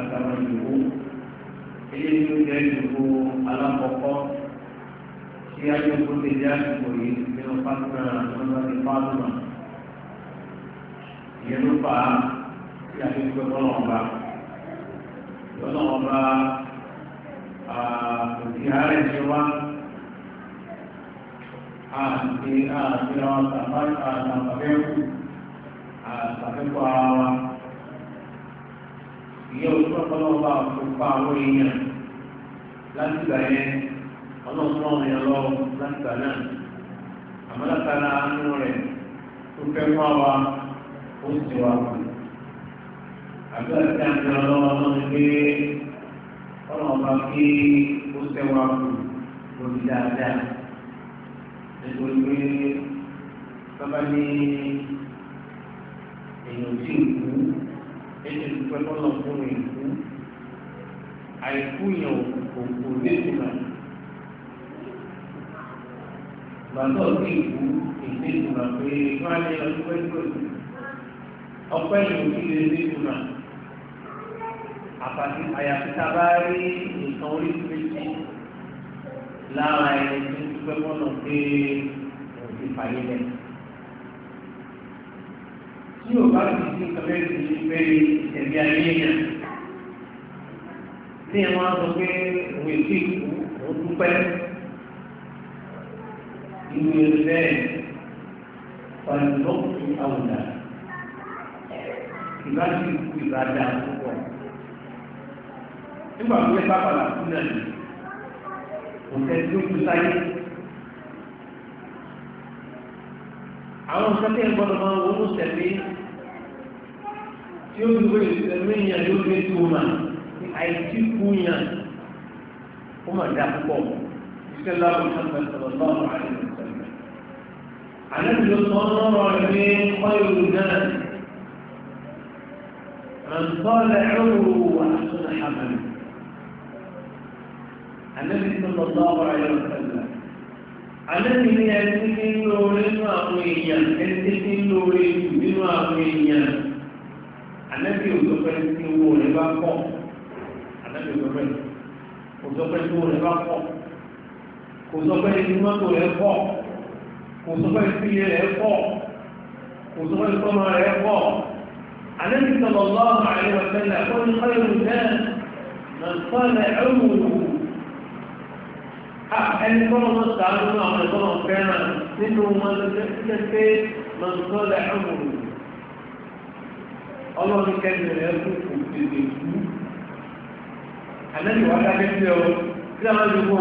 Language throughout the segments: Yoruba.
àtàwọn ìlú eléyìí ló jẹ́ ìlú alákọ̀ọ́kọ́ tí a yọ kó lè jẹ́ àsìkò yìí nínú pátánà lọ́dọ̀ ní pátánà ìyẹn ló fà á tí a fi gbé bọ́lọ̀ ọba lọ́dọ̀ ọba òkè àárẹ̀ ṣe wá àti àti àwọn àtàkùn àtàkùn àtàkùn ara ìyẹn òṣùwọ̀n tọ́lọ́ọ̀bá òkúpa àwọn èèyàn láti gbà yẹn ọlọ́ọ̀tún ọ̀rìn ọlọ́ láti gbà náà àmọ́ látara àánú rẹ̀ tó fẹ́ mú àwa ó sì wà kù. àdúrà tí a ọlọ́wọ́ náà ni pé ọlọ́ọ̀bá kí ó tẹ wà lórí dáadáa nítorí pé bàbá ní èèyàn tí ì kú dúpẹ́ lọ́nà fún ìlú àìkú yẹn kò kò nítumọ̀ gbàgbọ́ sí ìlú ìdíjùmọ̀ pé wọ́n á lé ọdún pẹ́ẹ́pẹ́ ọpẹ́ yìí kí lè nítumọ̀ àpàtì àyàfi tá a bá rí nǹkan orí méjì lára ẹni tó dúpẹ́ lọ́nà pé òun ti lẹ́yìn tí o bá ti di nǹkan bẹ́ẹ̀ tó ṣe pé ẹ̀mí ayé yẹn tí ẹ máa sọ pé òwe tí o dúpẹ́ ìlú ẹgbẹ́ pàlùlọ́pù àwùdá ìbá ti kú ìbá dá púpọ̀ nígbà tó ẹ bá padà kú náà ni kò tẹ́ tí ó kú sáyé. àwọn nǹkan tí ẹ gbọ́dọ̀ máa wọ́n mú sẹ́mi tí ó dúró ìsẹ̀mí yẹn ló dé tó mà àìsí kú yẹn ó mà dá púpọ̀ ìṣẹ́ lábọ̀ ìṣẹ́ sọ̀rọ̀ lọ́wọ́ àìsí sọ̀rọ̀. àlejò ló sọ ọ́nà rẹ̀ ní kọ́yọ̀lù náà àǹtọ́lẹ̀ ẹ̀rù wà sọ́nà hàmàlì. àlejò sọ̀rọ̀ lọ́wọ́ àìsí sọ̀rọ̀. àlejò ní ẹni tí ń lóore nínú àwọn èèyàn ẹni tí ń lóore nínú àwọn èèyàn. ànábì ò sọpẹ́ tí owó rẹ̀ bá pọ̀ ànábì ò sọpẹ́ kò sọpẹ́ tí owó rẹ̀ bá pọ̀ kò sọpẹ́ tí mọ́tò rẹ̀ pọ̀ kò sọpẹ́ tí ilé rẹ̀ pọ̀ kò sọpẹ́ tí ọmọ rẹ̀ pọ̀ ànábì sọ̀rọ̀ lọ́wọ́ àrẹ wọ̀tẹ́lẹ̀ ó ní ọ̀yọ́ jẹ́ nàìjíríà ẹ̀rù ẹni tọ́lọ́ mọ́ sàánú àwọn ẹ̀tọ́lọ́ fẹ́ràn nínú wọn lọ́jọ́ pé ọlọ́run kẹ́lẹ̀ rẹ̀ tó kò tètè kú àlẹ́lẹ̀ wọ́n dákẹ́ sí ọ kí a máa dúró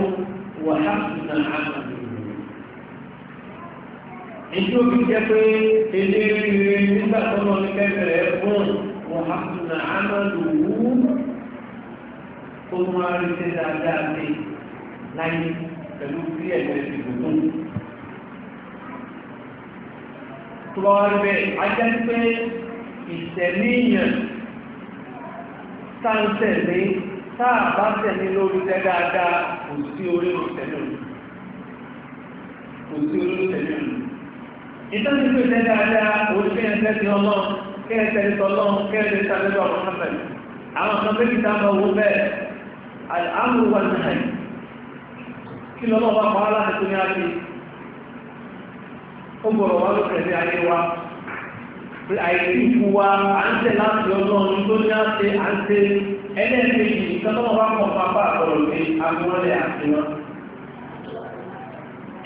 wà á sì nà á nà èyí ó fi jẹ́ pé èdè rere nígbà tó ìtẹ̀líyàn táǹtẹ̀lé táà bá tẹ̀lé lórí tẹ́ dáadáa kò sí orí òtẹ̀lẹ̀ kò sí orí òtẹ̀lẹ̀ ìtọ́jú pé tẹ́ dáadáa orí kẹ́ ẹ̀ẹ́sẹ̀ ti ọmọ kẹ́ ẹ̀ẹ́sẹ̀ ti tọ́lọ́ kẹ́ ẹ̀ẹ́sẹ̀ ti tàbí ọmọ náà àwọn kan bẹ́ẹ̀ kìtà máa bẹ́ẹ̀ àmú wà náà kí lọ́lọ́ bá láti tó ní á ó gbọ́dọ̀ wá lókè ayé wa àìsí ìfúwa àńtẹ láti ọlọ́run tó ní àṣẹ àńtẹ ẹlẹ́ẹ̀kejì nǹkan tó wà pọ̀ pápá àkọlù pé agbọ́lẹ̀ àfihàn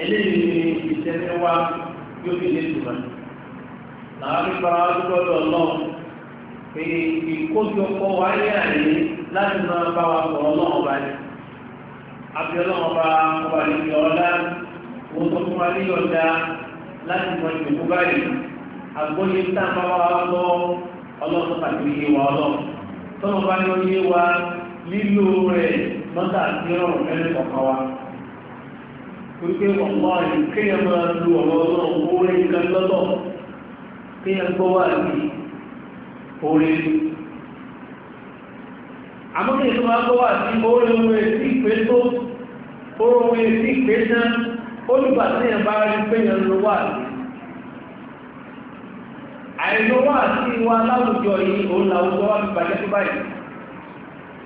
eléyìí ni ìṣẹ́fẹ́ wa yóò fi lè tùmọ̀ làwọn fi fara lọ́dọ̀ ọlọ́run pé ìkójọpọ̀ wa ní àyè láti máa bá wa sọ̀rọ̀ ọlọ́run bá ní àfi ọlọ́run bá ọba ìjọ ọlá wọn tó fún wa ní ọjà láti mọ ìdòkú báyìí àgbóyè tá a bá wà lọ ọlọ́run pàtó yé wa ọlọ́ tọ́nà bá yọ yé wa lílo rẹ̀ mọ́tà àti rọrùn ẹni kọ̀ọ̀kan wa wípé ọ̀pọ̀ ìkéyà máa lu ọ̀rọ̀ ọlọ́run orí nǹkan lọ́dọ̀ kéyà gbọ́ wà ní orí àmọ́kè tó máa gbọ́ wà sí orí ohun èsì ìpé tó orí ohun èsì ìpé tán olùgbà tí èèyàn bá rí pé lọ wà sí àìlówó àti ìwà láwùjọ yìí òun làwùjọ wà nípa jẹ́ tó báyìí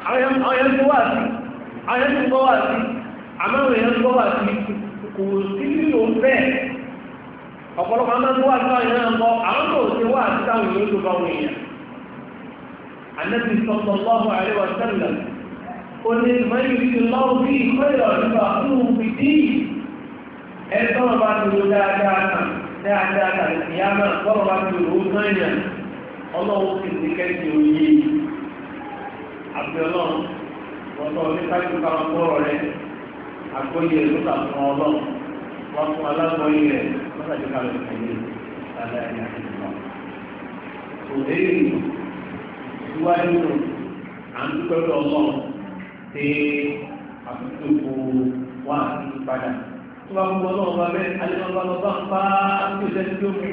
àwọn tó wà sí àwọn tó gbọ́ wà sí àmọ́ èèyàn gbọ́ wà sí kò sí nílò bẹ́ẹ̀ ọ̀pọ̀lọpọ̀ àmọ́ tó wà sí àwọn èèyàn kọ́ àwọn tó ṣe wà sí táwọn èèyàn tó bá wọn èèyàn ànẹ́bí mẹ́rin ti lọ́wọ́ bí ìkọ́ ìrọ̀ nípa fún òun fi dí ẹ̀sán dáadáa náà dáadáa tàbí ìyámà tọ́rọ̀ bá fi òun náà ọlọ́run sì ti kẹ́sì òye àti ọlọ́run ọ̀tọ̀ ní kájú ká wọn tọ́rọ̀ rẹ àgbóyè ló kà fún ọlọ́run wọn fún alágbóyè rẹ lọ́sàdé ká lọ́sàdé kẹ́yẹ lálẹ́ àyà ìgbà. òdèrè ìwádìí ló à ń dúpẹ́ lọ́wọ́ pé àtúntò wà ní padà tó bá gbogbo ọlọ́run bá bẹ́ẹ̀ alẹ́nàbá lọ bá ń pa tó ṣe tó mú.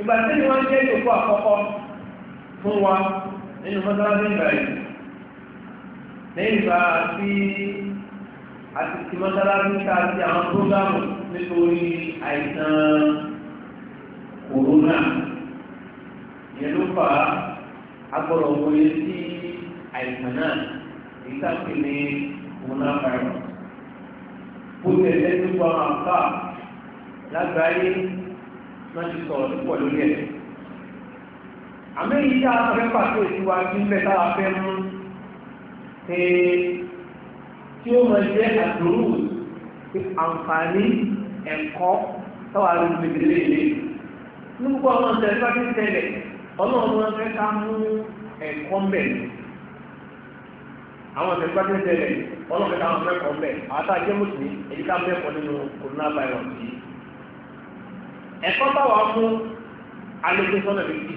ìgbà tí wọ́n jẹ́ ìyókù àkọ́kọ́ fún wa nínú mọ́sálásí ìgbà yìí lẹ́yìn ìgbà tí àti ti mọ́sálásí ká ti àwọn prógámù nítorí àìsàn kòrónà yẹn ló fà sí àìsàn náà èyí tá mùnàfàì kó tẹ̀lé nípa àǹfà lágbàáyé wọ́n ti sọ̀rọ̀ púpọ̀ lórí ẹ̀. àmì yìí tá a fẹ́ pàṣẹ ìtura tí ń bẹ tá a fẹ́ mú tí ó máa jẹ́ àdúró àǹfààní ẹ̀kọ́ táwa ló ń gbèdé léèrè. ní gbogbo àwọn ọ̀sẹ̀ tó ti ń ọlọ́run fẹ́ ká mú ẹ̀kọ́ mbẹ̀. àwọn ọ̀sẹ̀ tó ti ń ọlọ́pẹ́ káwọn mẹ́kọ̀ọ́ mẹ́ àwọn tá a jẹ́ mùsùlùmí èyí ká mẹ́kọ̀ọ́ nínú corona virus yìí ẹ̀kọ́ táwa fún alẹ́gbẹ́ sọ́nà méjì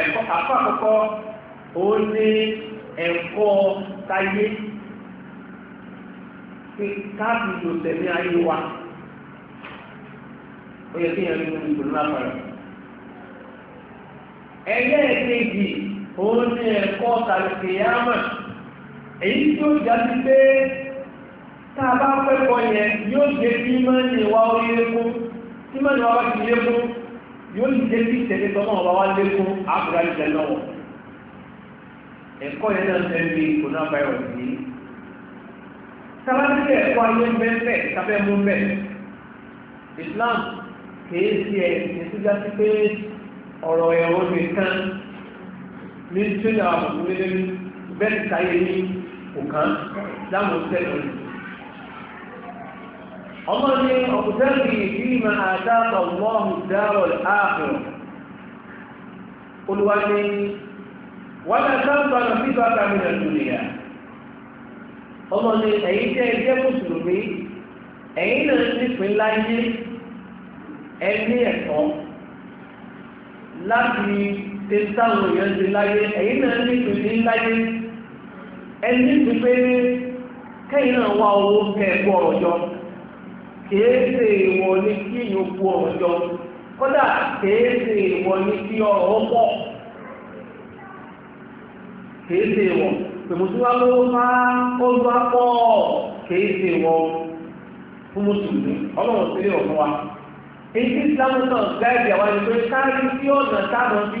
ẹ̀kọ́ àkọ́ àkọ́kọ́ ó ní ẹ̀kọ́ táyé káàdì ìlòsẹ̀ ní ayé wa ó yẹ kí yẹn nínú corona virus ẹlẹ́ẹ̀kejì ó ní ẹ̀kọ́ tàbí kìyàmọ̀ èyí tó jáde pé táa bá pẹ́kọ̀ọ́ yẹn yóò jẹ́ kí mọ́ni wa ó lékún tí mọ́ni wa bá ti lékún yóò jẹ́ kí tẹ̀lé tọ́mọ́ ọba wa lékún àbúrá ìjẹ lọ́wọ́ ẹ̀kọ́ yẹn náà fẹ́ bí kòná virus yìí sábàtì ẹ̀kọ́ ayé ń bẹ́ fẹ́ sábẹ́ mú bẹ́ Islam kìí ṣe ẹ̀sìn tó jáde pé ọ̀rọ̀ ẹ̀rọ nìkan ní tí ó yà wà fún mi bẹ́ẹ̀ ti sáyé yìí. òkan dáhùn ọmọ ní ọ̀pọ̀tẹ́lì ìfìmọ̀ àdáàbà wọ́n dáwọ̀ ààbò olùwàní wọ́n dáńtà lọ sí ọmọ ní ẹ̀yìn jẹ́ ẹgbẹ́ mùsùlùmí ẹ̀yìn náà nípìn láyé ẹni ẹ̀kọ́ láti tẹ́tàwọn èèyàn ti láyé ẹ̀yìn náà nípìn ẹni ti pé kẹ́yìn náà wá owó kẹ́ẹ̀kọ́ ọ̀rọ̀ jọ kèése ìwọ̀ kí ìyókù ọ̀rọ̀ jọ kódà kèése ìwọ̀ kí ọ̀rọ̀ pọ̀ kèése ìwọ̀ pèmùsùlá ló máa ó gbá pọ̀ kèése ìwọ̀ fún ọlọ́run ọ̀fún wa èyí tí náà àwọn ọ̀nà táwọn fi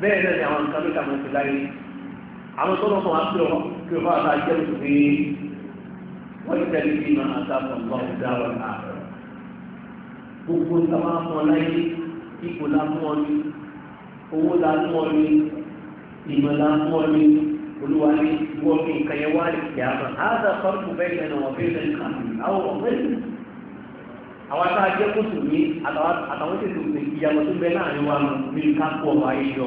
bẹ́ẹ̀ náà ni àwọn nǹkan ló dàmọ́ sí láyé àwọn tó lọ́kọ̀ wá sí ọ kí o bá ta jẹ́ òṣèré wọ́n ti tẹ̀lé bí máa ta pọ̀ nǹkan ọ̀dà ọ̀dà gbogbo nǹkan máa mọ láyé ipò la mú ọ ní owó la mú ọ ní ìmọ̀ la mú ọ ní olúwa ní wọ́n fi nǹkan yẹn wá lè kí a mọ̀ á bẹ́ẹ̀ yẹn wọ́n fi lẹ́nu kàn mí àwọn ọ̀gbẹ́ àwọn tá a ní àtàwọn tètè ìyàwó tó bẹ láàrin wa mi ká kó ọmọ ayé yọ.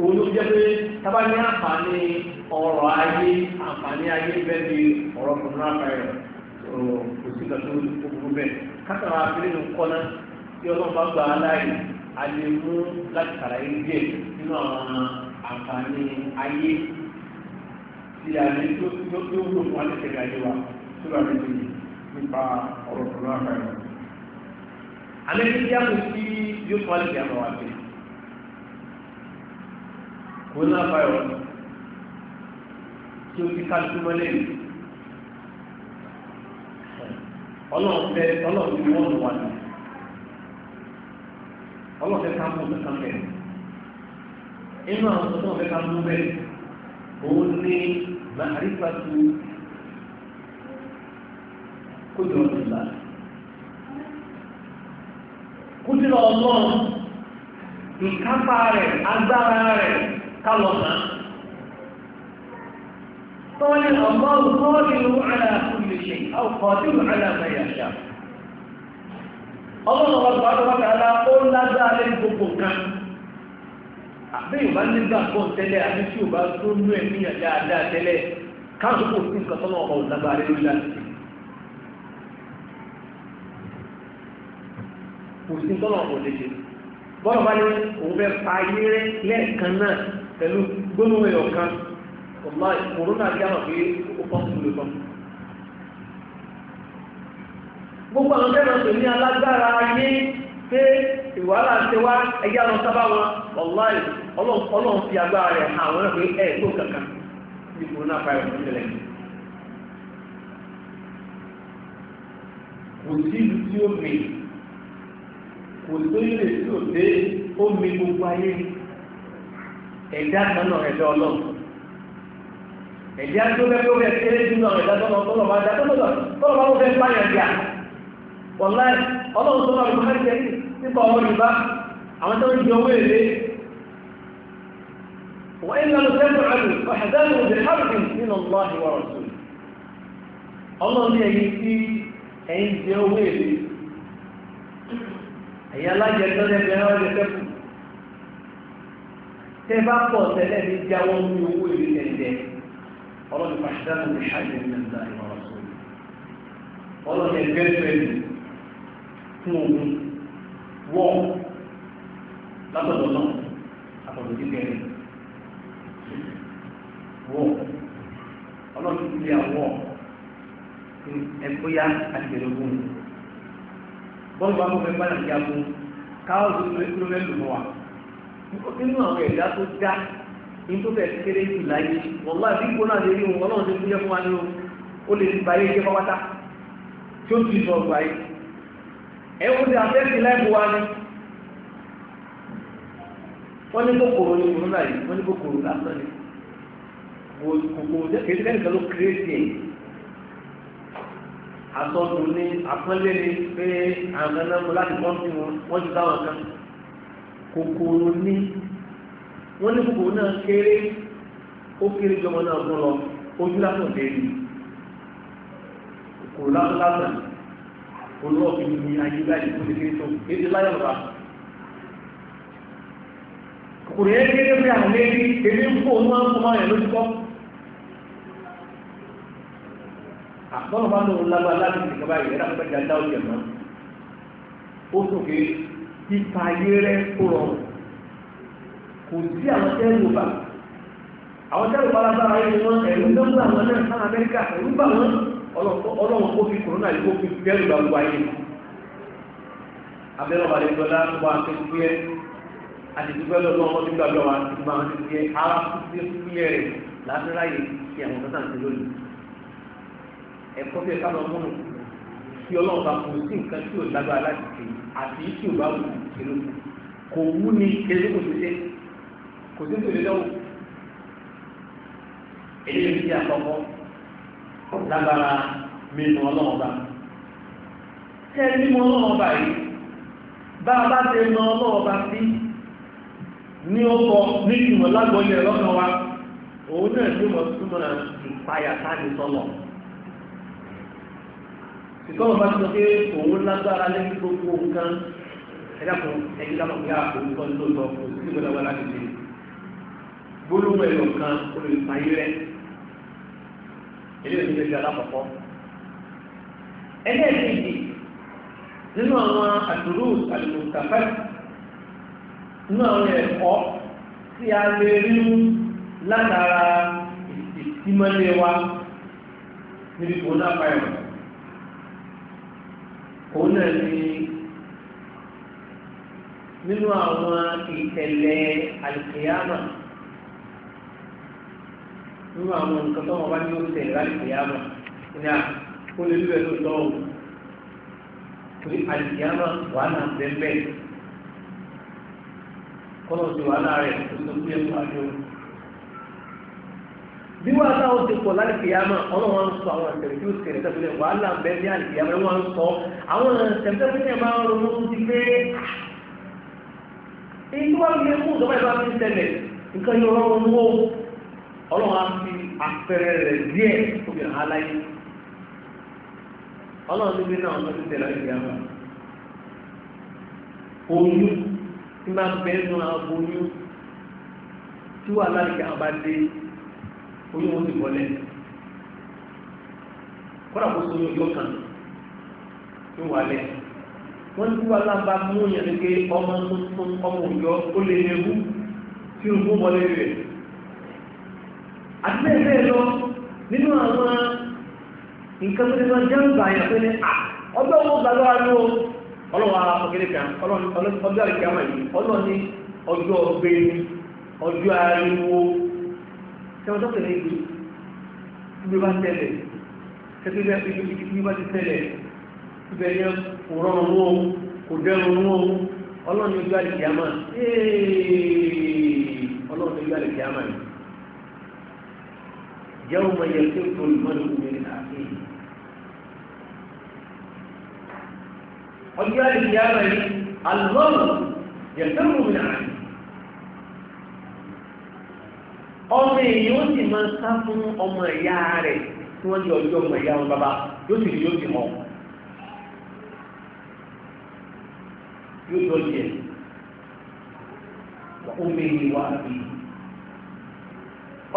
òun ló jẹ́ pé tábà ní àǹfààní ọ̀rọ̀ ayé àǹfààní ayé bẹ́ẹ̀ ni ọ̀rọ̀ kùnrin àpẹẹrẹ kò sí lọ́tọ́ gbogbo bẹ́ẹ̀ kátàrà abẹ́rẹ́ ló kọ́ náà tí ọlọ́run bá gba aláì a lè mú láti kàlàyé díẹ̀ nínú àwọn àǹfààní ayé tí a lè tó tó wúlò fún alẹ́kẹ̀kẹ́ ayé wa tó bá lè tó yìí ní yàtọ̀ na náà bá yọ tí ó fi kálukú mọ́lẹ̀ yìí ọlọ́run fẹ́ ọlọ́run ti wọ́n lù ní ọlọ́run fẹ́ ká mú kankan bẹ́ẹ̀ inú àwọn tó fẹ́ ká mú òun ní màrífàtú kójú ọdún là agbára kálọ̀ náà. قال الله قادر على كل شيء أو قادر على ما يشاء ọlọ́run ọba tó wá tààlà ó lágbára lẹ́nu gbogbo nǹkan àbí yorùbá nígbà pọ̀ tẹ́lẹ̀ àbí tí yorùbá tó nú ẹ̀mí àdáadáa tẹ́lẹ̀ káàtó kò sí nǹkan tọ́lọ́ ọba òlágbára lẹ́nu láti kò sí tọ́lọ́ ọba òlẹ́jẹ bọ́lá ní òun fẹ́ pa ayé lẹ́ẹ̀kan náà pẹ̀lú gbónúwé ọ̀kan ọ̀la ìkòrónà yára pé ó pọ́sùlù kan gbogbo àwọn tó ní alágbára ayé pé ìwàhálà ṣe wá ẹgbẹ́ àwọn sábà wọn ọlọ́run fi agbára rẹ̀ àwọn kankan ní kòrónà kò sí ìlú tí ó mi kò ẹ̀dá kan náà ẹ̀dá ọlọ́run ẹ̀dá tó bẹ́ẹ̀ tó bẹ́ẹ̀ kéré jù náà ẹ̀dá tọ́lọ̀ tọ́lọ̀ máa dá tọ́lọ̀ tọ́lọ̀ máa wọ́n fẹ́ báyọ̀ bíà wọ̀lá ọlọ́run tó máa lùkọ́ ẹ̀jẹ̀ nípa ọmọ yorùbá àwọn tó ń di owó èlé wọ́n ń lọ sẹ́kọ̀ọ́ àlù ọlọ́run ní ẹ̀yìn tí ẹ̀yìn jẹ owó èlé ẹ̀yìn alájẹ tọ́lẹ̀ bẹ̀rẹ̀ ọ̀dẹ̀ sẹ́kù tẹ́ bá pọ̀ tẹ́lẹ̀ ní jáwọ́ ní owó ìlú ẹ̀jẹ̀ ọlọ́run pàṣẹdánù ní ṣàjẹ́ ní ẹ̀dá ìwà ọ̀sùn ọlọ́run ẹgbẹ́ fẹ́ẹ̀lì fún ogun wọ́ látọ̀dọ̀ náà àtọ̀dọ̀ jíjẹ rẹ̀ wọ́ ọlọ́run ti di àwọ̀ ẹgbóyá àgbẹ̀rẹ̀gùn bọ́ọ̀lù bá nínú àwọn ẹ̀dá tó dá nítorí bẹ́ẹ̀ kéré jù láyé wọ́lá bí gbóná lè rí wọn ọlọ́run tó fúyẹ́ fún wa ní o ó lè ti báyé jẹ́ pátá tí ó ti sọ ọgbà yìí ti láìpọ̀ wa ni wọ́n ní kòkòrò ní kòrónà yìí wọ́n ní kòkòrò lásán ni kòkòrò kéde kẹ́kẹ́ kan ló kéré sí ẹ̀ àtọ́dún ní àpọ́nlé ni kòkòrò ní wọ́n ní kòkòrò náà kéré ó kéré jọmọ náà gún lọ ojú lásán déèlì kòkòrò lásán lásán olúwọ́ fi ní ayé báyìí tó lè kéré tó èdè láyọ̀ bá kòkòrò yẹn kéré bí àwọn èdè èdè ń kó òun máa ń kọ́ máa lójúkọ́ àtọ́nà bá lóun lágbára láti ìdìkọ́ báyìí ẹ̀dá pẹ́jà dáwọ́ jẹ̀ mọ́ ó sókè pípa ayé ụlọ kò sí àwọn tẹ́lú àwọn tẹ́lú bá lágbára rẹ ni wọ́n ẹ̀rú àwọn náà sáà amẹ́ríkà ẹ̀rú bá wọn ọlọ́run kó fi kòrónà yìí kó fi gbogbo ayé lọ́dún ọmọ gbàgbọ́ wa ti máa ti fi ara rẹ̀ lábẹ́ráyè ti àwọn tí ọlọ́run bá fún sí nǹkan tí ò lágbára láti ṣe àti tí ò bá wù ṣe ló kò wú ni kéré kò ṣiṣẹ́ kò sí tòlé lọ́wọ́ eléyìí ti àkọ́kọ́ lágbára mímu ọlọ́run bá tẹ́lẹ̀ mímu ọlọ́run bá yìí bá a bá ti mọ ọlọ́run bá sí ní ọkọ̀ ní ìmọ̀ lágbọ́yẹ̀ lọ́nà wa òun náà ní mọ̀ túmọ̀ ìpayà sáà ní sọ́lọ̀ ìkọ́wọ́ bá ti sọ pé òun lágbára lẹ́yìn gbogbo nǹkan ẹ̀dàpọ̀ ẹ̀yìn lápapọ̀ yá òǹkọ́ ní lóòótọ́ òsì tí gbọ́dọ̀ wà láti ṣe gbólóhùn ẹ̀yọ̀ kan olùpàyé rẹ̀ eléyìí ti ṣe alákọ̀ọ́kọ́ ẹlẹ́ẹ̀kejì nínú àwọn àdúró àlùmọ̀tàfẹ́ nínú àwọn ẹ̀kọ́ òun náà ni nínú àwọn ìtẹ̀lẹ̀ àlùkìyàmà nínú àwọn nǹkan tó wọn bá ní oṣù tẹ̀lẹ̀ àlùkìyàmà ní à ó lè lúwẹ̀ ló tọ́ òun pé àlùkìyàmà wàhálà bẹ́ẹ̀ bẹ́ẹ̀ kọ́nà ti wàhálà rẹ̀ tó tó gbé ẹ̀kọ́ àjọ bí wọ́n náà ó ti pọ̀ lálùkìyàmà ọlọ́wọ́n ń sọ àwọn ìṣẹ̀lẹ̀ tí ó ṣẹlẹ̀ tẹ́tẹ́lẹ̀ wàhálà ń bẹ ní àlùkìyàmà wọ́n ń sọ àwọn ìṣẹ̀lẹ̀ máa ń ronú ti pé inú wa fi mú ìjọba ìbá fi ṣẹlẹ̀ nǹkan yóò rọrùn mú ọlọ́wọ́n á fi àpẹẹrẹ rẹ̀ díẹ̀ tó fi hàn láyé ọlọ́run níbi náà wọ́n ti tẹ̀lé àlùkìyàmà oyún tí máa bẹ́ẹ̀ nù àbóyún tí wàhálà ìkà oyún wọn ti bọ́lẹ̀ kọ́dà kó so yọ kan tó wà lẹ̀ wọ́n ti wá lábá mú yẹn ní tuntun ọmọ òjọ ó lè léwu tí o mú lọ nínú àwọn nǹkan tó yìí ariwo ẹwọ́n tó tẹ̀lé ìlú ibi bá tẹ̀lé kẹtù ilé ẹ̀fẹ́ ibi bá ti tẹ̀lé ibẹ̀ yẹ kò rọrùn wọn kò dẹrùn wọn ọlọ́run ní ojú àlìkìyàmà ọlọ́run ní ojú àlìkìyàmà ni jẹ́wọ́n mọ iye tí ó tó ọjọ́ àlìkìyàmà ni alọ́run yẹ fẹ́ mú ọmọ èyí ó sì máa sá fún ọmọ ìyá rẹ̀ tí wọ́n di ọjọ́ ọmọ ìyá wọn bàbá yóò sì rí yóò sì mọ̀ yóò ọmọ èyí wà bí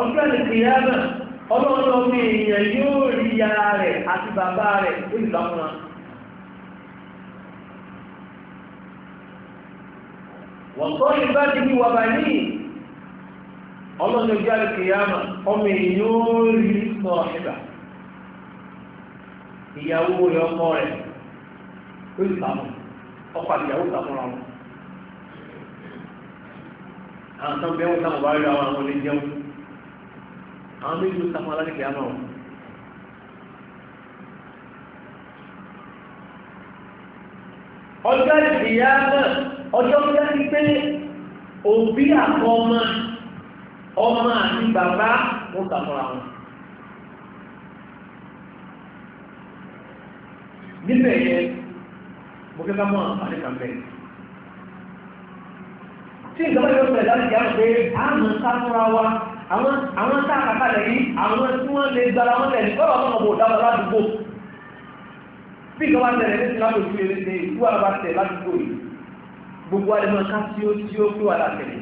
ọjọ́ ìpìyà náà ọmọ èèyàn yóò rí ya rẹ̀ àti bàbá rẹ̀ ó sì wọ́n tọ́ ìbá ti wà báyìí. ọlọ́run ojú àríkìyàmà ọmọ èyí ó rí sọ ẹ̀bà ìyàwó rẹ̀ ọmọ rẹ̀ ó sì sàmù ọkọ̀ àtìyàwó sàmúra wọn àwọn tó ń bẹ́ẹ̀ wọ́n sàmù bá rí àwọn àwọn olè jẹun àwọn méjì ó sàmù wọn. ọjọ́ ìdíyàmà ọjọ́ òbí àkọ́ máa ọmọ àti bàbá wọn kà fúnra wọn. níbẹ̀ yẹn mo kẹ́kẹ́ mọ́ àǹfààní kan bẹ́ẹ̀. tí ìjọba yóò fẹ́ láti yára pé àmọ́ ká fúnra wa àwọn tá a kàkà lẹ́yìn àwọn tí wọ́n lè gbára wọn lẹ́yìn kọ́ ọ̀rọ̀ ọmọ òdàbọ̀ ládùúgbò. bí ìjọba tẹ̀lé ní sinapò sí eré ṣe ìlú àbá tẹ̀ ládùúgbò yìí gbogbo àlẹ́ ká tí ó tí ó pé wà látẹ̀lé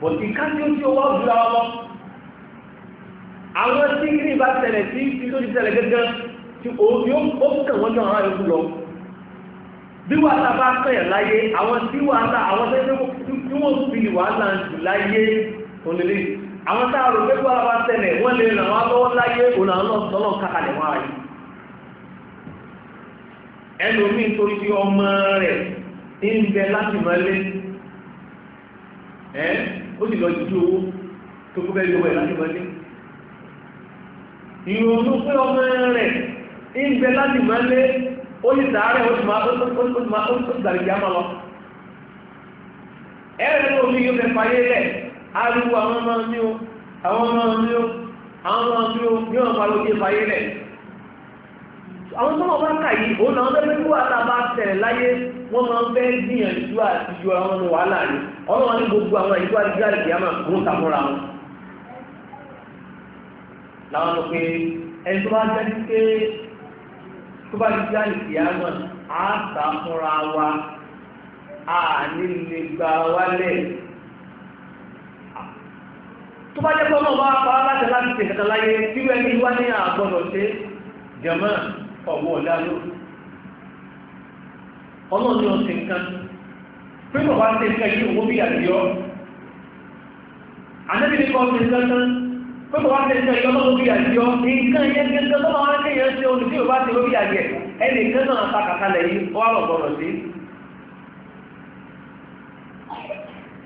bò tí ká tí ó tí ó wá ojú ara lọ àwọn tí kí ni bá tẹ̀lẹ̀ sí tí tó ti tẹ̀lẹ̀ gẹ́gẹ́ tí òbí ó kàn wọ́n jọ àwọn yòókù lọ bí wàhálà bá kẹ̀yàn láyé àwọn tí wàhálà àwọn tí wọ́n fi wàhálà jù láyé onílé àwọn tá a rò pé kó ara bá tẹ̀lẹ̀ wọ́n lè ràn wá lọ́wọ́ láyé òun àwọn ọ̀sọ́lọ́ kákalẹ̀ wọn ayé ẹlòmíì nítorí bí ọmọ rẹ̀ ń bẹ ó sì lọ jíjú owó tó kó bẹ́ẹ̀ lọ́wọ́ ìlànà ìmọ̀lé ìrònú pé ọmọ rẹ̀ ń bẹ láti mọ́lé ó sì sàárẹ̀ ó sì máa ó sì máa ó sì lọ ẹ̀rẹ́ yóò fẹ́ fayé ariwo àwọn ọmọ mi ó àwọn ọmọ mi ó àwọn ọmọ mi ó ní ọmọ fayé àwọn tó wọn bá kà yìí ọlọ́wọ́ ní gbogbo àwọn ìlú àdìgbò àdìgbò àmà kò ń takora wọn. làwọn lọ pé ẹni tó bá jẹ́ pé tó bá di àdìgbò àmà á takora wa á nílé gba wálẹ̀. tó bá jẹ́ pé ọmọ bá pa á láti láti tẹ̀ kẹta láyé tí wọ́n ní wá ní àgbọ̀dọ̀ ṣe jẹ̀mọ́ ọ̀wọ́ ọ̀dá ló. ọlọ́run ọ̀sìn kan pé bàbá ń tẹ́ ìkẹ́kí owó bí àdìyọ́ àdébìnrin kan ti sẹ́sán pé bàbá ń tẹ́ ìkẹ́kí owó bí àdìyọ́ nǹkan yẹn gẹ́gẹ́ tó máa ń kéèyàn ṣe olùdí bàbá ti lórí àyẹ̀ ẹnì kan náà ta kàkalẹ̀ yìí ó wà lọ́gbọ̀rọ̀ sí.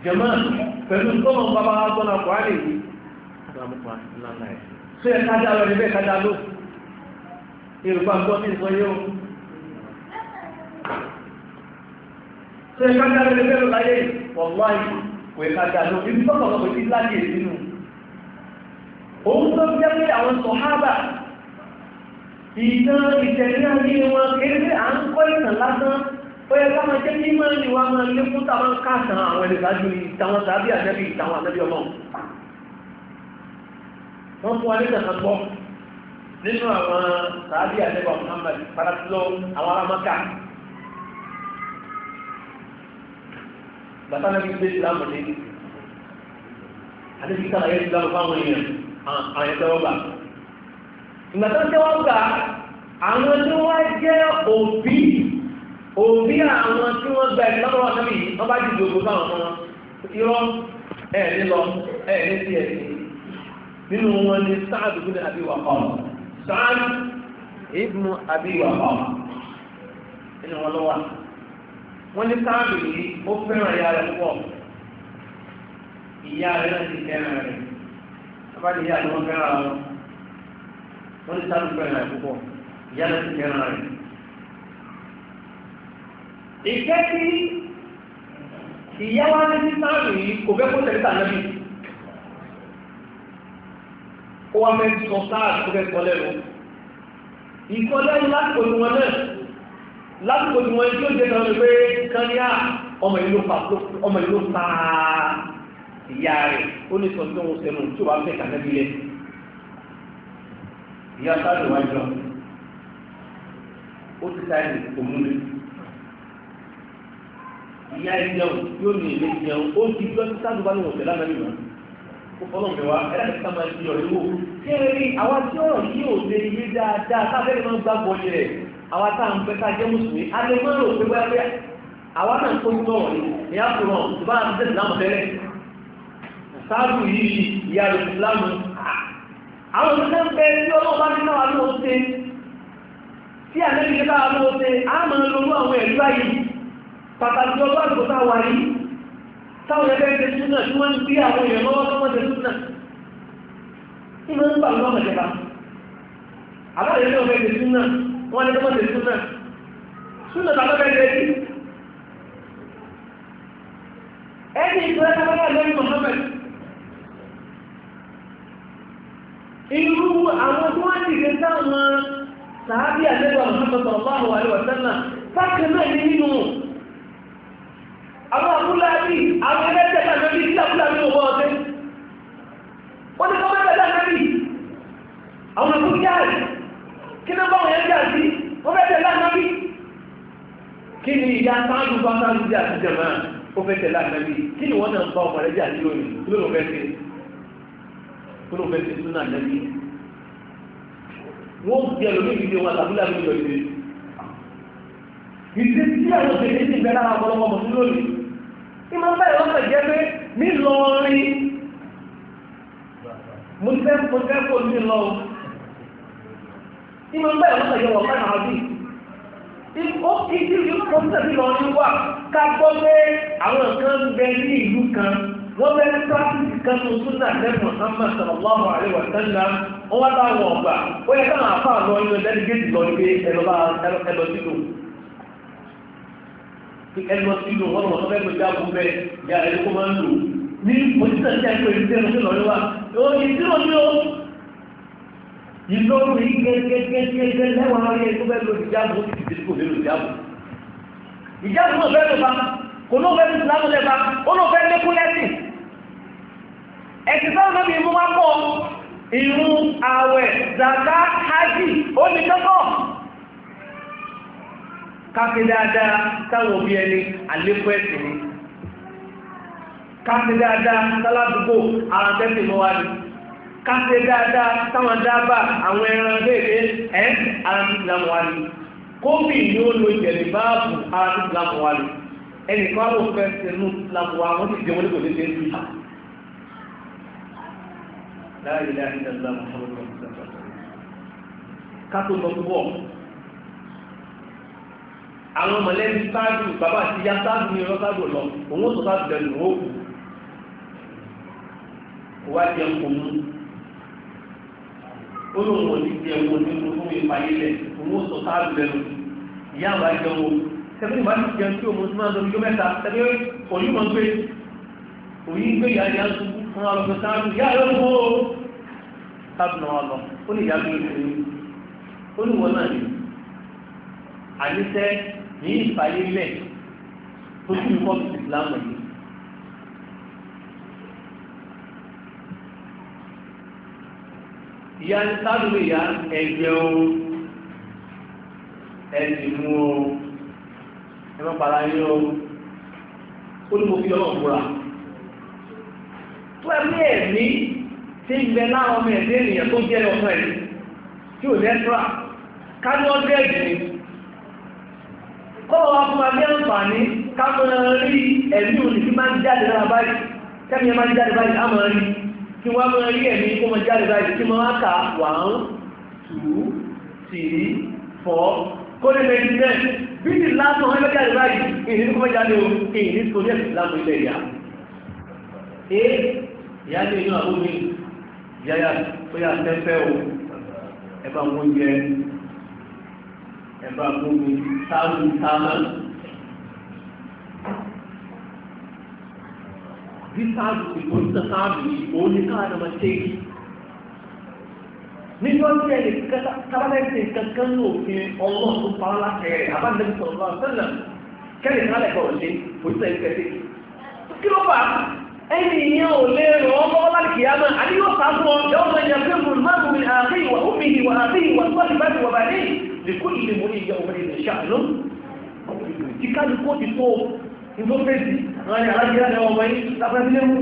jẹ̀mọ́ pẹ̀lú tọ́mọ̀ bàbá gbọ́nà kọ́ àlè yìí ṣé ẹ̀ kájà lọ ṣe kájá lórí fẹ́rẹ̀ láyé wọ̀láì kò kájá ló ibi tọ́pọ̀ lọ́pọ̀ sí láyé sínú òun tó jẹ́ pé àwọn sọ̀hábà ìtàn ìtẹ̀lé ayé wọn kéré à ń kọ́ ìtàn lásán ó yẹ ká máa jẹ́ kí máa ní wa máa lé fún táwọn káàtàn àwọn ẹ̀lẹ́gbàájú ìtàwọn tàbí àjẹ́bí ìtàwọn àjẹ́bí ọlọ́run wọ́n nínú àwọn tàbí àjẹ́bí ọ̀hún paratilọ́ àwọn aramaka bàtà náà fi gbé ìsìlámù dé àti kíkà ayé ìsìlámù fáwọn èèyàn àwọn ẹ̀tọ́ ọgbà ìgbàtà tí wọ́n gbà àwọn tí wọ́n jẹ́ òbí òbí àwọn tí wọ́n gba ìsìlámù wọn sábì wọ́n bá jù gbogbo fáwọn ọmọ irọ́ ẹ̀ nílọ ẹ̀ ní sí ẹ̀ sí nínú wọn ni sáàdù fún àbí wà kọ́ sáàdù ibnu àbí wà kọ́ nínú wọn lọ́wọ́ wọ́n ní káàbì yìí ó fẹ́ràn ìyá rẹ̀ pọ̀ ìyá rẹ̀ náà ti fẹ́ràn rẹ̀ abájú ìyá rẹ̀ wọ́n fẹ́ràn wọn wọ́n ní káàbì fẹ́ràn rẹ̀ púpọ̀ ìyá rẹ̀ ti fẹ́ràn rẹ̀. ìfẹ́ tí ìyá wa ní sí káàbì yìí kò fẹ́ kó tẹ̀lé tànàbì ó wá fẹ́ sọ káàbì tó fẹ́ kọ́ lẹ́nu ìkọ́lẹ́nu láti pòtù wọn náà lásìkò tí wọ́n tí ó jẹ́ náà pé kan ní à ọmọ ìlú pa ìyá rẹ̀ ó ní sọ tí wọ́n sẹ́nu tí ó bá fẹ́ kàtẹ́ bílẹ̀ ìyá sáré wájú ó ti sáré òmùlẹ̀ ìyá ìjẹun yóò ní ilé ìjẹun ó ti gbọ́ tí sáré bá ní òṣèlú lánàá nìyẹn ó fọlọ́n fẹ́ wa ẹ̀rọ ìta máa di ọ̀rẹ́ wò kí ẹ̀rí àwa tí ọ̀rọ̀ yìí ò lè yé dáadáa sáfẹ́ àwa tá à ń pẹ́ ká jẹ́ mùsùlùmí a lè máa rò pé wáyé pé àwa náà ń kó tó wọ̀nyí ìyá kò rán ìbá àti tẹ̀sí láàmù tẹ́lẹ̀ sáàbù yìí ìyá rẹ̀ ìsìlámù àwọn ìṣẹ́ ń bẹ tí ọlọ́run bá ní náà ló ṣe tí àlẹ́bí ní náà ló ṣe á máa lo owó àwọn ẹ̀rí báyìí pàtàkì ọlọ́run àgbò tá a wà yìí táwọn ẹgbẹ́ ṣe súnà tí wọ́n ń bí àwọn èèyàn lọ́wọ́ tó wọ́n ṣe súnà tí wọ́n ń gbà lọ́mọdé bá àbáyé ní ọ̀fẹ́ ṣe súnà wọ́n lè tọ́lẹ̀ súnà súnà tàbí ẹgbẹ́ ẹni ìgbẹ́ tàbí lórí Muhammad irú àwọn tó wá ti gẹ́ta wọn sàábí àlẹ́gbà Muhammad sallallahu alaihi wasallam sáàkì náà ní nínú àwọn abúláàbí àwọn ẹgbẹ́ tẹ̀lá lórí sí abúláàbí owó ọdẹ wọ́n ti kọ́ mẹ́tẹ̀lá lórí àwọn abúláàbí kí ló báwọn yẹn jà sí wọ́n fẹ́ tẹ̀lé ànábì kí ni ìyá sáájú bá sáájú jà sí jẹ̀mọ́ ó fẹ́ tẹ̀lé ànábì kí ni wọ́n náà bá ọmọ rẹ̀ jà sí lónìí kí ló fẹ́ ṣe kí ló fẹ́ ṣe sún ànábì wọ́n jẹ́ lómi ìdílé wọn àtàkùnlé àbúlé lọ ìdílé ìdílé tí àwọn òṣèlú ti bẹ̀rẹ̀ àwọn ọmọ ọmọ lónìí ìmọ̀ bẹ́ẹ̀ wọ́n fẹ́ jẹ́ pé nílọrin mo fẹ́ mo fẹ́ kó ìmọ̀ ń bẹ̀rẹ̀ lọ́sẹ̀ yọ̀wọ̀ fẹ́ màá bí ó kí tí ìlú kan tẹ̀lé lọ ní wà ká gbọ́ pé àwọn kan ń bẹ ní ìlú kan wọ́n bẹ ní pàtìkì kan tó tún náà lẹ́nu Muhammad sallallahu alaihi wa sallam wọ́n wá bá wọn ọ̀gbà ó yẹ káwọn afá lọ inú dẹ́lígéètì lọ ní pé ẹlọ́ba ẹlọ sílò ẹlọ sílò wọ́n wọ́n fẹ́ gbé jágun bẹ́ẹ̀ ìlóòrùn yìí gẹ́gẹ́gẹ́gẹ́ lẹ́wọ̀n ayé tó bẹ́ẹ̀ lo ìjáàbù ó ti dìde kò lè lo ìjáàbù ìjáàbù náà bẹ́ẹ̀ ló bá kò ló fẹ́ lùsùn láwọn lẹ́ba ó ló fẹ́ lékún lẹ́sìn ẹ̀sìn sáwọn náà bí mú wá pọ̀ ìrun àwẹ̀ zàká hajj ó ní kẹ́kọ̀ọ́ káfí dáadáa táwọn òbí ẹni àlékún ẹ̀sìn ni káfí dáadáa sáládùúgbò àrùn tẹ́sìn mọ́ wá ni káṣe dáadáa táwọn dábà àwọn ẹran léèrè ẹ́ ara ní ìlànà wa ni kóbì ni ó lo ìjẹ̀lì báàbù ara ní ìlànà wa ni ẹnìkan ló fẹ́ sinú ìlànà wa wọ́n ti jẹun nígbò léde sí i. láàyè láàyè ìdàgbà mọ́tò kátó lọ bọ̀ àwọn mọ̀lẹ́bí sáájú bàbá àti ìyá sáájú ní ọlọ́ sáájú lọ òun ó sọ sáájú lẹ́nu ó kù wá jẹun mú olóhùn òní ti ẹ̀wọ̀n ní oṣù fún ìpàdé lẹ̀ òun ó sọ sáàlù lẹ́nu ìyá àwọn àjẹwò tẹ̀lé ìbá ti jẹun tí òun máa ń lọ́jọ́ mẹ́ta tẹ̀lé òní máa ń gbé òní ń gbé ìyá ìyá ń tukú fún àwọn ọ̀sán sáàlù ìyá rẹ̀ ń bó sáàlù náà lọ ó ní ìyá mi ìyá ní sáàdùn ìyá ẹ̀jẹ̀ o ẹ̀sìn mú o ẹ̀mọ́ para yín o ó ní mo fi ọlọ́run múra tó ẹ̀mí ẹ̀mí tí ń bẹ láwọn ọmọ ẹ̀dẹ́ ènìyàn tó jẹ́ ọmọ ẹ̀ tí ò lẹ́tọ́ra kájú ọdún ẹ̀jẹ̀ ni kọ́wọ́ wa fún wa ní àǹfààní rí ẹ̀mí òní tí máa ń jáde lára báyìí kẹ́mi ẹ̀ máa ń jáde báyìí á mọ̀ rí tí wọ́n máa rí ẹ̀mí kó máa jáde báyìí tí máa kà one two three four kó lè lè dín náà bí ti lásán wọ́n máa jáde báyìí èyí ní kó máa jáde o èyí ní kó lè láàmú ilẹ̀ ìyá. ẹ ìyá ní inú àwọn mi ìyá yà ó yà tẹ́fẹ́ o ẹ bá mú oúnjẹ ẹ bá mú mi sáà mú bísáàbù ìgbóhùn sáàbù òun ní káàdà máa ṣe yìí nínú ọjọ́ ẹni kábàlẹ́sì kankan ní òfin ọlọ́run tó pa láti rẹ̀ abáńdẹ́bí sọ̀rọ̀ lọ́wọ́ sẹ́lẹ̀ kẹ́lẹ̀ kálẹ̀ kọ̀ ọ̀lẹ́ òṣìṣẹ́ ìfẹ́ sí kí ló fà ẹni ìyẹn ò lè rọ ọmọ láti kìí àmà àti yóò sá fún ọ yóò mọ ìyá pé mùn máa mùn àti ìwà omi ìwà àti ìwà tó ti bá ti wà bá ní wọ́n ni alájẹ́ ẹ̀rọ ọmọ yìí lápẹ́sílé mú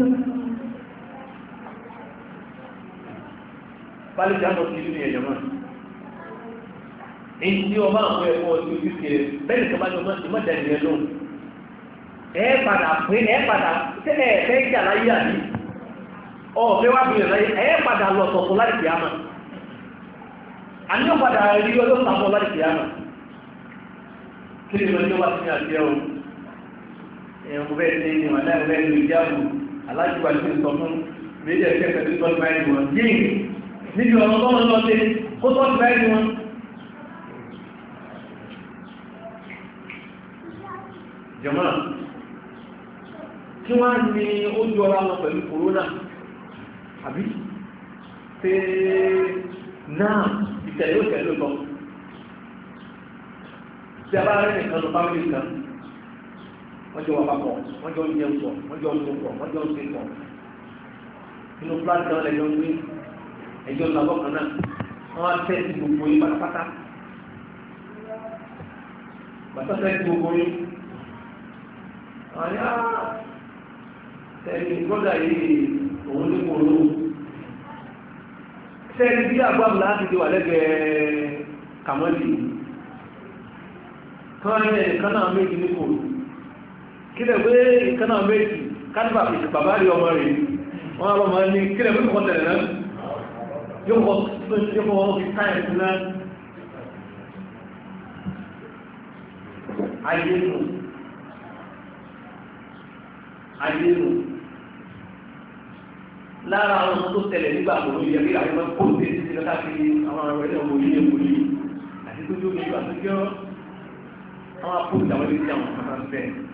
pálí jábọ̀ sí ìlú ní ẹ̀jọ̀mọ́ èyí tí ọmọ àwọn ẹ̀kọ́ ojú ojú kiri bẹ́ẹ̀ tó bá jọ mọ́ ìmọ̀jà ìrìn lóhùn ẹ padà pé ẹ padà tẹ́lẹ̀ ẹ̀fẹ́ ìjà láyé àbí ọ̀fẹ́ wá bí ìrìn ẹ padà lọ sọ̀tọ̀ láì fi àmà àní ẹ̀rùn bẹ́ẹ̀ ṣe ni wọn náà bẹ́ẹ̀ lu ìjáàbù alájùwà ti sọ fún méjì ẹ̀kẹ́ pẹ̀lú tọ́jú báyìí wọn yìí níbi ọ̀rọ̀ tọ́rọ lọ sí kó tọ́jú báyìí wọn. jọ̀mọ́ kí wọ́n á ní ojú ọ̀rọ̀ àwọn pẹ̀lú kòrónà àbí pé náà ìtẹ̀lé òtẹ̀lé lọ. Tí a bá rẹ̀ nìkan lọ bá mi nìkan wọ́n jọ wà papọ̀ wọ́n jọ yẹ sọ wọ́n jọ sọ pọ̀ wọ́n jọ ṣe pọ̀ inú fúláṣí kan lẹ́jọ́ ń gbé ẹjọ́ làbọ̀ kan náà wọ́n á tẹ́ sí gbogbo yín pátápátá bàtà tẹ́ sí gbogbo yín àyà tẹ̀yìn gbọ́dà yìí òun ní kò lóhùn tẹ́lẹ̀ bí àgbàmù láti ti wà lẹ́gbẹ̀ẹ́ kàmọ́lì kan ní ẹ̀ẹ̀kan náà méjì ní kò lóhùn kílẹ̀ pé ìkaná méjì kálífà fi bàbá rí ọmọ rẹ̀ wọ́n lọ máa ní kílẹ̀ pé kọ́ tẹ̀lẹ̀ náà yóò kọ́ fi sáyẹ̀sì náà ayé nù ayé nù lára àwọn tó tẹ̀lẹ̀ nígbà tó lóye ẹgbẹ́ àwọn ọmọ kó tẹ̀ sí ẹgbẹ́ káàkiri àwọn ọmọ ẹgbẹ́ ọmọ yìí ẹ̀kọ́ yìí àti tó yóò ní ìgbà tó jẹ́ àwọn apó ìdáwọlé sí àwọn ọmọ náà bẹ́ẹ̀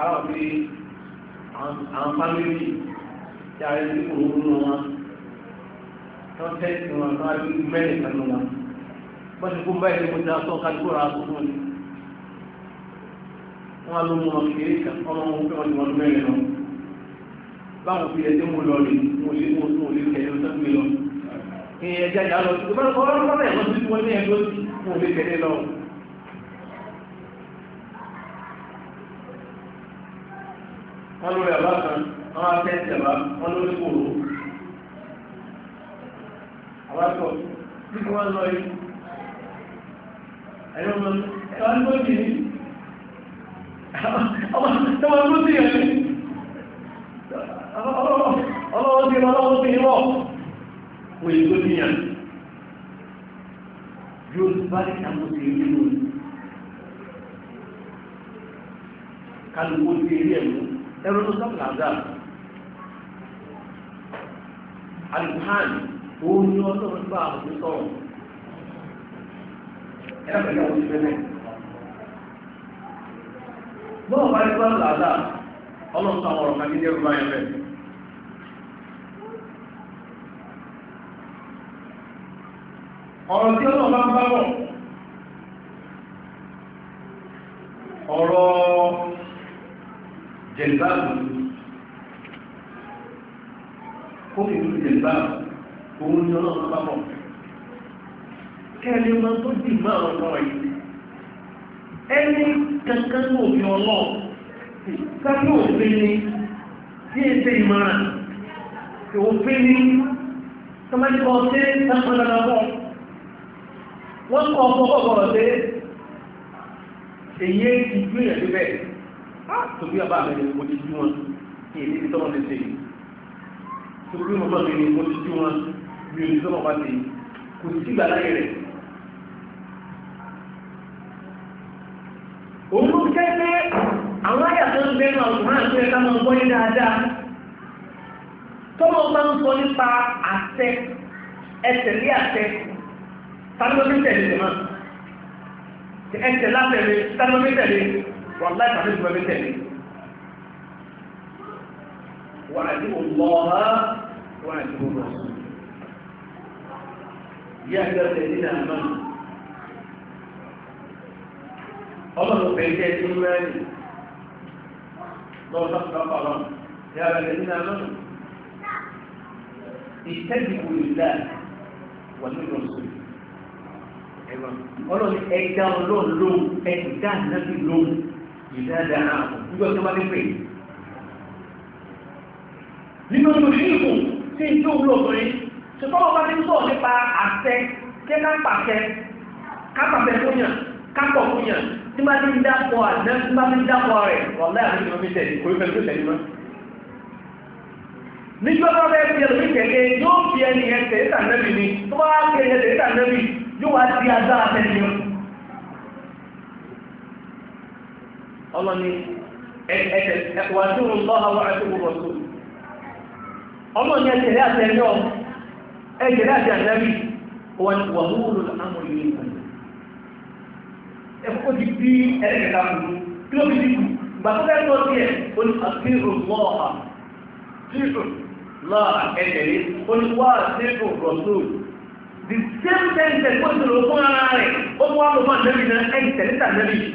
àwọn bí àwọn fámìlì tí a rí sí òun nínú wọn tó ń tẹ́sí wọn tó wá bí mẹ́rin kan nínú wọn wọ́n ti kó báyìí ní mo dá sọ kájú ra fún mi wọ́n ló mú wọn kéré kan ọmọ wọn fẹ́ wọn ni wọ́n mẹ́rin lọ báwọn fi ẹjẹ́ mo lọ rè mo lé mo tún òlé kẹ̀lé ó sẹ́kùn mi lọ ìyẹn ẹja ìyá lọ sí ọlọ́run kọ́lẹ̀ wọ́n ti wọ́n ní ẹgbẹ́ ó sì mo lé kẹ̀lé lọ. wọ́n lórí àbá kan wọ́n á tẹ́ ìjàmbá wọ́n lórí kòrò àbátọ̀ bí wọ́n lọ yìí ẹ̀yọ́ mọ́ ẹ̀wà ń tó jì ní ọmọ tó jì yẹn ní ọlọ́wọ́ sí ọlọ́wọ́ sí ìwọ̀ òye tó jì yẹn yóò bá ìtàkùn sí ìlú kálukú sí ilé ẹ̀mú ẹ̀rọ ló sọ́kù làǹdà alukuhan òun ni ọlọ́run bá àwọn sọ̀rọ̀ ẹ̀rọ pẹ̀lú àwọn oṣù mẹ́lẹ̀ bọ́ọ̀ bá rí bọ́ọ̀ làǹdà ọlọ́run sọ àwọn ọ̀rọ̀ kan nílé ẹ̀rọ tí ọlọ́run ń bá bọ̀ ọ̀rọ̀ jẹ̀lìbáàbù kó fi lórí jẹ̀lìbáàbù òun ni ọlọ́run pápọ̀ kẹ́lẹ́ máa tó dì máa ọ̀nà yìí ẹni kankan ní òfin ọlọ́run kápẹ́ òfin ni tí è ṣe ìmọ̀ràn òfin ni tọ́mọ́jọ́ ṣe tápọ̀lọ́lọ́ wọ́n kọ́ ọkọ̀ ọ̀gọ̀rọ̀ ṣe èyí ti gbìyànjú bẹ́ẹ̀ Ah, tòbí àbá mi ni mo ti jú wọn kí èmi ti tọ́wọ́ lẹ́sẹ̀ yìí tòbí mo tọ́wọ́ mi ni mo ti jú wọn mi ò ní tọ́wọ́ bá ti kò sí ìgbà láyé rẹ̀. òun ló jẹ́ pé àwọn àyà tó ń bẹ́ẹ̀ náà ọ̀sán àti ẹ̀ka máa ń gbọ́ ní dáadáa tọ́wọ́ máa ń sọ nípa àṣẹ ẹ̀tẹ̀lé àṣẹ tálọ́mí tẹ̀lé tẹ̀lé ẹ̀tẹ̀ lábẹ́rẹ́ tálọ́mí tẹ̀lé wọ́n láì tàbí ìgbẹ́ mi tẹ̀lé wọ́n àti ọlọ́ọ̀há wọ́n àti ọlọ́ọ̀há yí àjọ tẹ̀lé náà náà ọlọ́run fẹ́ jẹ́ tí ó rẹ́rìn lọ́wọ́ sọ́kùnrin ọ̀pọ̀ ọlọ́run yá rẹ̀ nínú alọ́run ìtẹ́jìkù ìlà wà nínú ọ̀sùn ọlọ́run ẹ̀dá ọlọ́run lóhùn ẹ̀dá náà lóhùn ìdájà náà nígbà tó bá ti pè é. nínú tó ní ìkù sí ìjọ òwúrọ̀ obìnrin ṣùgbọ́n ọba ti ń sọ̀rọ̀ nípa àṣẹ kí ká pàṣẹ ká pàṣẹ fún yàn ká pọ̀ fún yàn tí bá ti ń dápọ̀ àná tí bá ti ń dápọ̀ rẹ̀ wọ́n láì àti ìrọ̀mí tẹ̀lé kò fẹ́ ló tẹ̀lé mọ́. nígbà tó ọlọ́ni ẹ̀wàdúrún lọ́ha wà ẹ̀kọ́ rọ̀tò ọlọ́ni ẹ̀tẹ̀lẹ́ àtẹ̀lẹ́ ọ ẹ̀tẹ̀lẹ́ àti àtẹ́rí wà múlò àmọ̀lẹ́ ìgbàlẹ̀ ẹ̀kọ́ ti bí ẹ̀rẹ́kẹ̀ta kùnú kí ló fi ti kù gbàtọ́fẹ́ tó ti ẹ̀ ó ní àfihàn lọ́ha fíhàn lọ́ha ẹ̀tẹ̀lẹ́ ó ní wà fíhàn rọ̀tò the same sentence ó ti rò fún ara rẹ̀ ó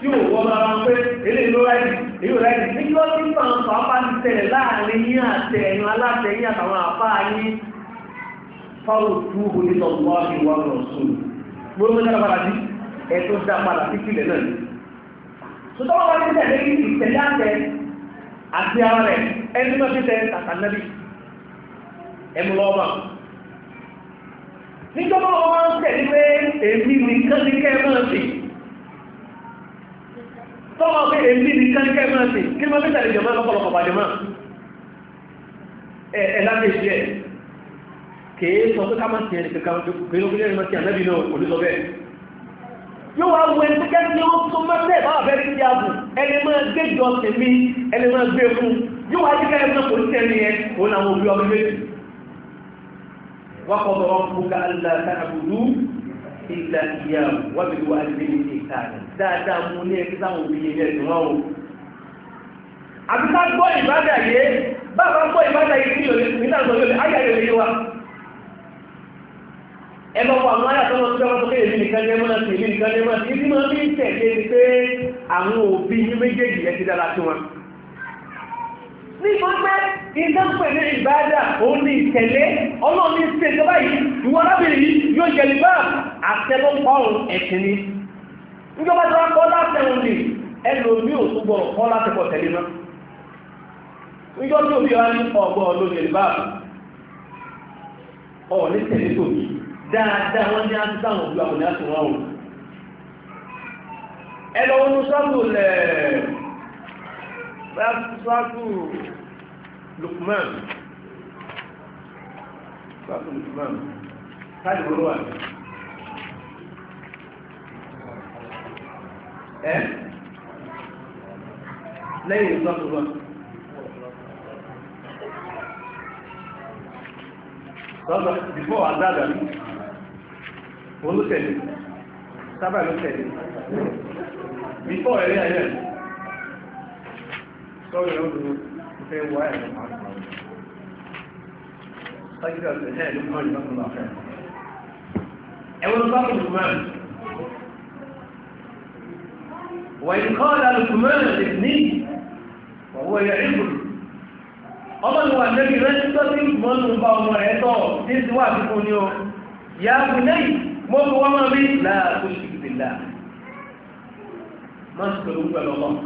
tí ò wọ́n máa ń pé eléyìí ló ráyìí èyí ò ráyìí ní lọ sí pàǹpà bá ti tẹ̀lẹ̀ láàrin yín àtẹ ẹ̀yìn aláṣẹ yín àtàwọn àfá yín fáwọn òkú onítọ̀ wọ́n fi wọ́n lọ sóòlù gbogbo náà padà sí ẹ̀tọ́ dá padà sí kílẹ̀ náà ni. sọ́tọ́ wọn ti tẹ̀lé ìtẹ̀lé àtẹ àti ara rẹ̀ ẹni náà ti tẹ̀ tàtàlẹ́bì ẹmu lọ́wọ́ nígbà wọn máa ń tẹ̀lé pé èmi nìkan ní kẹ́ ẹ máa tọ́wọ́ pé èmi ní káníkẹ́ máa sì kí ni wọ́n fi tàbí jọmọ́ lọ́pọ̀lọpọ̀ bàjọmọ́ ẹ̀ lábẹ́sí ẹ̀ kèé sọ pé ká máa sì ẹnì kankan kèé lókè lẹ́yìn máa sì ànábì náà kò ní sọ bẹ́ẹ̀ yóò wá wẹ ní kẹ́kẹ́ ní ó tó mẹ́tẹ́ báwa fẹ́ sí ààbò ẹni máa gbé jọ tèmi ẹni máa gbé fún yóò wá jíkẹ́ ẹni náà kò ní tẹ́ni yẹn kò ní àwọn òbí ọmọ méjì wákọ̀ bọ̀ wọn fún ká alá ká àbùdú ìlà ìyá wábìlú àdìmẹ́yìn ìta rẹ̀ dáadáa mú ní ẹgbẹ́ bàbá gbọ́ ìbádà yé wa. àwọn nìkan mọ́nà sí nìkan mọ́nà sí ni pé àwọn òbí ní méjèèjì ẹ ti ní gbọ́gbẹ́ ìdánpẹ̀ ní ìbádà òun ní ìtẹ̀lé ọlọ́run ní yìí ìwọ arábìnrin yìí yóò níjọba tí wọ́n kọ́ láti ẹ̀wọ̀n lè ẹlòmí ò túbọ̀ kọ́ láti pọ̀ tẹ̀lé náà níjọ́ tí òbí wa ní ọgbọ́ lórí ẹ̀lùbá ọ̀ ní tẹ̀lé tòbí dáadáa wọ́n ní àti táwọn òbí àwọn ìyá tó wọ́n wò ẹ lọ wọnú sọ́ọ̀tù lẹ̀ sọ́ọ̀tù Lukman sọ́ọ̀tù Lukman káàdì wọ́n wà ní. ẹ́ lẹ́yìn ìlọ́tọ̀lọ́ lọ́tọ̀ bífọ́ àdáàdà ní olóṣèlú sábà lóṣèlú bífọ́ ẹ̀rí ayẹ́ sọ́rọ̀ ọdún fẹ́ wà ẹ̀rọ máa ń pàdé sáyídà ẹ̀ẹ́ ló máa ń lọ́tọ̀lọ́ ẹ̀wọ̀n sábà lóṣèlú وإن قال لقمان لابنه وهو يعظه ọmọ ìwà nẹ́bí rẹ́sítọ́ sí mọ́nù bá ọmọ rẹ̀ tọ́ tí ti wà fífún ní ọ ya bù lẹ́yìn mọ́ fi wọ́n máa rí láàkó ṣìgbìlá máa ń pẹ̀lú pẹ̀lú ọmọ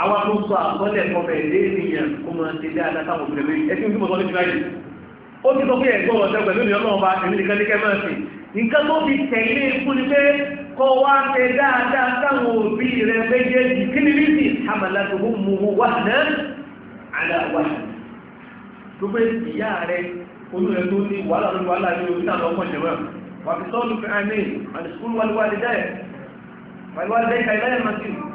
àwọn tó sọ àkọọ́lẹ̀ kọfẹ̀ ilé ènìyàn kó mọ̀ ṣe dé adásáwọn òbí lẹ́mí ẹtí ní mọ̀tọ́ nípa yìí ó ti sọ pé ẹ̀gbọ́n ọ̀sẹ̀ pẹ̀lú ìyọ́nà ọba èmi nìkan ní kẹ́mọ̀ sí nǹkan tó fi tẹ̀lé fún ni pé kọ́ wá ṣe dáadáa sáwọn òbí rẹ̀ méjèèjì kí ni bíbí àmàlàtò ó mú un wà náà aláwà tó pé ìyá rẹ̀ olú rẹ̀ tó ní wàhálà lórí wàhálà ní orí náà lọ́kọ̀ jẹ̀mọ́ wà fi sọ́ọ́lù fi àmì àdìsúkúrú wà ní wà ní dáẹ̀ wà ní wà ní dáẹ̀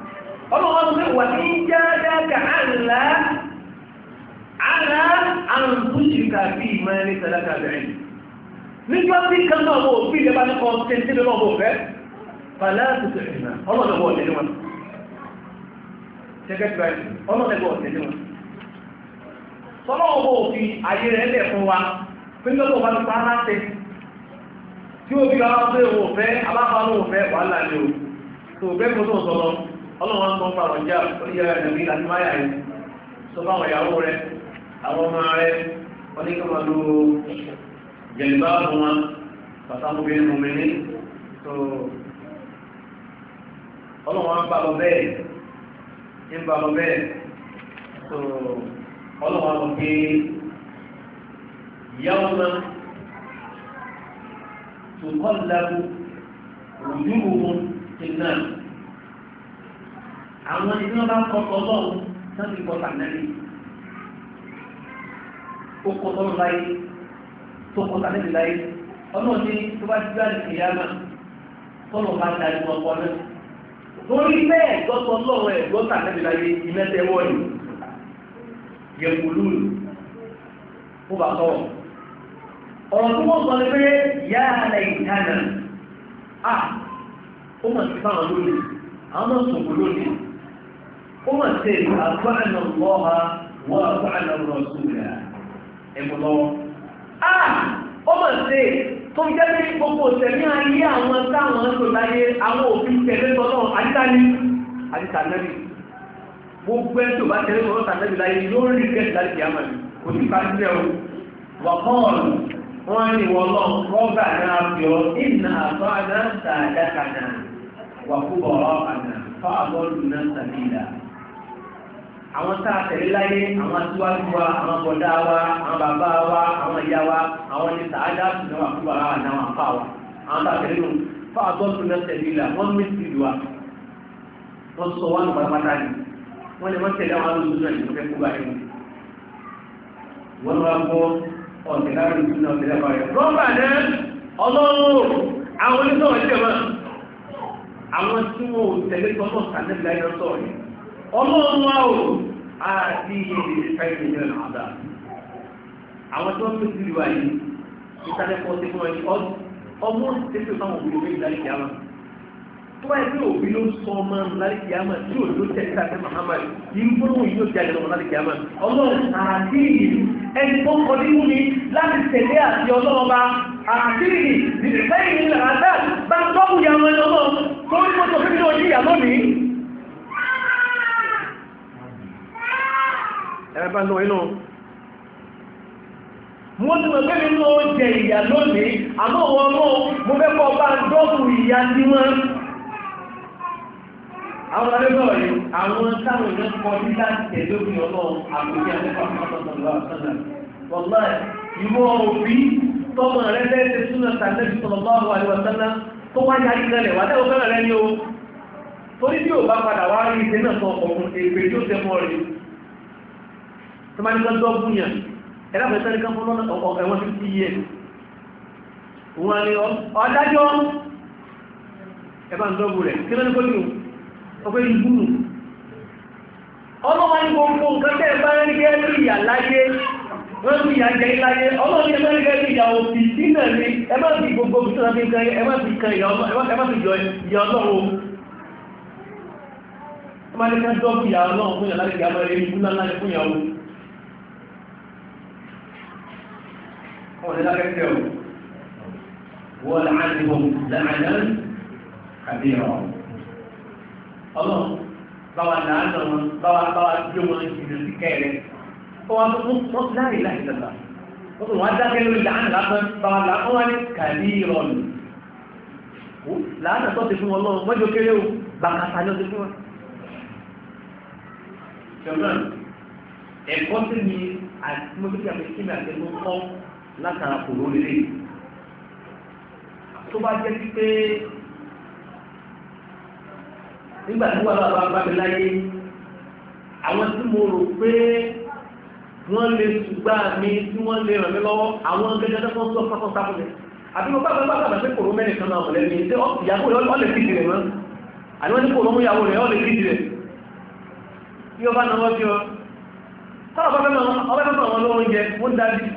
ọlọ́wọ́ pé wà ní jádáka àlá àlá àǹtúṣìkà bí ìmọ̀ ẹni sàdáka bẹ̀rẹ̀ nígbà tí kan náà wọ́n fi ìjọba ní kan ṣe sílẹ̀ náà wọ́n fẹ́ fàlẹ́ àtúntò ìrìnà ọlọ́dẹ̀wọ̀ ọ̀tẹ̀lẹ̀ wọn ṣẹ́gẹ́tì báyìí ọlọ́dẹ̀wọ̀ ọ̀tẹ̀lẹ̀ wọn tọ́lọ́wọ́ fi ayé rẹ̀ lẹ̀ fún wa pé ọlọ́wọ́n kan pàrọ̀ jà oníyàrá ìdàbí àti máyà yìí sọ fáwọn ìyàwó rẹ àwọn ọmọ rẹ oníkàmọ́ lo jẹ̀lìbá fún wọn pàtàkùnbí mọ̀mìnì tó ọlọ́wọ́n bá lọ bẹ́ẹ̀ ń bá lọ bẹ́ẹ̀ tó àwọn ẹni tí wọ́n bá kọ́ tọ́ lọ́wọ́ náà ti kọ́ tànẹ́lì ó kọ́ tọ́ láyé tó kọ́ tànẹ́lì láyé ọlọ́run ní tó bá ti gbáàdì kìyà náà tọ́lọ̀ bá darí wọn kọ́ náà lórí bẹ́ẹ̀ gbọ́tọ̀ lọ́rọ̀ ẹ̀ gbọ́ tànẹ́lì láyé ìmẹ́tẹ́ wọ́ọ̀lì yẹ̀kùlù ó bá sọ̀rọ̀ ọ̀rọ̀ tí wọ́n sọ ní pé yá àlẹ́ ìdáná à ó mọ̀ sí fáwọn lónìí àwọn náà sọ̀kò lónìí وما تيري أطعنا الله وأطعنا الرسول ẹ̀kọ́lọ́wọ́. Ah! Ó ọzọ sí tó jẹ́ pé gbogbo òṣèlú ayé àwọn táwọn ń lò láyé àwọn àwọn tá a tẹ̀lé láyé àwọn aṣíwájú wa àwọn bọ̀dá wa àwọn bàbá wa àwọn ìyá wa àwọn ní sàádà ṣùgbọ́n wà fúnra wa náà àpá wa àwọn tá a tẹ̀lé nù fún àtọ́sùn náà tẹ̀lé ìlà wọ́n mí sí ìlú wa wọ́n sọ wá nípa pátá ni wọ́n lè wọ́n tẹ̀lé àwọn alóòtú náà nípa fẹ́ kó bá yẹn wọ́n wá gbọ́ ọ̀tẹ̀ láàrin ìlú náà tẹ̀lé àbáyọ. rọ́bà náà ọlọ́run àwọn oníṣòwò àwọn tí wọn ò tẹ̀lé tọ́tọ̀ sàdébìláyọ̀ sọ̀rọ̀ ọlọ́run wa ò àti ìyẹ̀dẹ̀ káyọ̀ ìjọba àdá àwọn tó ń tó ti wà yìí ìtàlẹ́kọ̀ọ́ ti fún ẹni ọmọ tẹ́tẹ́ fáwọn òbí lórí ìdarí kìámà tó báyìí pé òbí ló sọ ọmọ ìdarí kìámà tí ò ló tẹ̀ síta sí Muhammad yìí gbọ́dọ̀ yìí ló ti àjẹ́ lọ́mọ ìdarí kìámà ọlọ́run àti ìlú ẹni tó kọ nínú ni láti tẹ̀lé àti ọlọ́ọba àti ìlú ìfẹ́ ìlú àdá bá tọ́kù yà wọn lọ́wọ́ tó ń mọ́tò fún mi náà ẹ̀bá náà inú mo ti mọ̀ pé nínú oúnjẹ ìyà lónìí àmọ́ wọn mọ́ mo fẹ́ kọ́ bá ń dọ́kù ìyà tí wọ́n àwọn alẹ́gbọ̀rọ̀ yìí àwọn táwọn èèyàn kọ sí láti tẹ̀lóbi ọlọ́run àkókè àtẹ́kọ̀ọ́ torí bí ò bá padà wá rí ìṣẹ́ náà sọ ọkùnrin èpè tó tẹ́mọ́ rẹ̀ tó máa ní kan tó bú yàn ẹlẹ́pẹ̀ sẹ́ni kan fún ẹ̀wọ̀n sí ti yẹ wọ́n ni ọ̀dájọ́ ẹ̀bá ń dọ́gbù rẹ̀ kí lọ́nà kọ́lù ọgbẹ́ ìgbùnù ọlọ́wọ́ ní gbogbo nǹkan tẹ́ bá ń gẹ́ rí ìyà láyé wọ́n fi ìyà jẹ́ láyé ọlọ́wọ́ ní ẹgbẹ́ rí ìyà òfì sínà ní ẹgbẹ́ fi ولكنهم ولعنهم لعنا كبيرا الله طبعا لعنهم طبعا طبعا يوم الكيري هو مطلق لا اله الا الله مطلق وهذا كلمه لعن لعن طبعا لعنهم كبيرا لعنه صوت فيه والله ما جو كيريو بقى صوت فيه شكرا القسم من المسلمين التي látara kòró lè tó bá jẹ́ pé nígbà tí wàhálà bá bá mi láyé àwọn tí mo rò pé wọ́n lè ṣùgbà mi tí wọ́n lè ràn mí lọ́wọ́ àwọn gẹ́gẹ́ tó ń sọ fọ́fọ́ sáfún mi àbí mo bá bá bá bá pé kòró mẹ́rin kan náà mọ̀lẹ́ mi tí ìyàwó rẹ̀ ọ́ lè fi jìrẹ̀ mọ́ àní wọ́n ní kòró mú ìyàwó rẹ̀ ọ́ lè fi jìrẹ̀ bí ọba náà wọ́n fi ọ tọ́lọ̀ bá fẹ́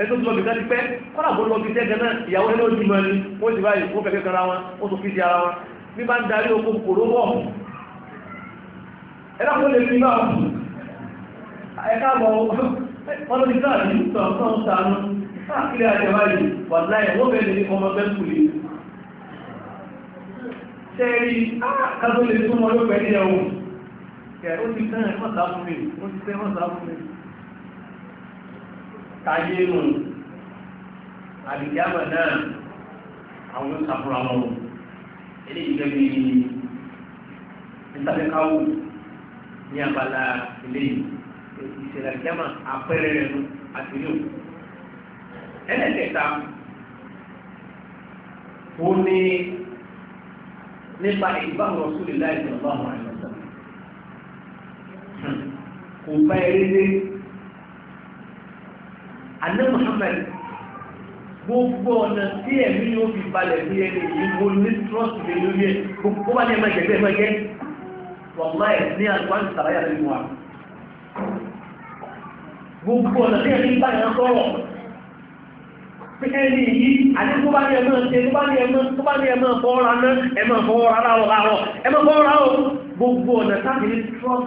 ẹgbẹ́ tó lọ́bí tẹ́lẹ̀ pẹ́ kọ́nà bó lọ́bí tẹ́gẹ̀ náà ìyàwó ẹlẹ́ ojú mọ́ ni ó ti báyìí ó fẹ́fẹ́ kanra wọn ó tó fíjì ara wọn bí bá ń darí oko kòró wọ̀ ẹ̀dá kó lè fi bá ẹ̀ka bọ̀ ọdún ní káàdì tọ̀tọ̀ sànú káàkiri àjẹmáyì wàláyé wọ́n bẹ̀rẹ̀ ní ọmọ bẹ́ẹ̀ kùlé sẹ́ẹ̀rí kájọ́ lè tún mọ́ ló pẹ̀lú ẹ̀wọ̀n kẹ̀ ó ti tẹ́ táyé nù àbíjámà náà àwọn ìsàfúnra lọ́wọ́ eléyìí gẹ́gẹ́ bí ìsàfẹ́káwò ní abala eléyìí ìṣẹ̀lẹ̀ àbíjámà àpẹẹrẹ rẹ̀ nù àti yóò ẹlẹ́kẹta ó ní nípa ìbámu Rasulillah sallallahu alaihi wasallam kò bá eré dé àná Muhammad gbogbo ọ̀nà tí ẹ̀mí yóò fi balẹ̀ ní ẹni ìgbò ní trust mi lórí ẹ̀ gbogbo bá ní ẹmọ ìjẹ̀gbẹ́ ẹmọ jẹ́ wọ̀nlá ẹ̀ ní àgbáyé sàbáyà lórí wa gbogbo ọ̀nà tí ẹ̀mí bá yẹn sọ̀rọ̀ pé ẹni yìí àti tó bá ní ẹmọ ṣe tó bá ní ẹmọ tó bá ní ẹmọ fọ́ra náà ẹmọ ẹmọ fọ́ra ó gbogbo ọ̀nà tábìlì trust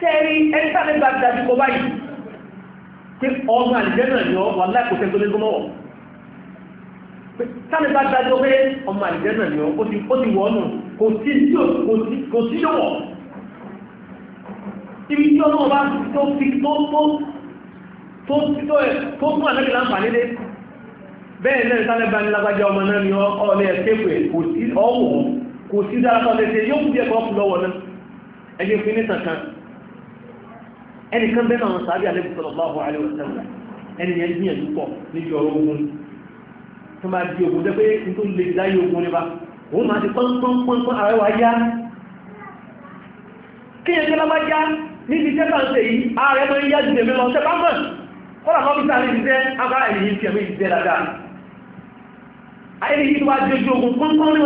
tẹ́rí ẹni tàbí bá dájú kọ báyìí pé ọmọ àlìjẹ́nà yọ wà láìkò tẹ́ tó lé gómọ̀ tàbí bá dájú pé ọmọ àlìjẹ́nà yọ ó ti wọ́ ọ̀nà kò sí yọ̀wọ̀ ibi tí ọmọ bá tó fi tó tó tó mú àlẹ́bí láǹfààní dé bẹ́ẹ̀ náà tàbí bá ní lágbájá ọmọ náà ni ọlẹ́ ẹ̀kẹ́kẹ́ kò sí ọwọ́ kò sí dára tọ́lẹ́sẹ̀ yóò fi ẹ̀kọ́ lọ́wọ́ náà ẹgbẹ́ fi ní sàkán ẹni kan bẹ́ẹ̀ náà sábẹ́ alẹ́ bùsọ̀rọ̀ bá wà alẹ́ òṣèlú ẹni yẹn gbìyànjú pọ̀ níbi ọ̀rọ̀ ogun tó máa di ogun jẹ́ pé tó lè láyé ogun nípa òun máa ti pọ́npọ́npọ́n ààrẹ wa yá kí yẹn tẹ́lá bá yá níbi tẹ́ bá ń ṣe yìí ààrẹ máa ń yá jù èmi lọ tẹ́ bá mọ̀ kọ́lá mọ́ bíta ní ìṣiṣẹ́ agbára ìyìn ti ẹ̀mí ìṣiṣẹ́ dáadáa ayé ní ìṣiṣẹ́ wa dojú ogun pọ́npọ́n ní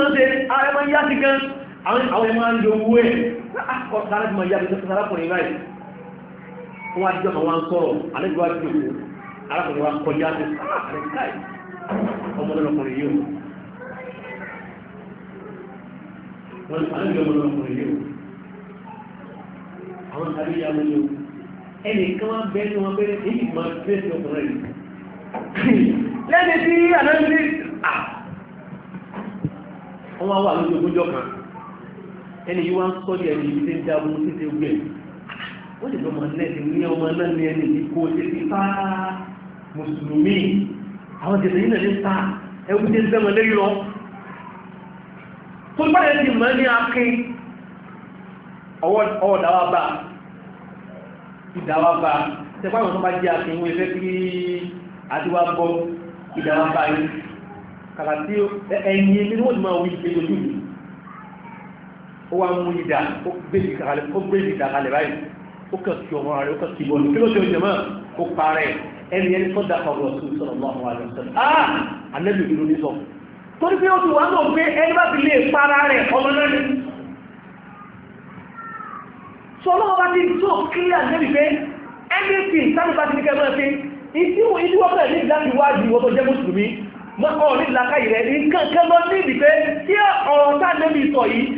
wọ́n ṣe fún wa jọ́ wọn sọ̀rọ̀ alẹ́ ìwà jù kú arákùnrin wa kọjá sí ah, ọmọ lọ́kùnrin yìí o wọ́n ti alẹ́ ìwà lọ́kùnrin yìí o àwọn tàbí ìyá wọn yìí o ẹnì kan wá bẹ́ẹ̀ ni wọ́n bẹ́ẹ̀ èyí máa bẹ́ẹ̀ sí ọkùnrin yìí lẹ́ni tí àlọ́lẹ́ à ah. wọ́n wá wà lójú ogójọ́ kan ẹni yìí wá ń sọ́ọ́ ó lè lọ́mọ náà ti ní ọmọ náà ní ẹni ìkó ṣe ti fá mùsùlùmí àwọn tẹ̀sẹ̀ yìí náà ní ta ẹwú tẹ́ sẹ́mọ lé lọ tó bá yẹ ti mọ̀ ní akin ọwọ́ dáwà bá ìdáwà bá tẹ́pá ìwọ̀n tó bá jẹ́ akin wọ́n fẹ́ kí adíwá bọ́ yìí kàkà tí ẹ̀yìn ní wọ́n ó kà sí ọmọ rẹ̀ ó kà sí ìbọn kí ló ṣe oúnjẹ mọ́ ó parẹ́ ẹni ẹni tó dáa ọ̀rọ̀ sí sọ̀rọ̀ lọ́wọ́ àwọn àjọṣe ah anẹ́bí ìlú ní sọ torí pé ó ti wà náà pé ẹni bá fi lè para rẹ̀ ọmọ náà ni sọlọ́ ọba ti tó kílí àjẹ́bí pé ẹgbẹ́sì sáàbí bá ti ní kẹmọ́ ẹ̀fẹ́ ìdíwọ́ bẹ̀rẹ̀ ní ìdájú wájú ìwọ́n tó jẹ́ mùsùlùmí mọ́kọ́ ní ìlàkàyè rẹ̀ nǹkan kẹmọ́ ní ìdí pé tí ọ̀rọ̀ sáàbí sọ yìí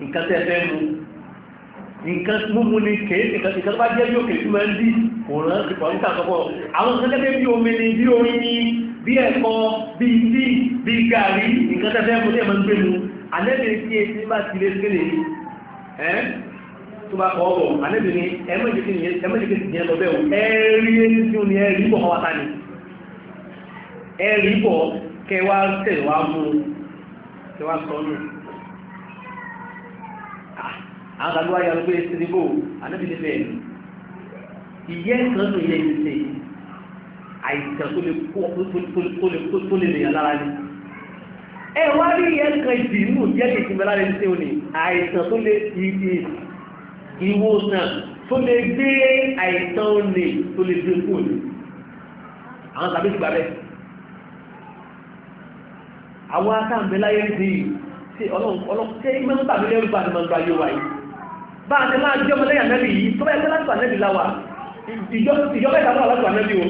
nǹkan tẹ́ fẹ́ mu nǹkan múmu ni kéé nǹkan bá jẹ́ bí òkè tí máa ń bí òòrùn ti pọ̀ níta sọ́kọ̀ àwọn nǹkan tẹ́tẹ́ bí omi ni bí orin ni bí ẹ̀kọ́ bí tí bí gàrí nǹkan tẹ́ fẹ́ mu ní ẹ̀mọ́ ń gbé mu anẹ́bìnrin tí etí bá ti lé sílẹ̀ yìí ẹ́ tó bá kọ́ ọ̀bọ̀ anẹ́bìnrin ẹ̀mọ́jẹ̀kẹ́ ti yẹn lọ bẹ́ẹ̀ o ẹ̀rí ẹni tí ó ní ẹ̀rí bọ̀ wá ta ni ẹ̀rí bọ̀ kẹwàá tẹ̀wàá mú kẹwàá sọ́nù àwọn àgbà yà lópe sinigbó ìyẹ́ ìsànù yẹ ìṣe àwọn tàbí ti tí ọlọ́run tẹ́ ìmọ̀ ń tàbí lẹ́rù bá ní máa gba yóò wáyé bá a ti máa jẹ́ ọmọ lẹ́yìn anẹ́bì yìí tó bá ẹgbẹ́ láti anẹ́bì láwa ìjọba ìdáwọ́ aláṣọ anẹ́bì o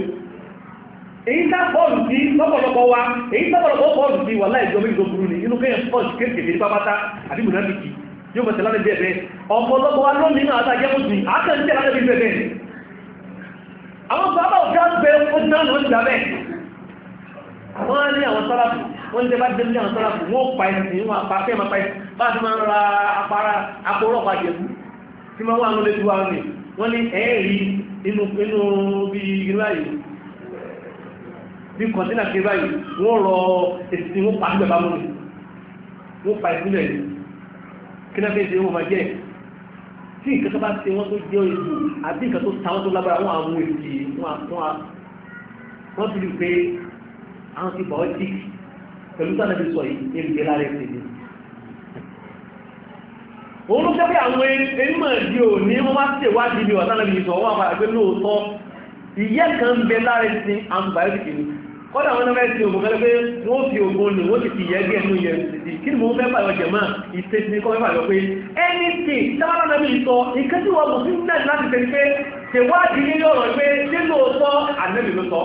èyí tá bọ́ọ̀lù sí lọ́pọ̀lọpọ̀ wa èyí tá bọ́ọ̀lù bọ́ọ̀lù sí wà láì jọba ìjọ burú ni inú kẹ́yìn pọ́ọ̀lù kéèkéé ní pápátá àbí mùnàbìkì yóò mọ̀tẹ̀ lánàbí ẹ̀bẹ̀ ọ̀pọ̀lọpọ̀ wa lónìí náà àtàjẹ́ mùsùlùmí àtẹ̀ ń tẹ̀ lánàbí ẹ̀bẹ̀ àwọn bàbá òfin àgbẹ̀ ó ti náà lọ́ọ́ wọ́n ní àwọn sọ́lápù wọ́n tẹ́ bá jẹ́ ní àwọn sọ́lápù wọ́n pa ẹ̀sìn ìwọ̀n àpapẹ́ ma pa ẹ̀sìn bá ti máa ń ra apara akọ́rọ̀pá jẹ̀bú tí ma wà lórí ju àwọn wọ́n ní ẹ̀ẹ́rí inú bí iráyì bí kọ̀ntínà kí iráyì wọ́n rọ ẹ̀sìn wọ́n pa nígbà bá mú mi wọ́n pa ẹ̀sìn lẹ̀ kí náà fi ṣe wọ́n máa jẹ́ tí nǹkan tó bá ṣe wọ́n tó jẹ́ ìlú wọ́n ti rí pé antibiotic pẹ̀lú tánàbí sọ yìí èrùgbé lára ẹ̀sẹ̀ ni òun ló jẹ́ pé àwọn erímọ̀ ìdí ò ní wọ́n wá sí ìwádìí bí ọ̀tánàbí sọ wọ́n àpàdà pé lóòótọ́ ìyẹ́ kan ń bẹ lára ẹ̀sẹ̀ antibiotic ni kọ́dà wọn náà ti ògùn fẹ́lẹ́ pé wọ́n fi ògùn lò wọ́n ti fi yẹ́ gẹ́ ẹnu yẹn sí kí ni mo fẹ́ pàyọ̀ jẹ̀mọ́ ìtẹ́sí ní anything sábàtà náà mi sọ nǹkan tí wọ́n mú sí náà láti tẹ̀lé pé tèwádìí nílé ọ̀rọ̀ pé nínú ọ̀tọ̀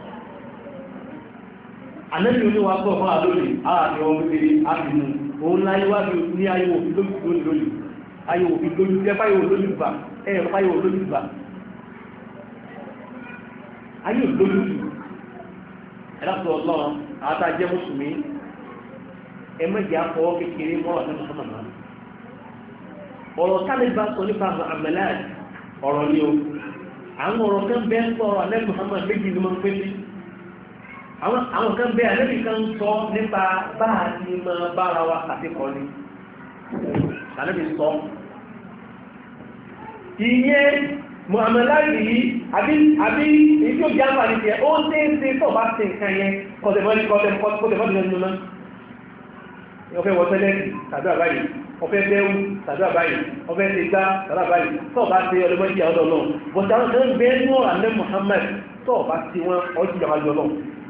àlẹ́bí oníwà pọ̀ fún àlórí àti ọmọ ìdílé àbìnú òun láyé wá ní ayé òfin lójú lónìí lónìí ayé òfin lójú jẹ́ fáyé olójú gbà ẹ̀ fáyé olójú gbà ayé olójú ẹ̀dàpọ̀ ọlọ́run àtàjẹ́ mùsùlùmí ẹ mẹ́jẹ̀ afọwọ́ kékeré mọ́ ọ̀sán sọ́nà náà ọ̀rọ̀ tálíbà sọ nípa àmàlà ọ̀rọ̀ ni o àwọn ọ̀rọ̀ kan bẹ́ẹ̀ sọ̀rọ̀ alẹ́ Muhammad méjì ni wọ́n pé sí àwọn kan bẹ́ àlẹ́bì kan sọ nípa bá a ti mọ bára wa àtikọ́ ni àlẹ́bì sọ ìyẹn mọ̀hàmàláàrí yìí àbí ìjọ jẹ́ àǹfààní tiẹ̀ ó ń tẹ́ ń tẹ́ tó bá ti nǹkan yẹn kọ̀tẹ̀mọ́lì kọ̀tẹ̀mọ́lì nínú náà ọ̀fẹ́ wọ́tẹ́lẹ̀ tàbí àbáyé ọ̀fẹ́ bẹ́ẹ̀wù tàbí àbáyé ọ̀fẹ́ ti gbá tàbí àbáyé tó bá ti ọlọ́mọdé àwọn ọlọ́run bọ̀tà àwọn kan bẹ́ẹ̀ nù àlẹ́ Muhammad tó bá ti wọn ọjọ́ ìjọba jọlọ́run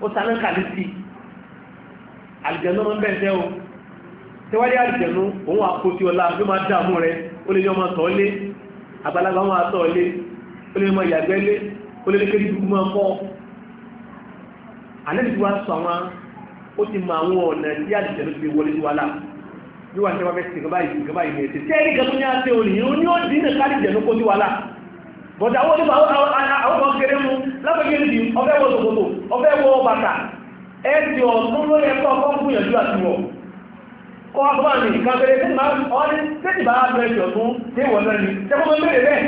ó sálánkà ní sí àlìjẹ̀nú ọmọ o tẹ́wájú àlìjẹ̀nú òun àpótí ọlá ló máa dààmú rẹ ó lè ní ọmọ tọ́ lé àgbàlagbà wọn àtọ́ lé ó lè ní ọmọ ìyàgbẹ́ lé ó lè ní kéjì dúkú máa fọ́ àlẹ́ ìdíwá sọ àwọn ó ti mọ àwọn ọ̀nà tí àlìjẹ̀nú ti wọlé sí wa lá bí wàá tẹ́wọ́ fẹ́ sìnkọ́ báyìí sìnkọ́ báyìí ní ẹ̀sìn tẹ́ẹ̀lì gẹ́gẹ́ ní àti òní ó ní ó dín bọ̀dá wọ́n nípa àwọn ọmọ kéré mú lápẹ́gẹ́ ìdí ọfẹ́ wọ ṣòkòtò ọfẹ́ wọ bàtà ẹ̀ẹ́dì ọ̀tún ló yẹ kọ́ kọ́ fún ìyẹ̀jú àti wọ̀ kọ́ ọgbọ́n ní kàbẹ̀rẹ̀ tí máa ọ́ ní tẹ́tì bá bẹ̀rẹ̀ tí ọ̀tún tí wọ́n lọ ní tẹ́kọ́ mọ́ bẹ̀rẹ̀ bẹ́ẹ̀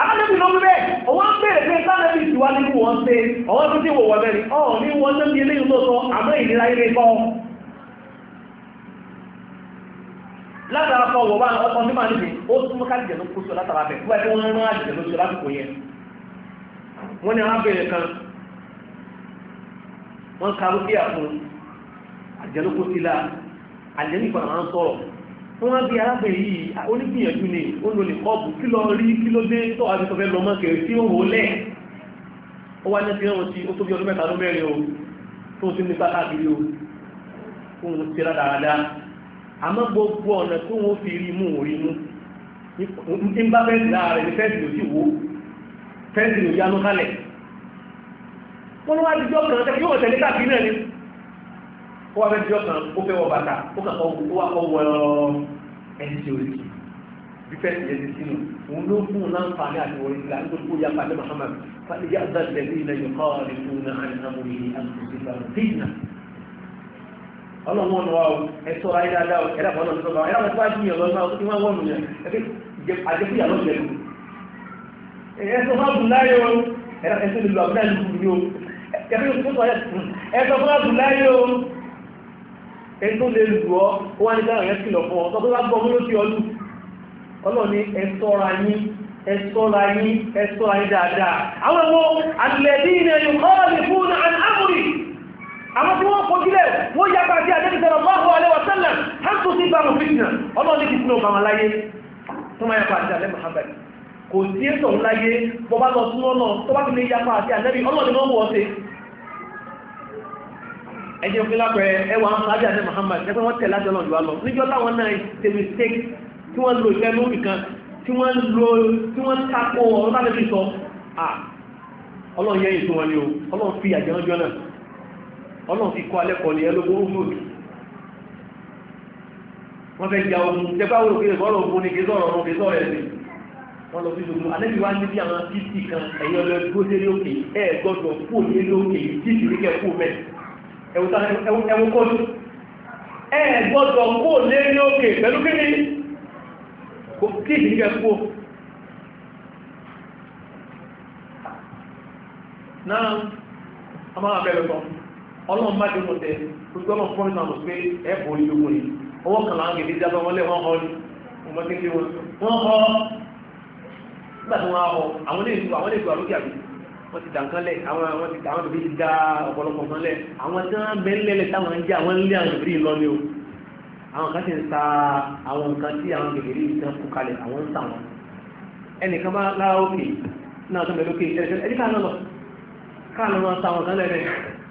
alábẹ́bí ló mú bẹ́ẹ̀ ọwọ́ bẹ̀rẹ̀ pé sáàbẹ́bí ti wá nínú wọn ṣe ọwọ́ tó ti wọ̀ wọ̀ bẹ̀rẹ̀ ọ̀ ní wọn lọ́bí eléyìí lóòótọ́ àmọ́ ìnira ilé kọ́ látara kọ wọ̀ bá ọkọ̀ mímọ̀ níbi ó túnmọ́ káàdìjẹ̀ ló kó sọ látara bẹ̀ wọ́n ẹgbẹ́ wọn rán àjẹ̀ ló sọ lásìkò yẹn wọ́n ní arábìnrin kan wọ́n ka rúkìá fún àjẹ̀ ló kó sí la àjẹ̀ nìkan àwọn sọ̀rọ̀ wọ́n wá bí arábìnrin yìí onígbìyànjú ni ó lò lè kọ́ọ̀bù kí lọ rí kí ló dé tó àti sọfẹ́ lọ mọ́kẹ́ tí ó wò lẹ̀ ó wá ní ẹsẹ̀ wọn ti ó tóbi ọdún mẹ́ta ló mẹ́rin o tó ti nípa káàkiri o fún un ti rádaràdá àmọ́ gbogbo ọ̀nà tí wọ́n fi rí mú orí mú ń bá fẹ́ǹsì lára rẹ̀ ní fẹ́ǹsì ló sì wó fẹ́ǹsì ló yánú kálẹ̀ wọ́n wá dídí ọkàn tẹ́lẹ̀ yóò tẹ̀lé káàkiri náà ni ó wá fẹ́ dídí ọkàn ó fẹ́ wọ bàtà ó kà wá ọwọ́ eh, ẹni tí ó rí bí fẹ́ǹsì yẹn ti sínú òun ló fún un láǹfààní àti wọlé ìlà nítorí kó yá pàdé Muhammad fàdé yá bá lẹ́bí ọlọ́wọ́n wa o ẹ̀tọ́ ayé dáadáa o ẹ̀dá fọ́lọ́ tó bá ẹ̀dá fọ́lọ́ tó yàn lọ́nà ọdún tí wọ́n wọ́n yẹn àjẹkúyà lọ jẹ́ ẹ̀sọ́ bá bù láyé o ẹ̀sọ́ lè lọ àbúdá ìlú ni o ẹ̀sọ́ bá bù láyé o ẹ̀sọ́ lè lù ọ́ ó wá ní sáà rẹ̀ kìlọ̀ fún ọ sọ pé bá gbọ́ mú ló ti ọlú ọlọ́ni ẹ̀sọ́ra yín ẹ̀sọ́ra yín ẹ̀sọ́ra yín dáadáa àwọn ọmọ àlẹ́dí ilẹ̀ yóò kọ́ àwọn tí wọ́n fojúlẹ̀ wọ́n yapa sí àdébìsẹ̀rọ̀ lọ́wọ́ alẹ́wà sẹ́lẹ̀ hàtó sí lọ bá yapa sí àdébì ọlọ́ọ̀dẹ́ wọn wọ́ sí ẹjẹ́ òfin lápẹ̀ẹ́ ẹwà sáájú àdé Muhammad ẹgbẹ́ wọn tẹ̀ láti ọlọ́ọ̀dẹ́ wa lọ níjọ́ táwọn náà ṣe mistake tí wọ́n lo ìfẹ́ lórí kan ọlọ́run ti kọ́ alẹ́ kọ́ ni ẹlógún rúfò ní wọ́n fẹ́ ja ogun tẹ́gbà wò kí ọ̀rọ̀ ogun ni kí sọ̀rọ̀ ọ̀run kí sọ̀rọ̀ ẹ̀sìn wọ́n lọ sí gbogbo alẹ́bí wa níbi àwọn títì kan ẹ̀yọ́ lọ dúró sí lókè ẹ̀ gbọ́dọ̀ kú ní lókè títì rí kẹ́ kú mẹ́ ẹ̀wù kọ́jú ẹ̀ gbọ́dọ̀ kú ní lókè pẹ̀lú kí ni títì rí kẹ́ kú náà a máa bẹ̀rẹ̀ kan ọlọ́run bá dé mọ̀tẹ́ gbogbo ọmọ fún ìtàn pé ẹ bò ní gbogbo yìí ọwọ́ kan láwọn gèdè jábọ́ wọlé wọn họ ní ọmọ tí ń lé wọn wọn họ àwọn lu àwọn lè lu àlókè àbí wọn ti dàǹkan lẹ àwọn àwọn ti àwọn tòbí ti dá ọ̀pọ̀lọpọ̀ kan lẹ àwọn tí wọn bẹ ńlẹ̀lẹ̀ táwọn ń jẹ àwọn ń lé àwọn tòbí lọ ní o àwọn kan ti ń ta àwọn nǹkan tí àwọn gègèrè yìí tán kú kalẹ̀ àwọn ń tà wọn ẹnìkan bá lára òkè náà tó mẹ́lókè ẹ̀ẹ́dẹ́gbẹ̀ẹ́ káà lọ́nà káà lọ́nà táwọn kan lẹ́rẹ̀ẹ́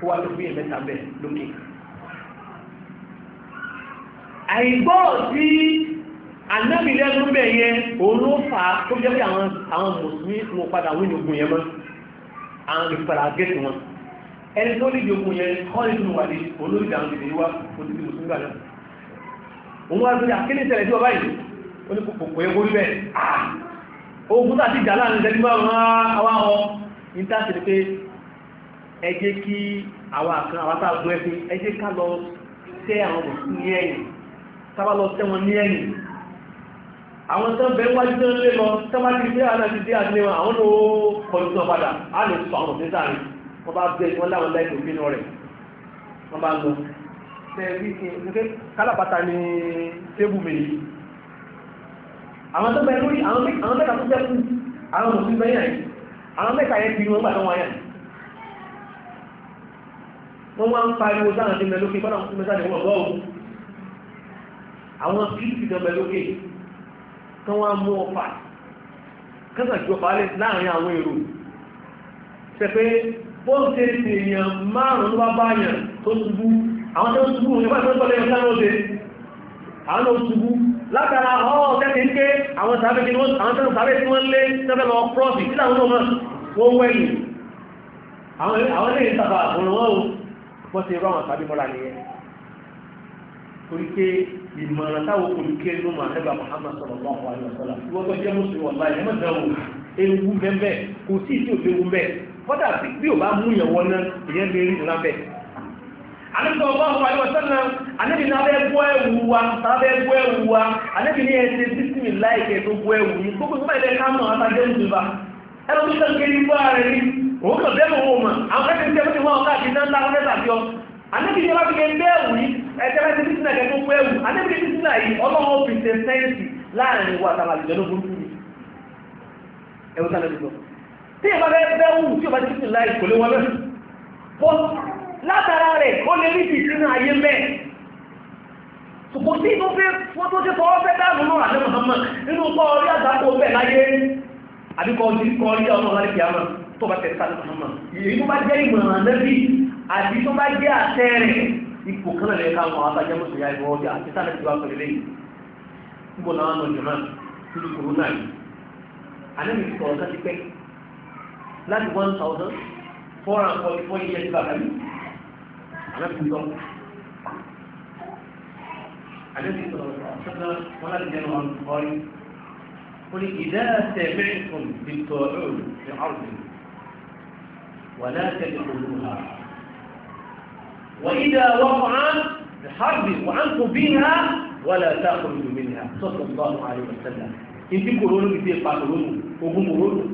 kó wá tó gbé mẹ́ta bẹ̀ lókè. àìgbọ́ sí anábìlẹ́nu bẹ̀ yẹn òun ló fà á tó jẹ́ pé àwọn àwọn mùsùlùmí wọn padà wí ní ogun yẹn mọ́ àwọn olùpadà gẹ̀ẹ́sì wọn ẹni tó ní ìjọkùn yẹn kọ́ni tó wà ní olórí ìdáhùn ìdè wá olùdí mùsùlùmí gbà náà òun wá sí àkíní ìṣẹ̀lẹ̀ tí wọ́n báyìí ó ní kòkòkò ẹgbó rí bẹ́ẹ̀ ah, ogun tàbí ìjà láàrin ìjẹ́límọ̀ àwọn àwọn ìntàṣẹ̀lẹ̀ pé ẹ jẹ́ kí àwọn àkàn àwọn àtàgbọ́ ẹ̀sìn ẹ jẹ́ ká lọ tẹ́ àwọn òsìn ní ẹ̀yìn sábà lọ tẹ́ wọn ní ẹ̀yìn àwọn tán bẹ wájú tán lé lọ sábà ti dé àná ti dé àdílé wọn àwọn ló kọlu tán padà á lè sọ àwọn òsìn sáré wọn bá bẹ wọn láwọn láì tó bínú rẹ wọn bá lọ tẹ̀rí kálábàtà ní tébù mi yìí àwọn tó bẹ lórí mẹ́ta yẹn ti wọn gbà tó wọn wọ́n wá ń pariwo sáwọn tí mẹ́lókè bọ́nà fún mẹ́sàn ìwọ̀n bọ́ọ̀ àwọn kìrìsì jọ mẹ́lókè kan wá mú ọfà kásà jọ falẹ̀ láàrin àwọn èrò ṣe pé bọ́ọ̀lù tẹ́ ti èèyàn márùn-ún ló bá báyàn tó ṣubú àwọn tó ṣubú nípa tó ṣubú lẹ́yìn sáwọn ọ̀dẹ́ àwọn ló ṣubú látara ọ̀ọ́ tẹ́tẹ́ ń ké àwọn sàbẹ̀ tí wọ́n lé tẹ́tẹ́ lọ prọ́ọ̀sì tí láwọn náà wọ́n wẹ́yìn àwọn ilé ìtàbà àbùrùn wọn wọ́n ti rọ́ àwọn tàbí mọ́ra nìyẹn torí pé ìmọ̀ràn táwọn olùkẹ́ ló máa lẹ́gbà Muhammad sallallahu alaihi wasallam ìwọ́n tó jẹ́ mùsùlùmí ọ̀la ẹ̀ mọ̀dá wò ewu bẹ́ẹ̀ kò sí ìdí òfin ewu bẹ́ẹ̀ kọ́dà bí ò bá mú yẹn wọ náà ìyẹn lè rí ìlànà bẹ́ẹ̀. àlejò ọgbà ọgbà àlejò sọ́nà àlejò náà bẹ́ẹ̀ bọ́ ẹ̀wù wa tàbí bẹ́ẹ̀ bọ́ ẹ̀wù wa àlejò ní ẹsẹ̀ sísìmì láìkẹ́ tó bọ́ ẹ̀wù yìí gbogbo òun kàn bẹ́ẹ̀ mọ̀ mọ̀ àwọn ẹgbẹ́ tí wọ́n ti wọ́n káàkiri náà ńlá ọ̀rẹ́ tàbí ọ anẹ́bìyẹ bá fi kẹ́ ẹ̀wù yìí ẹ̀tẹ́rẹ́ ti bísínà kẹ́ tó pẹ́wù anẹ́bìyẹ bísínà yìí ọlọ́wọ́ pèsè sẹ́ǹsì láàrin wa tàbí àlùjẹ́ ló burúkú ni ẹ̀wù tàbí àlùjọ tí ìbá bẹ́ẹ̀ bẹ́ẹ̀ Muhammad tó bá tẹ̀lé sáré fún ọmọ èyí tó bá jẹ́ ìmọ̀ràn lẹ́bí àti tó bá jẹ́ àtẹ́ rẹ̀ ipò kan náà lè ká àwọn abájá mọ̀tò ya ìwọ ọjà àti sáré tó bá pẹ̀lú lẹ́yìn níbo náà wọn lọ jọ̀mọ́ nínú kòró náà yìí àlẹ́ mi sọ̀rọ̀ láti one thousand four and forty four years back àbí àlẹ́ mi sọ àlẹ́ سمعتم بالطاعون في عرض ولا تدخلوها وإذا وقعت حرب وأنتم بها ولا تخرجوا منها صلى الله عليه وسلم ìdí kòrónù ti pa kòrónù ogun kòrónù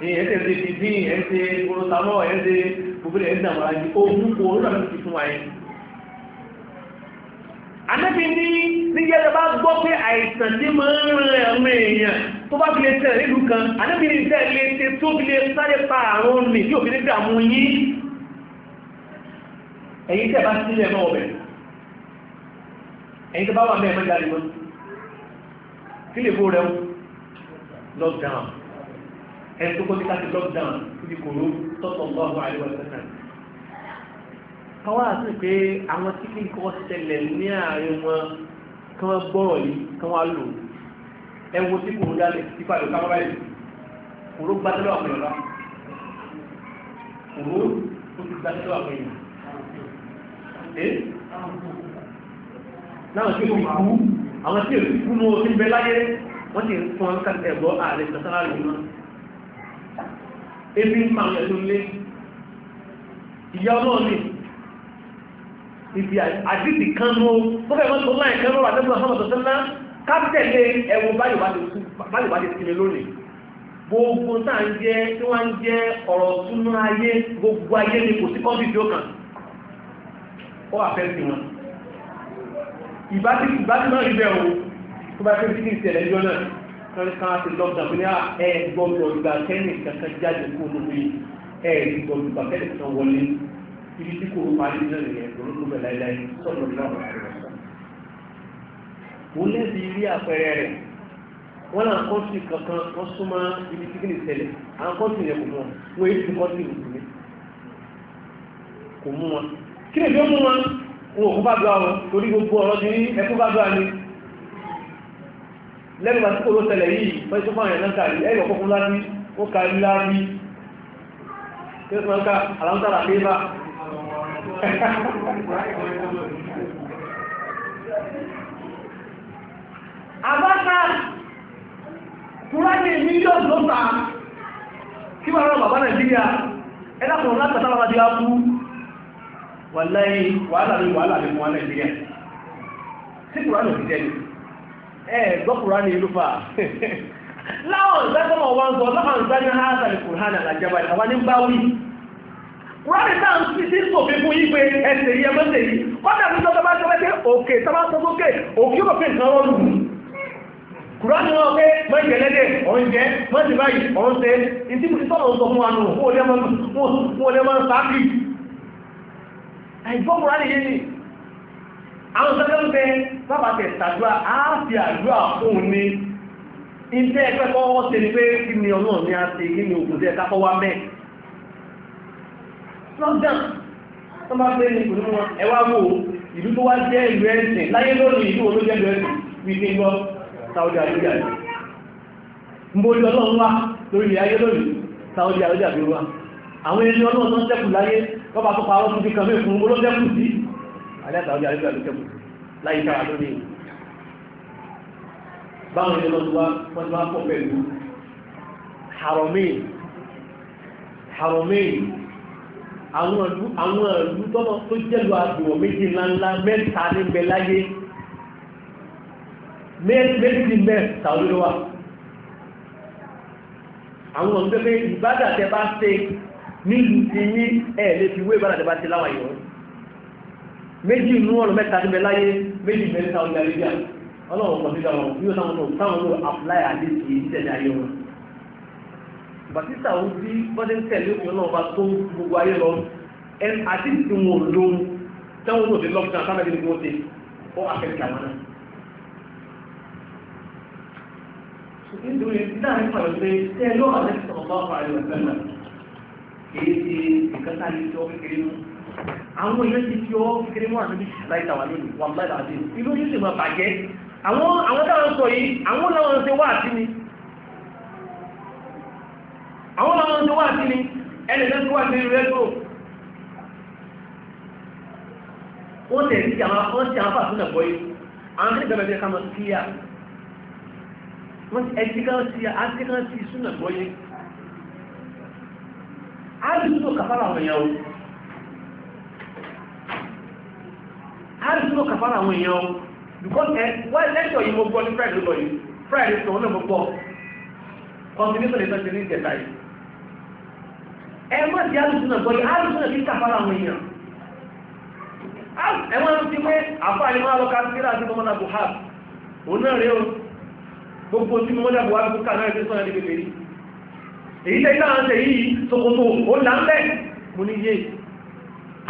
ní ẹsẹ̀ ti fi dín ẹsẹ̀ kòrónù ẹsẹ̀ gbogbo ẹsẹ̀ àwọn àti ogun kòrónù àti ti fún wa yẹn. anábì ní níjẹ́ bá gbọ́ pé àìsàn tí máa ń rẹ̀ ọmọ èèyàn tó bá bilé tẹ̀ nílùú kan anábìrin tẹ̀ lé tẹ tó bilé sáré pa àrùn mi yóò fi nígbà mú yín ẹ̀yin tẹ̀ bá sílẹ̀ náà ọ̀bẹ̀ ẹ̀yin tẹ̀ bá wà mẹ́ẹ̀mẹ́ jáde mọ́ kí lè bó rẹ̀ lockdown ẹni tó kọ́ ní káàkiri lockdown níbi kòró tọ́tọ̀ lọ́wọ́ àríwá ìsẹ́sẹ̀. káwá sí pé àwọn tí kí nǹkan ṣẹlẹ̀ ní àárín wọn kí wọ́n gbọ́rọ̀ yìí kí wọ́n lò ẹwọ tí kò dálẹ̀ ipa ìlú kápá báyìí kòró gbadẹ́lẹ̀ àwọn èèyàn kòró tó ti gbadẹ́lẹ̀ àwọn èèyàn ẹ́ náà tí ó kú àwọn tí èlú kú mọ́ sí bẹ láyé wọ́n ti fún ọ́n kàtẹ́ ẹ̀gbọ́ ààrẹ sàtàrà rẹ̀ mọ́ ebi ń pa àwọn ẹ̀dùn lé ìyá ọlọ́ọ̀ ni ibi àdìsí kan ló tó fẹ́ mọ́ tó láì kan ló wà nínú àhámọ́tò kápítẹ̀lé ẹ̀wù báyìí bá ti sinmi lónìí gbogbo táà ń jẹ́ tí wọ́n ń jẹ́ ọ̀rọ̀ túnú ayé gbogbo ayé ni kò sí kọ́bí tí ó kàn ó wà fẹ́ẹ́ sí wọn ìbá ti náà rí bẹ́ẹ̀ o tó bá fẹ́ẹ́ sí ní ìṣẹ̀lẹ̀ ẹjọ́ náà kan kan ti lọ́gbọ̀n pé ní ẹ gbọ́dọ̀ ìgbà kẹ́ni kankan jáde kó ló pé ẹ gbọ́dọ̀ ìgbà kẹ́ni kan wọlé ibi tí kò parí náà nìyẹn lórúkọ bẹ̀ láíláí wọ́n lẹ́bi rí àpẹẹrẹ rẹ̀ wọ́n náà kọ́ńtì kankan wọ́n súnmọ́ ibi tí kìíní tẹ̀lé àwọn kọ́ńtì yẹn kò mú wọn wọ́n èyí ti kọ́ńtì ìwòsàn kò mú wọn kí lè bí ó mú wọn wọn ò kú bá dúà wọn torí gbogbo ọ̀rọ̀ ti ní ẹkú bá dúà ni lẹ́nu bá tí kò ló tẹ̀lẹ̀ yìí fẹ́ tó fáwọn ẹ̀nà kàrí ẹ̀rọ kọ́kún láti ó kàrí láti ní mílíọ̀nù ló ta kí wọ́n rọ bàbá nàìjíríà ẹlẹ́kùnrin láti sábà bá di wá kú wàláyé wàhálà ní wàhálà ní wọn nàìjíríà sí kùránì òfin jẹ́ ni ẹ gbọ́ kùránì ìlú fà láwọn ìgbẹ́sọ̀mọ̀ wọn sọ lọ́kàn ìgbẹ́ni ha sàlẹ̀ kùránì àlàjábà ìtàwọn ní báwí kùránì náà ń fi sí sòfin fún yí pé ẹsẹ̀ yìí ẹmọ́sẹ̀ yìí kọ́dà ní sọ́tọ́ bá sọ́tọ́ òkè tọ́bá sọ́tọ́ òkè òkè òkè nǹkan rọ́lù kùránì náà pé mọ́jẹ̀lẹ́dẹ̀ ọ̀njẹ́ mọ́jẹ̀ báyìí ọ̀njẹ́ ìdí mú sọ́rọ̀ sọ fún wa fún olè máa ń sáàkì àìgbọ́ kùránì yé àwọn sọ́jọ́ ń bẹ tàdúrà á àdúrà fún ni iṣẹ́ ẹgbẹ́ ṣe ni pé kí ni ọlọ́run ní a ṣe kí ni òkú Saudi Arabia ni mbójú ọlọ́run wá lórí ilẹ̀ ayé lónìí Saudi Arabia bí wá àwọn ẹni ọlọ́run tó ń tẹ́kù láyé wọ́n bá tó parọ́ tó fi kan mí fún olóńtẹ́kù sí alẹ́ Saudi Arabia ló tẹ́kù láyé kára lónìí báwọn ẹni ọlọ́run wá wọ́n ti máa pọ̀ pẹ̀lú Haramain Haramain àwọn ìlú tọ́lọ́ tó jẹ́lu àgbèwọ̀ méjì ńláńlá mẹ́ta níbẹ̀ láyé méjì mẹ́ tàbí ló wà àwọn ọ̀n pẹ́pẹ́ ìbádà tẹ bá ṣe nílùú ti yí ẹ̀ lè fi wé ìbádà tẹ bá ṣe láwà yọ̀ méjì inú ọ̀rọ̀ mẹ́ta ti bẹ láyé méjì mẹ́ Saudi Arabia ọlọ́run kọ̀ nígbà wọn yóò táwọn náà táwọn náà apply àdé sí èyí tẹ̀lé ayé wọn bàtísà ó bí bọ́dé ń tẹ̀lé òfin ọlọ́run bá tó gbogbo ayé lọ àti ìsìn wọn lóhun táwọn náà ti lọ́kùnrin àtàwọn ẹgbẹ́ ni wọ́n ti ó àfẹ́ nítorí títà nípa ìpè tẹ́ lọ́wọ́ àti sọ̀rọ̀ bá àlè ọ̀fẹ́ náà kìí ṣe ìkẹta ní tí ó kékeré mú àwọn èèyàn ti fi ọwọ́ kékeré mú àti láìta wà lónìí wà láìta àti ìlú yóò sì máa bàjẹ́ àwọn àwọn táwọn sọ yìí àwọn làwọn ṣe wá àti ni àwọn làwọn ṣe wá àti ni ẹnì kan tó wà sí rẹ́díò wọ́n tẹ̀ sí àwọn fàtúnà bọ́ yìí wọ́n a ẹtí kan ti àti kan ti súnà gbọ́yé àdúgbò kàfàrà àwọn èèyàn o àdúgbò kàfàrà àwọn èèyàn o because ẹ wọ́n lẹ́tọ̀ yìí mo gbọ́ ní friday lọ yìí friday tó náà mo gbọ́ kọ́ntínítọ̀ lè tọ́jú ní ìjẹta yìí ẹ má ti àdúgbò náà gbọ́yé àdúgbò náà kí kàfàrà àwọn èèyàn ẹ̀wọ̀n ti pé àfáà ni wọ́n lọ ká sí láti mọ́mọ́nà buhari òun náà o gbogbo tí mọ́lá bọ̀ wá gbogbo náà ẹgbẹ́ sọ́nà ní kékeré èyí tẹ́ ìlànà tẹ̀ yìí ṣòkòtò ó là ń bẹ́ mo ní yé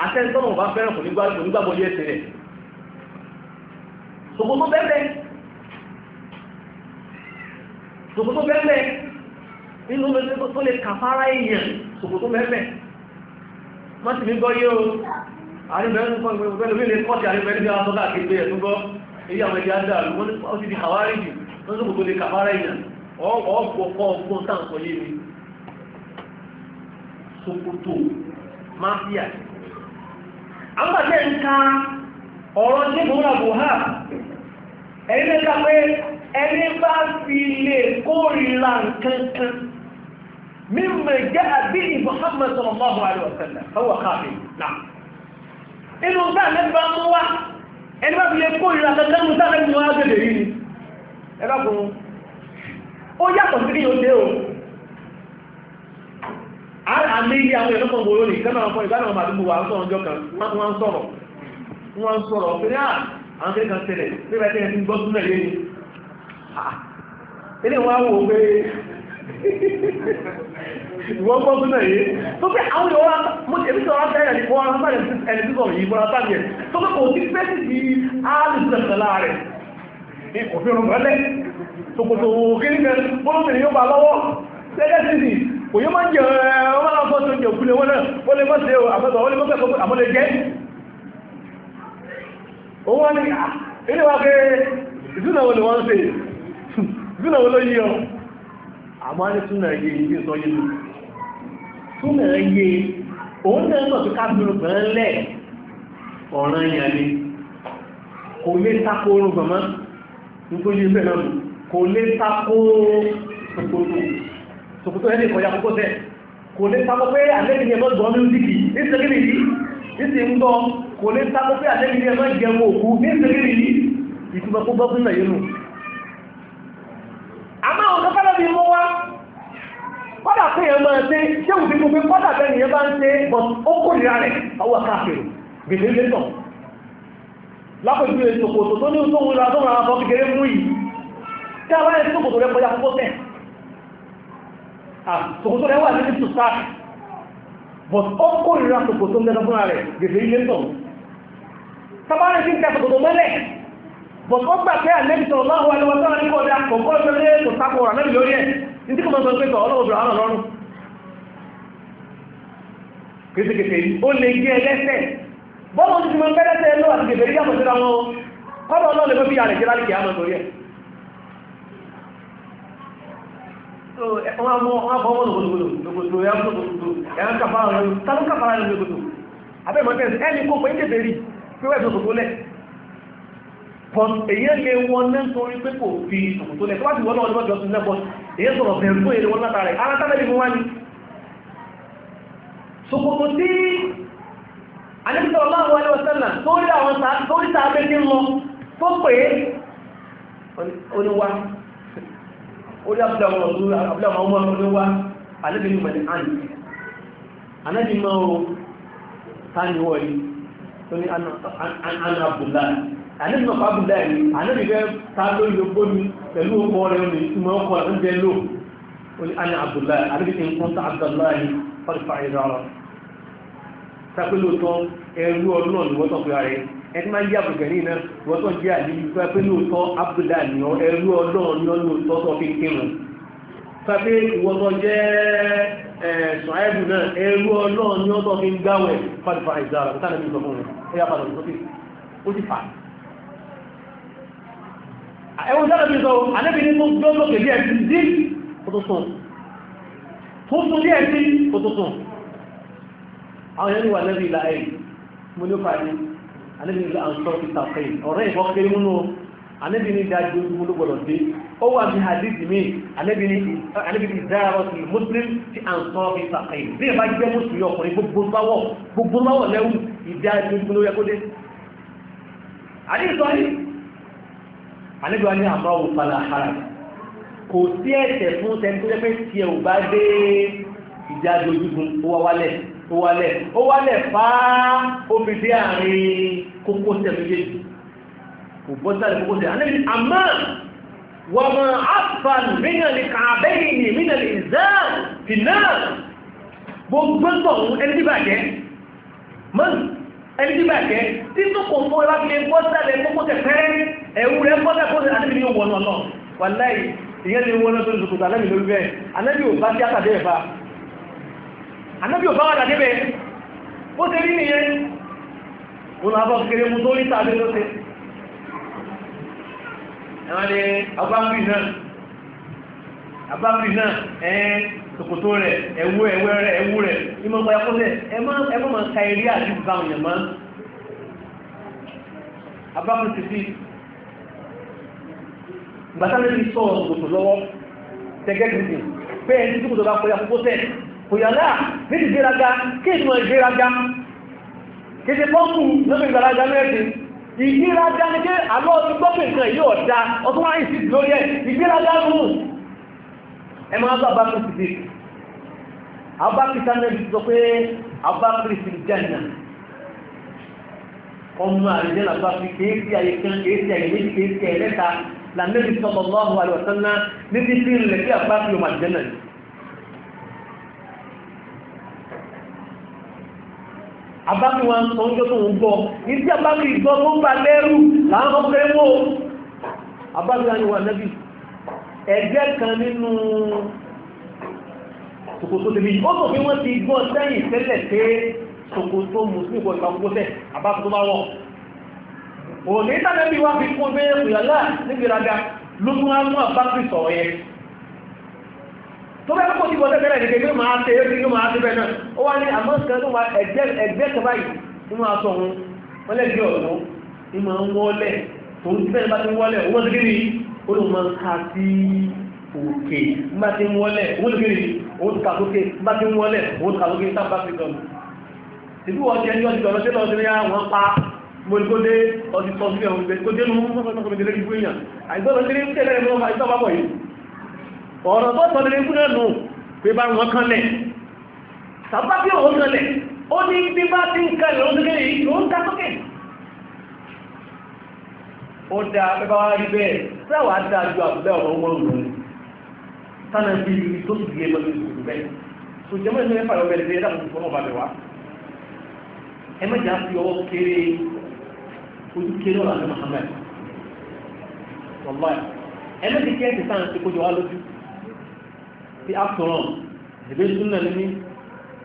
àtẹ́sọ́nà ọba fẹ́ràn kò nígbàgbọ́ yé ẹsẹ̀ rẹ̀ ṣòkòtò bẹ́ẹ̀ ṣòkòtò bẹ́ẹ̀ nínú mẹ́sẹ̀ tó lè kàfárá èèyàn ṣòkòtò bẹ́ẹ̀ wọ́n sì ní gbọ́ yé o àríbẹ̀ẹ́nu kọ́ ìgbẹ̀rún lè kọ́ ti àríbẹ̀ẹ́nu bí a sọ́dá àkégbé ẹ̀ tó gbọ́ èyí àwọn ẹ̀dẹ́ àdá àrùn wọ́n ti di kàwárí jù lọ́sọ̀kò tó lè kàfàrà èèyàn ọ̀pọ̀ ọgbọ́n táǹkọ̀ yé mi sokoto mafia àgbàtẹ́ nǹkan ọ̀rọ̀ tí mo rà bò hà ẹni mẹ́ta pé ẹni bá fi lè kórìíra nǹkan kan mímọ̀ jẹ́ àbíyí Muhammad sallallahu alaihi wasallam fọwọ́ káàkiri náà inú sáà lẹ́gbàá mú ẹlọ́kùn ó yàtọ̀ sí yóò dé o àmì ilé àwọn ẹ̀lọ́kùn wo lónìí kẹ́nà ọkọ̀ ìgbàna ọmọ àdúgbò wa sọ̀rọ̀ ọjọ́ kan wọ́n ń sọ̀rọ̀ wọ́n ń sọ̀rọ̀ pé ní ah, àwọn kéré kan tẹ̀lẹ̀ pé bá tẹ̀lẹ̀ ti gbọ́ súnmọ̀ ilé ni ilé ah, wọn wò pé ìwọ́n gbọ́ súnmọ̀ yìí tó pé àwọn ìwọ́n mo ti èbísọ̀ wọn fẹ́rẹ̀ ní wọ́n rán bá ẹni tí sọ̀rọ̀ yìí mọ́ra sáàbì ẹ̀ tó pé kò sí fẹ́sì di áàlù sẹ̀sẹ̀ láàrẹ̀ ní òfin orun mọ́lẹ̀ ṣòkòtò òkèríkẹ bọ́lọ́mìnì yóò bá lọ́wọ́ gẹ́gẹ́ sí sí kò yóò máa jẹ ọmọ aláfọ́ tó jẹ òkúlé wọn náà ó lè mọ́ sí àfẹ́sọ̀ ó lè mọ́ sẹ́kọ̀ọ́ àmọ́ lè jẹ́ òun wá ní ilé wa pé ìdúnà wo ni wọ́n ń ṣe ìdúnà wo ló yí ọ àmọ́ ní túnà yé ìdí sọ yé túnà yé òun náà mọ̀ sí kábírù bẹ́ẹ̀ lẹ̀ ọ̀ràn yẹn ni kò lè sákòórùn gbọ̀mọ́ tó yé bẹ́ẹ̀ náà kò lè tako ṣòkòtò ṣòkòtò ẹni kọjá púpọ̀ tẹ́ kò lè tako pé àlẹ́bí ẹ̀mọ́ gbọ́ mílíkì ní sẹ́gẹ́rì yìí ní sì ń gbọ́ kò lè tako pé àlẹ́bí ẹ̀mọ́ jẹun òkú ní sẹ́gẹ́rì yìí ìtumọ̀ kó bọ́ fún ẹ̀yẹ́ nù àmọ́ àwọn ọ̀dọ́kọ́lọ́ bí mú wá kọ́dà pé ẹ̀mọ́ ẹ̀sẹ̀ ṣé òfin gbogbo kọ́dà bẹ́ẹ̀ nìyẹn bá ń ṣe bọ̀ ó kórìíra rẹ̀ ọwọ́ káàkiri gbèsè lẹ́tọ̀ọ́ lápẹ̀jú ìṣòkòtò tó ní ìṣòkòtò ìlà tó máa bọ́ kékeré mú yìí tí a bá ní ìṣòkòtò rẹ̀ pọ̀já púpọ̀ tẹ̀ àṣòkòtò rẹ̀ wà ní ìṣòkòtò sáà but ó kó ìrìn àṣòkòtò ń dẹ́nu fúnra rẹ̀ gèdè ilé tọ̀ sábàárẹ̀ sí ń tẹ ṣòkòtò mẹ́lẹ̀ but ó gbà pé àlẹ́bí sọ̀rọ̀ máa wà lọ́wọ́ sára nípa ọ̀dà kọ̀ọ̀kọ́ ìṣẹ́lẹ̀ kò sápò ọ̀rọ̀ lẹ́bí lórí ẹ̀ ní tí kò mọ̀ sọ pé sọ ọlọ́wọ́ bìrọ̀ àrùn lọ́rùn kìrìsìkìsì ó lè bọ́lọ̀ ti mọ́ kẹ́lẹ́sẹ̀ ló àti gẹ̀bẹ̀rí yàmọ̀ síra wọn kọ́lọ̀ náà lè mọ́bí àrẹ̀ jẹ́lá kìí àmọ̀ torí ẹ̀ èyí lè wọn náà torí pé kò fi ìsòkòtò lẹ̀ tó bá ti wọ́n náà wọ́n jọ sí lẹ́bọ̀ èyí sọ̀rọ̀ bẹ̀rù tó èrè wọn látàrí alátàlẹ́bí wọ́n wá ní ṣòkòtò tí àníbìtọ̀ ọlọ́wọ́ ẹlẹ́wọ̀sẹ́nà tó rí àwọn sórí sàábẹ́ tí ń lọ tó pè é oníwá orí abúlẹ̀wọ̀n ọmọ oníwá àníbìnú mẹ́lẹ̀ àní àníbì máa o táníwọ̀ yìí tó ní anàbùlá àníbì náà fábùlá yìí àníbì fẹ́ ta lórí ogómi pẹ̀lú ọkọ̀ rẹ̀ ní ìtumọ̀ ọkọ̀ rẹ̀ ń jẹ́ lò ó ní anàbùlá àníbì tí ń kún sápé lóòótọ́ ẹrú ọdún náà ni wọ́n tọ́ pé ara rẹ̀ ẹni máa ń yí àbùkẹ́ ní iná wọ́n tọ́ jẹ́ àdé yìí sápé lóòótọ́ abdullá ni ọ ẹrú ọdún ni ọ lóòótọ́ tọ́ fi kírun sápé wọ́n tọ́ jẹ́ ṣọ̀ẹ́bù náà ẹrú ọdún ni ọ tọ́ fi ń gbáwẹ̀ fàdífà ìzára tó tánà bí sọ fún un ẹ yá padà lọ́sọ́fì ó ti fà ẹwọ́n sábà bí sọ àdébí ní tó gbọ́ lókè bí ẹ̀ àwọn yẹn ni wà lẹ́bí ilà ẹ̀yìn mo ló parí alẹ́bí ilà àǹsọ́ ti tàkẹ́ ọ̀rẹ́ ìbọn kéré múnú alẹ́bí ni dájú mo ló gbọdọ̀ dé ó wà bí hadith mi alẹ́bí ni ìdáyàrọ̀ sí muslim ti àǹsọ́ ti tàkẹ́ bí ẹ bá jẹ́ mùsùlùmí ọkùnrin gbogbo báwọ̀ gbogbo báwọ̀ lẹ́wù ìdájú mo ló yẹ kó dé àdínsọ́ yìí àlejò ní àmọ́wò falahara kò sí ẹ̀sẹ̀ fún tẹni tó jẹ́ ò bá dé ìjà ojúgun ó wá wálẹ̀ ó wálẹ̀ ó wálẹ̀ fáá ó fi dé àárín kókó tẹ̀lé kò bọ́ sáré kókó tẹ̀lé àníbi àmọ́ wọ́n mọ afan mínàlì kàbẹ́yìn ní mínàlì ìzáà fi náà gbogbo ń tọ̀ ẹni tí bàjẹ́ mọ́nì ẹni tí bàjẹ́ tí tó kò fún ẹwà fi lè bọ́ sáré kókó tẹ̀ pẹ́rẹ́ ẹ̀wù rẹ̀ bọ́ sáré kókó tẹ̀ àníbi ní wọ́n náà wàláì ìyẹn ni wọ́n náà tó ń sòkòtò àlẹ́ mi ànábì ò bá wà dàdébẹ̀ bó ṣe rí nìyẹn òun àbọ̀ kéré mú tó rí tàbí ló ṣe ẹ̀wọ̀n ni abáwí náà abáwí náà ẹ̀ẹ́n tòkòtò rẹ̀ ẹ̀wú ẹ̀wú rẹ̀ ẹ̀wú rẹ̀ ìmọ̀ ọgbà ẹ̀kọ́sẹ̀ ẹmọ́ ma ka eré àti báwọn yẹ̀mọ́ abáwí ti fi gbàtà lórí sọ̀rọ̀ tòkòtò lọ́wọ́ tẹ́gẹ́ òyàlá níbi gbéraga kí ìtumọ̀ ìgbéraga kéde pọ́pù lóbi gbéraga mẹ́rin ìgbéraga ní pé àlọ́ ti gbọ́pẹ̀ nǹkan yóò da ọdún wáyé sí lórí ẹ̀ ìgbéraga mú ẹ máa bá bákú sí ti abákú sáré sọ pé abákú sí jẹ́nà ọmọ àrídẹ́ làbá fi kéèsì ayé kan kéèsì ayé méjì kéèsì ayé lẹ́ta làmẹ́rin sọ́mọ́ lọ́wọ́ àlùwọ̀sán náà níbi tí ilẹ̀ tí abákú yóò máa jẹ́nà yìí abámi wa ń sọ ọjọ́ tó ń gbọ́ ní tí abámi ìgbọ́ tó ń bà lẹ́rù láwọn ọmọ ẹwọ́ abámi wa ni wà nẹ́bí ẹgbẹ́ kan nínú ṣòkòtò tèmi ó sọ pé wọ́n ti gbọ́ sẹ́yìn tẹ́lẹ̀ pé ṣòkòtò mùsùlùmí kò ìgbà gbogbo tẹ̀ abámi tó bá wọ̀ òní tàbí wa fi kún bẹ́ẹ̀ ìyàlá níbi ìraga ló tún wá mú abámi sọ̀rọ̀ yẹn tó bẹ́ẹ̀ kó ti bọ́ tẹ́tẹ́rẹ́ ní kékeré máa ṣe é nínú máa ṣe bẹ́ẹ̀ náà ó wá ní àmọ́ kan tó wà ẹgbẹ́ kan báyìí nínú aṣọ òun wọ́n lẹ́bi ọ̀dọ́ ní máa ń wọ́lẹ̀ tòun ti bẹ́ẹ̀ bá ti ń wọ́lẹ̀ owó ti kiri ó ló máa ń ka sí òkè bá ti ń wọ́lẹ̀ owó ti kiri owó ti ka sókè bá ti ń wọ́lẹ̀ owó ti ka sókè sáà bá ti gan tìbí wọ́n ti ẹni ọjọ́ ọ̀rọ̀ ọdún yá wọ́n pa ọdún sọ́ọ́sì ẹ̀hún gbẹ̀kọ́dé ló mú mọ́kànlá kọ́mẹ́tẹ́lẹ́ ìgbóyàn àìsàn ọ̀rọ̀ tó tọ́ lè fún ẹnu pé bá wọn kanlẹ̀ tàbá bí òun kanlẹ̀ ó ní bí bá ti ń kanlẹ̀ ó ń kanlẹ̀ yìí ó ń ká sókè ó dá pẹ́bá wá rí bẹ́ẹ̀ sáwà dá ju àbúlẹ̀ ọ̀rọ̀ wọn rùn tánà bí i tó sì gbé mọ́lẹ̀ ìlú bẹ́ẹ̀ so jẹ́mọ́ ìlú ẹ̀fà ọ̀bẹ̀ lè dá mọ́tò fọ́nà balẹ̀ wá ẹ mẹ́jà fi ọwọ́ kéré ojú kéré ọ̀rọ̀ àti Muhammad wọ́n báyìí ẹ mẹ́jì kí ẹ̀ ti sáà ń ṣe kójọ wá lójú tí a sọ̀rọ̀ ẹ̀bẹ́ súnà ní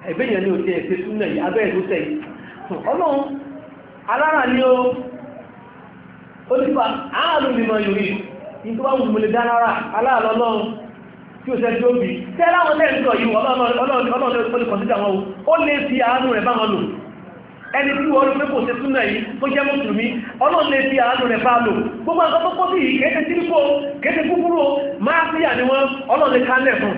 ẹ̀bẹ́ yẹn ní òtí ẹ̀fẹ́ súnà yìí abẹ́ ìlú yìí ọlọ́run alára ni ó ó ti fa ààrùn mímọ yorì ní tó bá wù mí dá lára aláàlọ́ ẹni tí wọ́n pẹ́ kò ṣe súnà yìí tó jẹ́ mùsùlùmí ọlọ́run lè fi àánú rẹ̀ bá lò gbogbo àkọ́kọ́ bí kéde sílíkò kéde kúkúrò máa fíyà ni wọ́n ọlọ́run lè ká lẹ̀ fún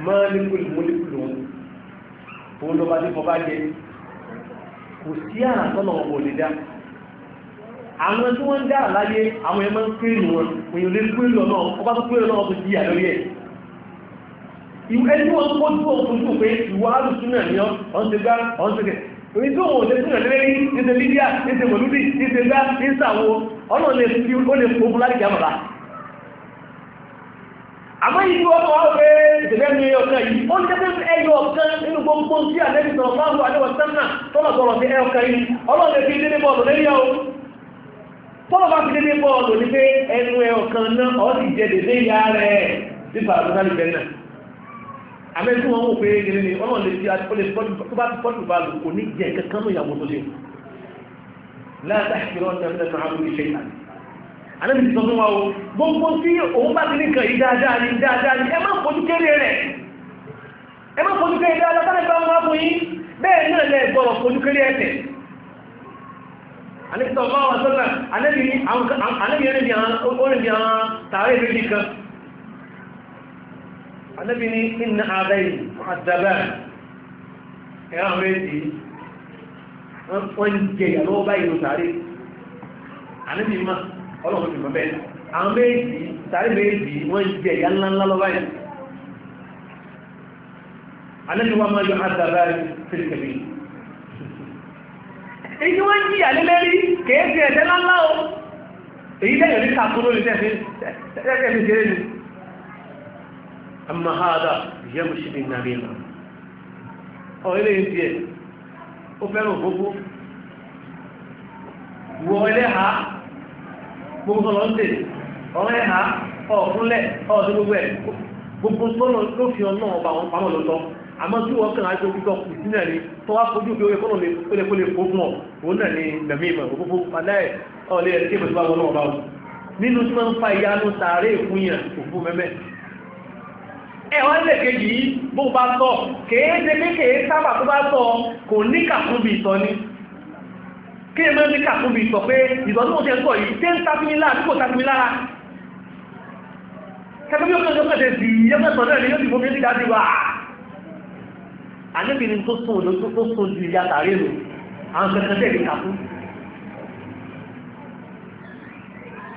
máa ní kúlù múlíkù lòun òun lọ́ba tí fọba jẹ kò sí àrà tọ́nà ọ̀pọ̀ lè dá àwọn tí wọ́n ń dá àláyé àwọn ẹmọ́ àmọ́ ìlú ọkọ̀ ọ̀fẹ́ ìtẹ̀lẹ́ ní ọ̀kan yìí ó ní tẹ́tẹ́ ẹyọ ọ̀kan nínú gbogbo tí àlẹ́bìtàn fáwọn àlẹ́wọ̀ sẹ́nà tọ́lọ̀ sọ̀rọ̀ sí ẹ̀ọ̀kan yìí ọlọ́run fi dédé bọ́ọ̀lù lẹ́yìn ọ̀ tọ́lọ̀ bá fi dédé bọ́ọ̀lù ní pé ẹnu ẹ̀ọ̀kan náà ọ̀ sì jẹ dédé ya rẹ̀ nípa àbúkálì bẹ́ẹ̀ náà àmẹ́ tí wọ́n mú pé gẹ́gẹ́ ni ọlọ́run lè fi àtúkọ́lẹ̀ tó bá ti pọ́tù bá lù kò ní jẹ kankan mú ìyàwó tó lè láti àkìrọ̀ ọ̀nà ìṣẹ̀yà àlẹ́bì sọ fún wa o gbogbo tí òun bá ti ní kàn yí dáadáa ní dáadáa ní ẹ má fojú kéré rẹ̀ ẹ má fojú kéré dáadáa tánà ìgbà wọn fún yín bẹ́ẹ̀ náà lẹ gbọ́rọ̀ fojú kéré ẹ̀tẹ̀ àlẹ́bì sọ fún wa sọ́nà àlẹ́bì ẹni bí orin bí àwọn tààrẹ ìbí kan àlẹ́bì ní iná àdáyì àdàbà ẹ̀rọ àwọn èdè wọ́n jẹ ìyàwó báyìí lọ tààrẹ àlẹ́bì máa ọlọ́run ti mọ̀ bẹ́ẹ̀ àwọn méjì sáré méjì wọ́n jẹ ìyá ńláńlá lọ́wọ́ yìí alẹ́ni wọ́n máa yọ àdàbà fìlìkìlì èyí wọ́n jí àlélẹ́rí kèéjì ẹ̀dẹ́ ńláńlá o èyí tẹ́yọ̀ ní kàkúrò ní tẹ́fẹ́ ṣeré ni amma hada yẹ́mù sí ní nàrí gbogbo lọ ń dè ọ̀rẹ́ ẹ̀há ọ̀kúnlẹ̀ ọ̀dún gbogbo ẹ̀ gbogbo tọ́nà ló fi ọ̀nà ọba àwọn pamọ́ lọ́tọ́ àmọ́ tí wọ́n kàn ájọ gbígbọ́ kù sí náà ni tó wá fojú bí orí kọ́nà lè kó lè kó fún ọ òun náà ni nàmí ìmọ̀ òfófó aláì ọ̀lẹ́ ẹ̀ tí ìbẹ̀tí bá wọn náà bá wọn nínú tí wọ́n ń fa ìyá ló tààrẹ ìfún yàn òfú mẹ́mẹ́ ẹ wọ́n lè kejì yìí bó bá tọ̀ kéé ṣe kéé sábà tó bá tọ̀ kò ní kàkúbì ìtọ́ ni kí ẹmọ́ ní kàkúbì sọ pé ìdọ́dún òṣèlú sọ yìí tẹ́ ń tàbí lára tí kò tàbí lára kẹta bí ó kẹta kẹta sí yẹ́mẹ́sọ̀ náà ni yóò ti fún mi ní dájú wà àníbìnrin tó sùn ló tó sùn ju ìyá tààrí lò àwọn kẹta tẹ̀lé kàkú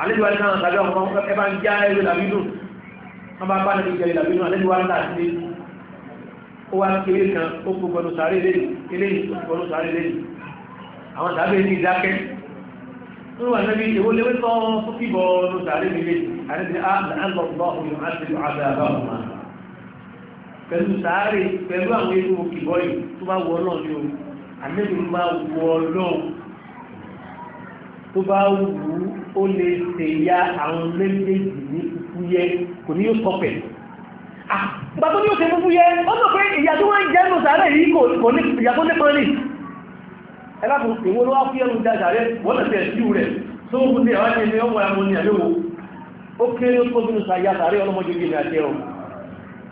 àlejò àti náà tàbí ọmọ ẹbá ń já ẹrù làbínú wọn bá bá ní ìjẹ làbínú àlejò wa ńlá sí ó wá kéré kan ó kó gbọdọ̀ sáré lẹ́yìn àwọn ìdábẹ̀ ní ìdákẹ́ tó wà nábi èwo lewé tọ́ fún kíbọ̀ ló sàárè nílé àrídì àlọ́gbọ́ òyìn àti àbẹ̀àbà ọ̀mà pẹ̀lú sàárè pẹ̀lú àwọn ewu kíbọ̀ yìí tó bá wọ náà ni o àmẹ́bí ń bá wọ náà tó bá wù ú ó lè ṣe ya àwọn méjèèjì ní kúkú yẹ kò ní yóò kọpẹ̀ àgbàtọ́ ah, ní ó ṣe kúkú yẹ ó sọ pé ẹlọ́pùn ìwó ló wá fí ẹnu dájà rẹ̀ wọ́n lẹ̀fẹ̀ ẹ̀síù rẹ̀ tó ó kúndé àwọn ẹni ọmọ ẹmọ ní àlẹ́wò ó kéré ó tóbi nùsà ya sàárẹ̀ ọlọ́mọdé ní àjẹ́ ọ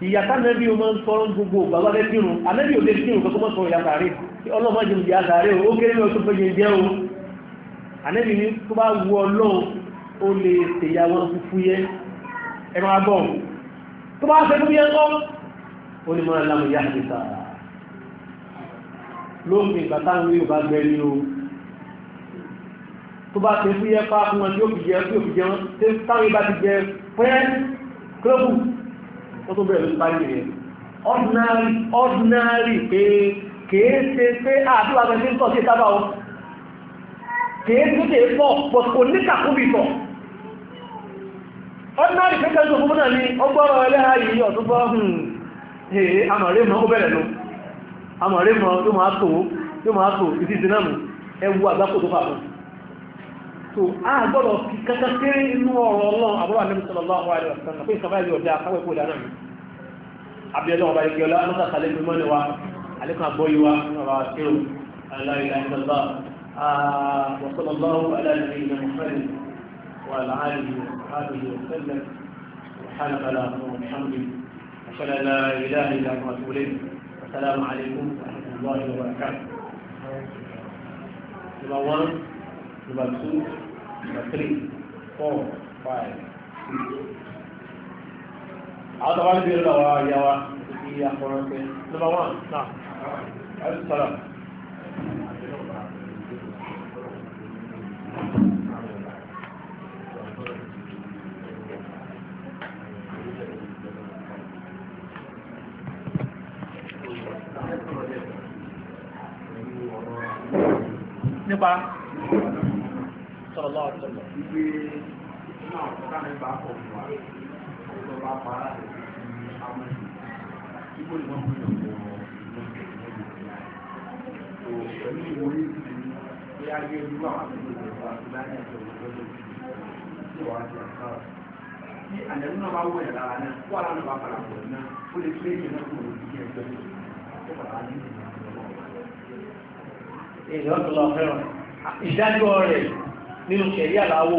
ìyàtá nẹ́bí o máa ń sọ̀rọ̀ gbogbo bàbá bẹ́ kírun anẹ́bí ò lè kírun kọ́kọ́ mọ́ sọ̀rọ̀ ya sàárẹ̀ ọlọ́mọdé ní àsàárẹ̀ ó kéré ó tó péye jẹ́ o anẹ́bí ní tó bá wu ọlọ́run ó lè tèyàwó fúfú yẹ ẹran agbọ̀n tó bá fẹ́ fúfú yẹ ńkọ́ ó ní mọ́ lóòmì ìgbàtàwí ò bá gbẹ̀rí o tó bá tẹ fún yẹ pa fún wọn tí ó fi jẹ tí ó fi jẹ wọn tí táwọn ibà ti jẹ pẹ́ kílọ́bù wọ́n tó bẹ̀rẹ̀ ló bá yìí rẹ̀ ordinary ordinary pé kèé ṣe pé àdúrà bẹ́ẹ̀ ṣe ń tọ́ sí sábà o kèé tó ṣe pọ̀ pọ̀ kò ní kàkúbì tọ̀ ordinary pé kẹ́ńtò fún náà ni ọgbọ́rọ̀ ẹlẹ́ha yìí ọ̀túnbọ̀ hàn hmm, àmọ̀rẹ́ mọ́ ó àmọ̀ rẹ̀ mọ̀ yóò máa tó yóò máa tó ìdí ìdí náà mú ẹwu àgbákò tó fàfún so a gbọ́dọ̀ fi kankan kéré inú ọ̀rọ̀ ọlọ́run àbúrò àdébí sọlọ́lá ọ̀rọ̀ àdébí sọlọ́lá pé ìsọ̀bá yóò dá káwé kó dáná mi abiyẹlẹ ọba igi ọlá anúkà sálẹ̀ mi mọ́ni wa alẹ́kùn àgbọ́yé wa ọ̀rọ̀ àṣírò aláìláìlọ́lá wọ́sọ̀lọ́lọ́wọ́ aláìláìlọ́ mọ̀fẹ́lẹ̀ wà láàárín àbíyẹ السلام عليكم ورحمة الله وبركاته Number one, number two, number three, four, five, six. هذا غالي بير يا يا أخوانك نمبر السلام pa sọ̀rọ̀lọ́ ọ̀tọ̀lọ̀ Tí àjẹ̀mú náà bá wọ̀ ẹ̀ lára náà, kó ara náà bá padà pọ̀ náà, ó lè tún èyí náà kúrò ní ẹgbẹ́ tó padà ní ìlú èèyàn tó lọ fẹ́ràn ìdájọ́ rẹ̀ nínú kẹ̀rí àláwò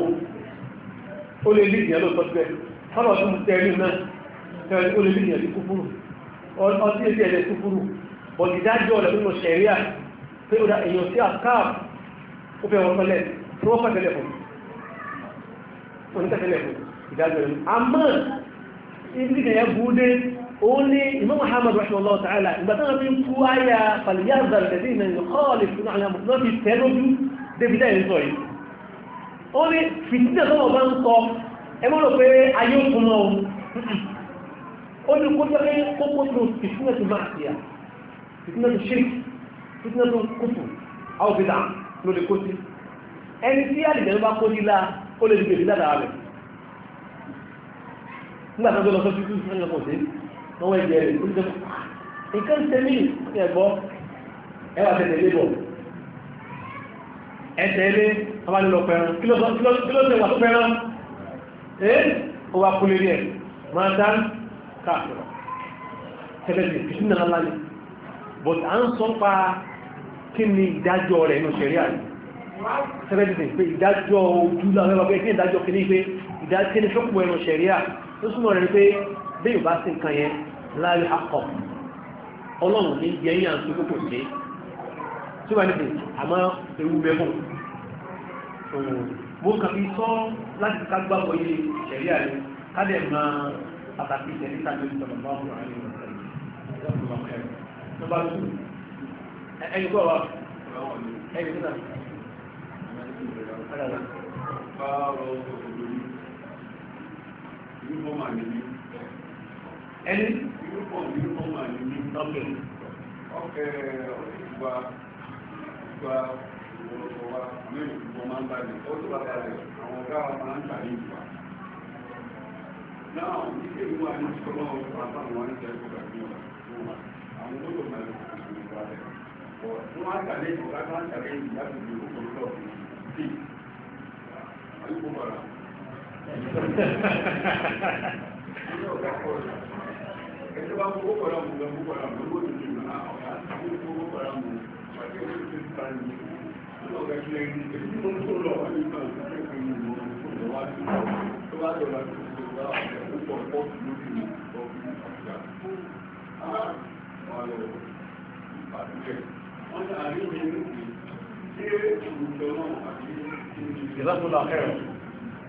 ó lè lè ìyàn lóòótọ́ bẹ́ẹ̀ fọ́lọ̀ tó ń tẹ́rí náà ó lè lè ìyàn sí kúfúrú ọtí èdè ẹ̀dẹ̀ kúfúrú bọ̀ ìdájọ́ rẹ̀ nínú kẹ̀rí à pé ó da èèyàn sí àkáàf ó fẹ́ wọn mọ́lẹ̀ tí wọ́n pàtẹ́lẹ̀ fún onítẹ̀tẹ̀lẹ̀ òun ni Imam Muhammad rahimahullah ta'ala ìgbà táwọn fi ń kú àyà fàlìyàzà lẹ́dí ìnà ìkọ́ọ̀lì fún àwọn àmọ̀ náà fi tẹ́ lójú débi dá ìrìnsọ yìí ó ní fìtínà tọ́wọ́ bá ń kọ ẹ mọ́ rò pé ayé òkun mọ́ o ó ní kó jẹ́ kókó tó fìtínà tó máa fi à fìtínà tó ṣírí fìtínà tó kúfù àwọn fìtà ló lè kó sí ẹni tí àlìjẹ́ bá kó sí la ó lè dìbò ìdílá dára rẹ̀ nígbà tó lọ sọ títí ìfúnná lọ́pọ̀ sí lọ́wọ́ ẹgbẹ́ rẹ̀ ló jẹ́ ah, nǹkan tẹ́lẹ̀ ní ẹ̀gbọ́ ẹwà tẹ̀lẹ̀ lébọ̀ ẹ̀tẹ̀lẹ̀ abánilọ pẹ̀rán kí ló tẹ̀ wà pẹ̀rán ẹ́ ó wá kú lérí ẹ̀ máa dá káàkiri tẹ́lẹ̀ sí ìpìsí náà lálẹ́ but à ń sọ pa kí ni ìdájọ́ rẹ̀ nù ṣẹ̀rí àná tẹ́lẹ̀ sí pé ìdájọ́ ojú láwọn ẹgbẹ́ kí ni ìdájọ́ kí ni pé ìdájọ́ kí ni fẹ́ bí yóò bá sí nǹkan yẹn láyé akọ ọlọ́run ní yẹ yíyan tó kókò sí tí wọ́n ti àmọ́ ewu mẹ́fọ́ mo kàn fi sọ láti ká gbàgbọ́ yé ìṣẹ̀rí àlẹ́ ká dẹ̀ mọ pàtàkì ìṣẹ̀rí tàbí ìṣẹ̀rí tàbí ìṣẹ̀rí tàbí ẹni kọ́ wa ẹni kọ́ wa. Báwo ló ń bọ̀ lórí? ẹni. Now, if you want to go on, I want to go back to you. Àwọn olóògbé máa ń fi ìwà rẹ̀. Wọ́n á tàlé ìwà bá ń tàlé ìyá tó di òkú lọ́wọ́. Bí àyùkú bọ̀rọ̀. Ilé ọ̀gá kọ̀ọ̀rọ̀ ẹjọ́ bá gbogbo pọ̀lá mú lọ gbogbo pọ̀lá mú lọ́wọ́ tuntun náà ọ̀gá àti gbogbo pọ̀lá mú pàtẹ́ ìwé tó ti ta ní ọ̀gá kí lẹ́yìn èyí tó ń tó lọ wà nípa ìpínlẹ̀ ìpín ìlú ọ̀gá wá sí tó bá dọ̀la tó ti lọ ọ̀gá púpọ̀ pọ̀ lókè ọ̀gbìn ọ̀gá. Ìlàtọ̀lá kẹrọ,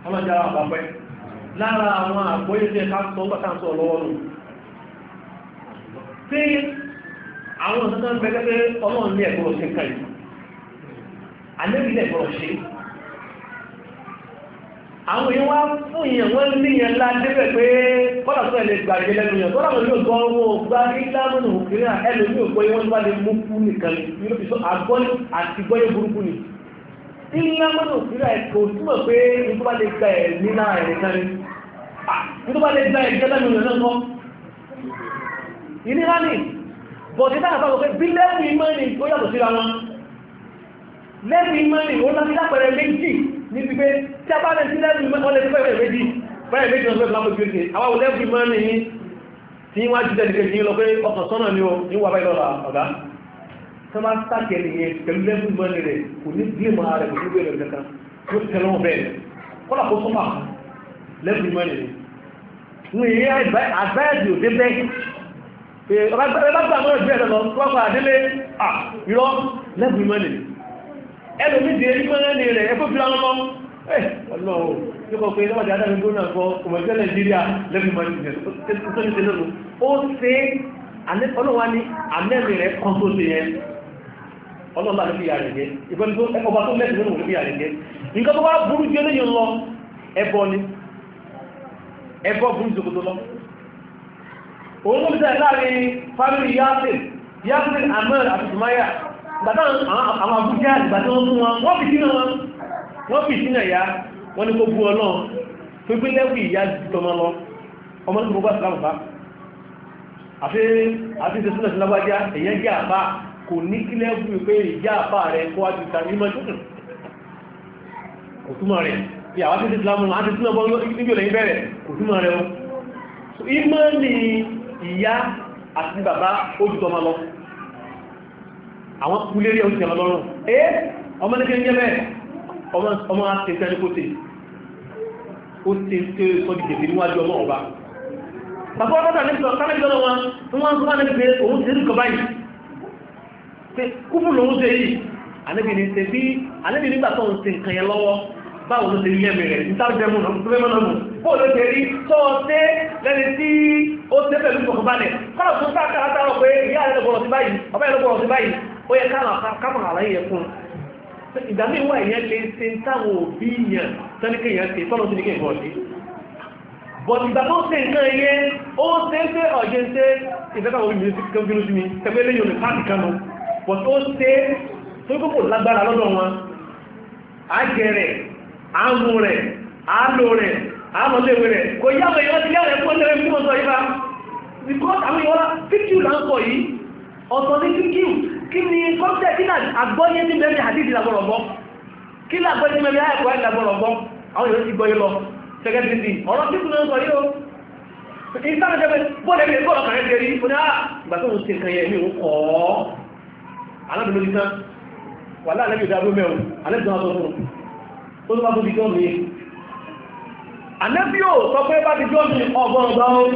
ọlọ́jà àpapẹ́, lára àwọn àgbóyé tẹ́ ká sọ ọ́gbàtà ń sọ lọ́wọ́ nù pé àwọn ọ̀sán ń bẹ́gẹ́ pé ọlọ́run ní ẹ̀gbọ́n ṣe kàn yìí àlébì ní ẹ̀gbọ́n ṣe àwọn èèyàn wá fún ìyẹn wọ́n ní ìyẹn ńlá débẹ̀ pé kọ́lá tó ẹ̀lẹ́ gbàgbé lẹ́nu yẹn tọ́lá wọn yóò gbọ́ owó gbá ní lámùnù òkèrè ẹlòmí ògbó yẹn wọ́n bá lè mú kú nìkan ní ló fi sọ àgbọ́yé àti gbọ́yé burúkú ni ìlànà òfìrà ẹ̀kọ́ túnmọ̀ pé nígbà lè ìnira ní bọ̀dé tàbí pé bí lẹ́bí mẹ́rin ó yàtọ̀ síra wọn lẹ́bí mẹ́rin ó láti lápẹẹrẹ méjì ní ti pé tí a bá lẹ́ sí lẹ́bí mẹ́rin ọlẹ́bí pẹ̀rẹ̀ méjì pẹ̀rẹ̀ méjì ọ̀sẹ̀ ìlàmọ̀ ìgbé ní àwọn lẹ́bí mẹ́rin ní tí wọ́n jí tẹ́lẹ̀ kejì lọ pé ọkàn sọ́nà ni ó ní wà báyìí lọ́la ọ̀gá tó máa sáàkì ẹnìyẹn pẹ̀lú lẹ́bí mẹ́rin rẹ̀ kò ní bí mọ́ rẹ̀ kò ní bẹ̀rẹ̀ kankan tó tẹ̀lé wọn bẹ́ẹ̀ kọ́lá kó sọ́mà lẹ́bí mẹ́rin ní ìyá àgbáyé òdébẹ́ Yíkọ̀ pé eh, lọ́wọ́ jẹ́ adájọ́ gómìnà fọ́ ọmọdé Nàìjíríà lẹ́gbìmọ̀ ìjẹ̀ ó ṣe ọlọ́wà ní àmẹ́rì rẹ̀ kan tó ṣe yẹn ọlọ́lá ló fi yà rẹ̀ jẹ́ ìgbẹ́ni tó ọba tó lẹ́sìn lónìí ló fi yà rẹ̀ jẹ́ nǹkan tó wá burú jẹ́ lẹ́yìn lọ ẹbọ ni ẹbọ burú jẹ́ òun ló bìtẹ̀ láàrin fámílì yasin yasin ahmed abdulmaya gbàtà àwọn abújá ìgbàtà wọn fún wọn wọ́n fi sínú wọn wọ́n fi sínú ẹ̀yà wọ́n ní kó bú ọlọ́run tó gbé lẹ́wì ìyá jùtọmọ lọ ọmọ ní gbogbo àtìlámù bá àfi àti ìṣẹ́ sílẹ̀ sílábájá èyàn jẹ́ àbá kò ní kí lẹ́wì pé ìjá àbá rẹ̀ kó wá ju ìta nímọ̀ tó kùn kò túmọ̀ rẹ̀ bí àwọn àti ìṣẹ́ sílámù àti ìṣẹ́ sílámù níbi òlẹ́yìn bẹ̀rẹ̀ kò túmọ̀ rẹ̀ o ìmọ̀ ni ìyá àti bàbá ojútọmọ lọ àwọn kúlérí ojútọmọ lọ́rùn ee ọmọ ní kí n jẹ́ bẹ́ẹ̀ ọmọ àtẹ̀sẹ̀ ní kò tẹ̀ ó tẹ̀ tẹ̀ sọ́dí tẹ̀sẹ̀ níwájú ọmọ ọba bàbá ọ̀dọ́ta ní sọ sáréjọ́ lọ wọn wọ́n ń sọ́wọ́n nípe òun ti rí kọ báyìí pé kúfù lòun ṣe yìí àníbi ní ṣe bí àníbi nígbà tó ń ṣe nǹkan yẹn lọ́wọ́ báwo ló ṣe rí lẹ́mì rẹ̀ ìtàjẹmù lọ́mù bóò ló ṣe rí tó ṣe lẹ́ni tí ó ṣe pẹ̀lú ìfọ̀kànbalẹ̀ kọ́nà tó sáàkàrà tààrọ̀ pé ìyá ẹlẹ́gbọ̀rọ̀ sí báyìí ọba ẹlẹ́gbọ̀rọ̀ sí báyìí ó yẹ káàmà àlàyé fún ìdàmí wà ìyẹn lè ṣe táwọn òbí yẹn tẹ́lẹ̀kẹ́ yẹn ṣe tọ́lọ́ sí ní kéèkọ́ sí bọ̀tìgbà tó ṣe nǹkan ẹyẹ ó ṣe ń ṣe ọ̀jẹ́ ń ṣe ìfẹ́kàwọ̀ ìlú sí kan bínú sí mi tẹ́gbẹ́ lè yóò lè pàtì kanu bọ̀tí ó ṣe tó kòkò lágbára lọ́dọ̀ wọn àjẹrẹ̀ àmú rẹ̀ àlò rẹ̀ àmọ̀léwé rẹ̀ kò yàwó ìwọ́n ti yàrá ẹ̀kọ́ lẹ́rẹ̀ fún ọ̀sọ̀ ìbá because àwọn ìwọ́lá fíkíù là ń sọ yìí ọ̀sọ̀ ní fíkíù kí ni kọ́ńtẹ̀ kí ni àgbọ́yé ní bẹ́ẹ̀ àdídì làbọ̀rọ̀ bọ́ kí ni àgbọ́yé ní bẹ́ẹ̀ àìkọ́ ẹ̀ làbọ̀rọ̀ bọ́ àwọn ìwọ́n ti gbọ́ yìí lọ sẹ́kẹ́tìrì ọ̀rọ̀ fíkíù náà sọ yìí o ìsáàjẹ́bẹ̀ bọ́ọ̀lẹ̀ ilẹ̀ bọ́ọ̀lọ̀ kàrẹ́ jẹ́rí fún ní àgbà ah, tó ń ṣe kan yẹ ní òun kọ́ alábìlórí tán wà láàrín ìdájọ́ mẹ́rin alẹ́bìnrin tó bá tó di jọ́ mi ànábí ò sọ pé bá ti jọ́ mi ọgbọ́n ọgbọ́n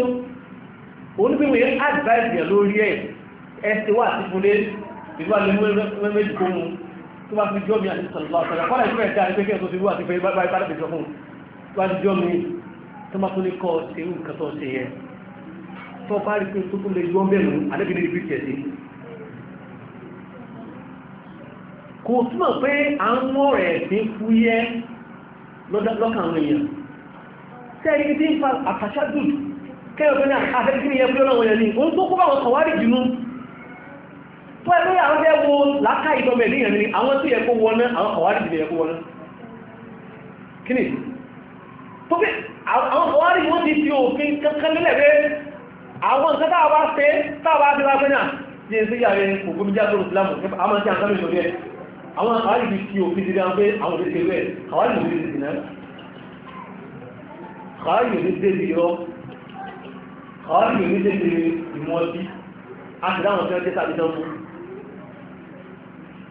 oníbíwé advice yẹn lórí ẹ̀ ẹ̀sẹ̀ wà sí fúnlé ìlú àlẹ́mú méjì kó mu tó bá fi jọ́ mi àti sọ̀rọ̀ sọ̀rọ̀ kọ́lá ìfẹ́ ẹ̀dá ní pẹ́kẹ́ tó ti rú àti pé bá ìpàdé pẹ̀jọ fún tó bá ti jọ́ mi tó bá tún ní kọ́ ṣe irú nǹkan tó ṣe yẹ tó bá rí pé tó tún lè yọ́ mẹ́rin àdébìnrin ibi kẹ̀sí kò túmọ̀ pé à ń mọ̀ rẹ̀ sí fúyẹ́ lọ́kàn àwọn èèyàn tẹ́rí tí ń fa àtàṣádù kẹ́yọ̀ ní àfẹ́kiri yẹ fúlọ́ wọn yẹni oun tó kúrò àwọn kọ̀wárí jùlọ tó ẹgbẹ́ àwọn ẹgbẹ́ wo láká ìdọ́mẹ̀ níyàn ni àwọn tí yẹ kó wọná àwọn kọ̀wárí jùlọ yẹ kó wọná kíni tó pé àwọn kọ̀wárí wọ́n ti fi òfin kankan lẹ́lẹ̀ pé àwọn nǹkan táwa bá ṣe táwa bá ṣe lágbẹ́nà yẹn sí yàrá kò gómìnà tó rùsùlámù àmọ́ sí àǹkámi ìṣòro àwọn àwárí bí kí òfin ti dáa pé àwọn òfin ti rẹ̀ àwárí òfin ti dìnnà àwárí òfin ti débi irọ́ àwárí òfin ti débi ìmọ̀ ọtí a sì dáwọn tí wọ́n jẹ́ tàbí dánwó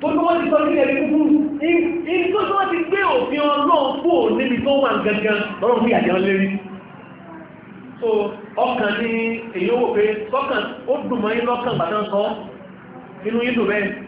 tó tó wọ́n ti sọ nílẹ̀ kúkú in tó tó wọ́n ti gbé òfin ọlọ́run fò níbi tó wà gangan lọ́rùn fún ìyàjẹ́ lérí so ọkàn ní èyí ó wò pé sọ́kàn ó dùn mọ́ yín lọ́kàn gbàdán sọ nínú yín dùn bẹ́ẹ̀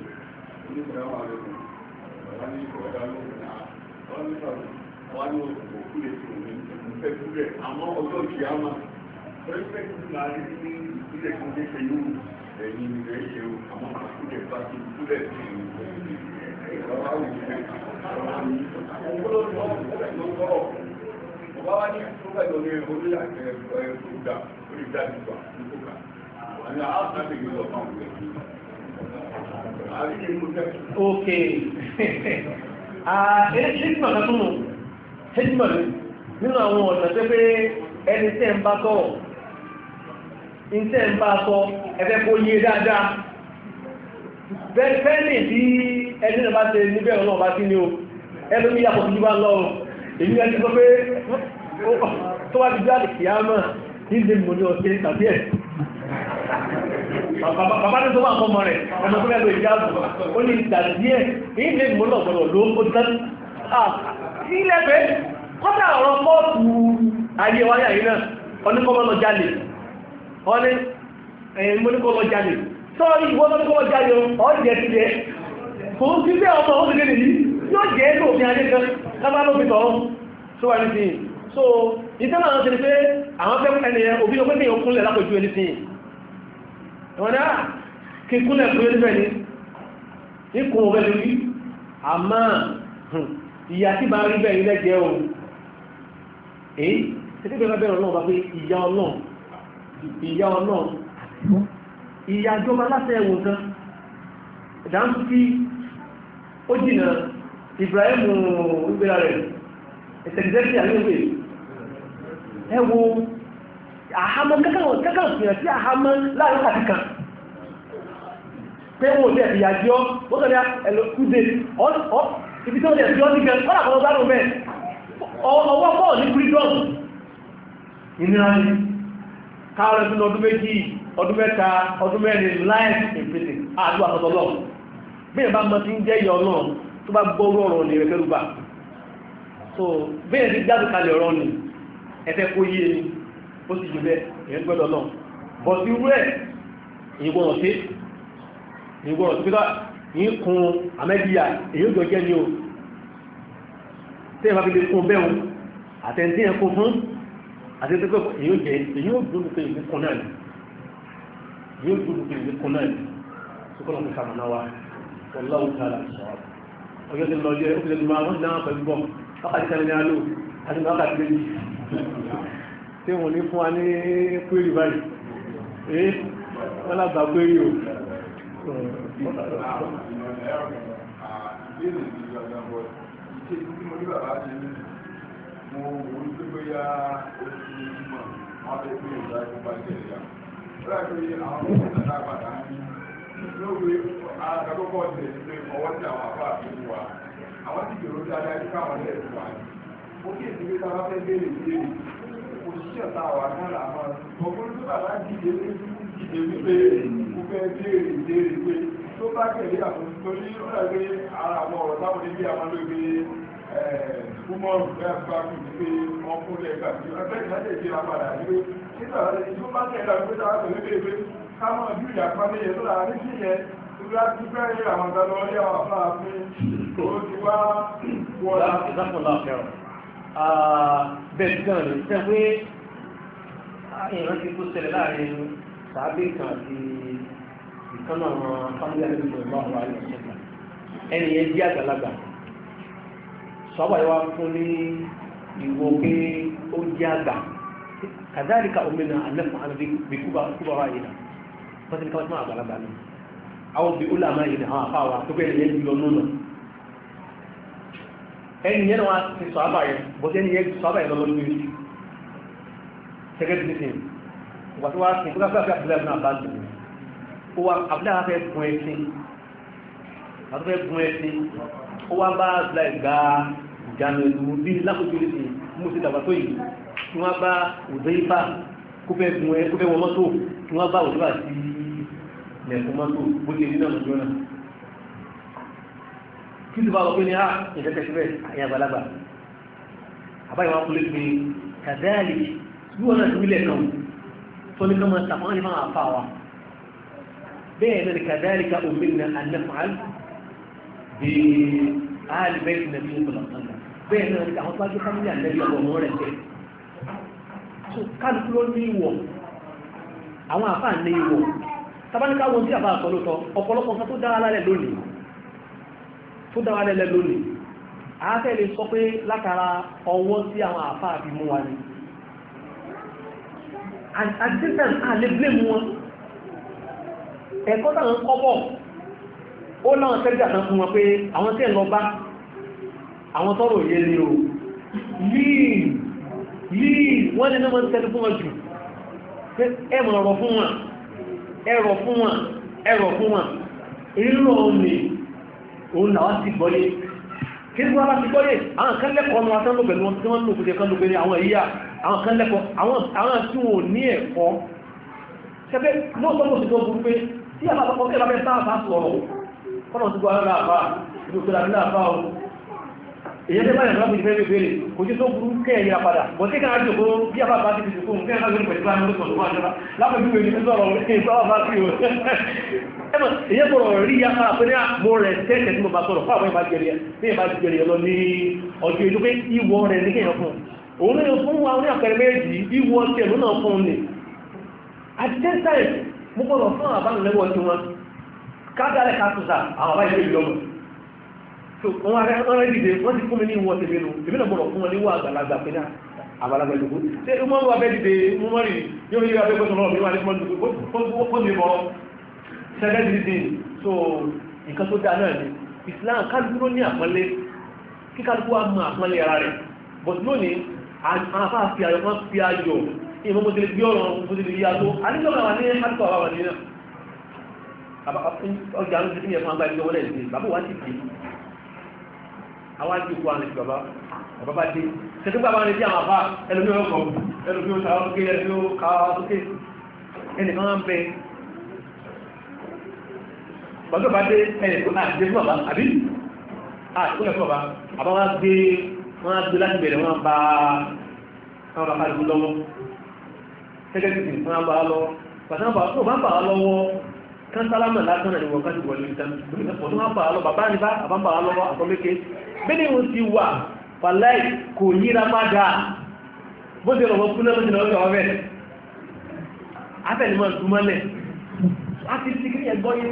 àmọ́ ọjọ́ ìyáma pẹ́sẹ́kù láàrin ní ilẹ̀ kan jẹ́ ṣe yóò ẹ̀yìn ilẹ̀ ṣe o àmọ́ àkúrẹ̀ bá ti kúrẹ̀ sí ìrọ̀lá òjìṣẹ́ ọba wá ní ọgbẹ́jọ ní orí àjẹ́ ẹ̀kọ́ ẹ̀kọ́ ìgbà orí ìdájúgbà ní kókà àwọn aláàbẹ̀ yóò lọ fáwọn ẹ̀kọ́ ok ṣíkìmọ̀ eh, kan túnmù ṣíkìmọ̀ ní nínú àwọn ọ̀nà tó pé ẹni tẹ́ ń bá tọ́ ń tẹ́ ń bá sọ ẹgbẹ́ kó yé dáadáa bẹ́ẹ̀ni tí ẹni náà bá tẹ níbẹ̀ ọ̀nà ọba sí ni o ẹlòmí yàpọ̀ tó bá lọ́rùn èyí ẹni sọ pé tó wá ti bàbá ní tó wà fọmọ rẹ̀ ẹ̀mọ́ tó lẹ́lọ ìjáàbù ó ní ìgbà díẹ̀ ní ilé ìmúlọ̀ ọ̀gbọ̀dọ̀ ló ń kó dání ilẹ̀ pé kọ́dà ọ̀rọ̀ pọ́ọ̀tù ayé wáyà yìí náà oníkọ́mọ́lọ jalè ọ́ní ẹ̀yìn oníkọ́mọ́ jalè sọ́ọ́rí ìwọ́n oníkọ́mọ́ jalè ọ̀jẹ̀ ti jẹ́ kò ń sí bẹ́ẹ̀ ọmọ oúnjẹ nìyí yóò jẹ́ ní òfin ayé kan lábá ló fi tọ́ tó wà nísìnyí so ìtẹ́lẹ̀ àwọn ti ní pé àwọn fẹ́ ẹni òbí ló pé ní òkúnlẹ̀ lápòjú ẹni sìn wọ́n dá kíkúnlẹ̀ fún ẹgbẹ́ ní ikùn ọ̀rẹ́ lórí àmá ìyà tí bá rí bẹ́ẹ̀ ilẹ̀ jẹ́ ohun èyí títí bẹ́ẹ̀ bẹ́ẹ̀ ọlọ́run bá pé ìyà ọlọ́run ìyà ọlọ́run ìyà jọba láti ẹ̀wọ̀n kan ìdáhùn sí ó jìnà Ibrahim ìgbéra rẹ̀ ìtẹ̀gẹ́sì àlúwẹ̀ ẹwọ àhámọ́ kẹ́kọ̀ọ́ kẹ́kọ̀ọ́ fìyàn sí àhámọ́ láàrín kàtíkàn pé mo lè fi àjọ ó sọ ní ẹlòkúdé ibi tí ó lè fi ọ́ nígbẹ̀ ọ́nà kan lọ́gbà ló ọwọ́ pọ̀ ní freedom ìnira ni káàrẹ̀ fún ọdún méjì ọdún mẹ́ta ọdún mẹ́rin life ìpèsè àdúrà tọ́tọ́lọ́ bí ìbá mọ́ ti ń jẹ́ ìyọ̀ náà tó nígbọ́rọ̀ tó pítọ́ ní kun amẹ́bíyà èyí ò jọ ní o tí ẹ bá fi lè kun bẹ́ẹ̀ àtẹ̀ntí ẹ̀kún fún àti pé èyí ò jẹ́ èyí ò dúró pé ìlú kun náà ni èyí ò dúró pé ìlú kun náà ni sókòrò ní sàmànà wa wọláwù tààlà ọjọ́ ti lọ jẹ́ ó fi lè máa wọ́n dáná ìbéèrè ti di ọjà bọ̀ ìṣe tí mo ní bàbá ṣe ní mo wò ó pé bóyá ó ti mọ̀ wọ́n fẹ́ pé ìgbà tó fẹ́ béèrè béèrè pé tó bá tẹ̀lé àfojúsí torí ó rẹ̀ pé ara àwọn ọ̀rọ̀ táwọn ilé àwọn olóògbé kánú àwọn fámílì àti ìṣòro àwọn àyè ìṣẹ̀lẹ̀ ẹni yẹn jẹ́ àgbàlagbà sọ́bà yẹn wá fún ní ìwò pé ó jẹ́ àgbà kàdáríkà omina àlẹ́fún àlẹ́bí bí kúbà kúbà wà yìí náà wọ́n ti ní káwọn tí wọ́n àgbàlagbà ni àwọn bí ọlọ́ àmà yìí ni àwọn afáwà tó bẹ́ẹ̀ yẹn lọ nínú ẹni yẹn wá ti sọ àbà yẹn bọ́sẹ̀ ẹni yẹn sọ àbà yẹn lọ́wọ́ lórí sẹ́kẹ́tì nìkan wàtí wá sí kúkà fẹ́ àbúlé àbúlé àbá ó wá abúláwà fẹ́ gun ẹṣin àti fẹ́ gun ẹṣin ó wá bá abúlá ìgbà ìjànà ìlú bí lápòjú lè fi mú sí dàgbà tó yìí tí wọ́n bá òdó ibà kó fẹ́ gun ẹ kó fẹ́ wọ mọ́tò tí wọ́n bá òdó àti lẹ̀kùn mọ́tò bó ṣe rí náà lójú náà kí ló bá wọ pé ní à ìdẹ́tẹ̀ síbẹ̀ àyà àgbàlagbà àbáyọ̀ wọn kò lè pe kàdáàlì máa fà wá بين كذلك أمرنا أن نفعل بآل بيت النبي صلى الله عليه وسلم بين ذلك أعطى بخمية النبي أبو مولى الشيء kálukú ló ní ìwọ̀ àwọn àfáà ní ìwọ̀ tàbáníká wọn tí àfáà sọlótọ ọ̀pọ̀lọpọ̀ nǹkan tó dára lálẹ́ lónìí tó dára lálẹ́ lónìí àátẹ́ lè sọ pé látara ọwọ́ tí àwọn àfáà fi mú wa ni àti tẹ́sán àlè blé mu wọn ẹ̀kọ́ tàbí kọ́bọ̀ ó láwọn tẹ́jà tán fún wọn pé àwọn tẹ́ lọ bá àwọn tọ́rọ yẹ ni o yìí yìí wọ́n ni náà tẹ́lú fún wọn jù ẹ̀mọ̀ ọ̀rọ̀ fún wọn ẹ̀rọ̀ fún wọn ẹ̀rọ̀ fún wọn ìrírọ̀ omi òun làwọn ti gbọ́lé kí wọ́n bá ti gbọ́lé àwọn kan lẹ́kọ̀ọ́ ọmọ asán ló pẹ̀lú wọn tí wọ́n lò kúrò kan ló pẹ̀lú àwọn ìyá àwọn kan lẹ́kọ̀ọ́ àwọn tí wọn ò ní ẹ̀kọ́ tí a bá tọ́kọ́ tí a bá fẹ́ sáà bá sọ̀rọ̀ kọ́nà tí gbọ́nà láàbá ìlú òkèlà ní láàbá o èyẹ́ tẹ́ báyìí lọ́pù ìfẹ́ bèbèrè kò tí tó burú kẹ́ẹ̀yà padà bọ̀ tí káà jòkó bí a bá bá ti fìdíkó nǹkan láti rí pẹ̀lú àwọn olóṣèlú wọn jọba lápẹ̀lú èyí tó sọ̀rọ̀ ní mo gbọ́dọ̀ fún àbá lẹ́wọ́ tí wọn kádàlẹ̀ kàtùsà àwọn àbá ìlú ìlọ́mù wọn ará ìdíje wọ́n ti fún mi ní ìwọ̀n tèmi nù èmi náà gbọ́dọ̀ fún wọn níwọ̀ àgbàlagbà pé náà àgbàlagbà ìlú ṣé wọ́n wá bẹ́ẹ̀ dìde mú wọ́n rìn yóò yí abẹ́ gbọ́dọ̀ lọ́wọ́ mi wá ní fún mi fún mi mọ́ ṣẹlẹ̀ dìde so nǹkan tó dáa náà ni Islam kálukú ní àpọ́nlé kí kálukú wa mọ àpọ́nlé ara rẹ̀ but lónìí àfa fi ayọ̀ ìmọ̀ mo ti lè gbé ọ̀rọ̀ mo ti lè yí aṣọ anígbọ̀nà wà ní àtúkọ̀ àwọn àwọn ènìyàn ọjà ló ti fi ẹ̀fọn àgbà ìjọba lẹ́yìn sí bàbá wa ti fi àwọn àti ìkú àrùn bàbá bàbá bá dé ṣètò bàbá rẹ̀ bí àwọn àbá ẹlòmí ọkọ̀ ẹlòmí ọkọ̀ ẹlòmí ọkọ̀ ẹlòmí ẹnìkan máa ń bẹ bàbá bá dé ẹnìkan náà dé fún bàbá àbí àtúkọ̀ fún bàbá àbá wọn gbé wọn gbé láti bẹ̀rẹ̀ wọn bá wọn bàbá lọ́wọ́ gẹ́gẹ́ bí nǹkan bá lọ pàtàkì tó bá ń bà á lọ́wọ́ kán sálámà lásán ìwọ̀ kan ti wọlé ìtàn ọdún bá bà á lọ bàbá ní bá àbá bà á lọ́wọ́ àtọ́lékè bẹ́ẹ̀ ni ti wà pàláì kò yíra má dáa bó ti lọ́wọ́ kú lọ́wọ́ ìlọ́wọ́ ìwọ̀ bẹ́ẹ̀ afẹ́lẹ́mọ̀ túmọ́lẹ̀ a ti ti kí ẹgbọ́ yé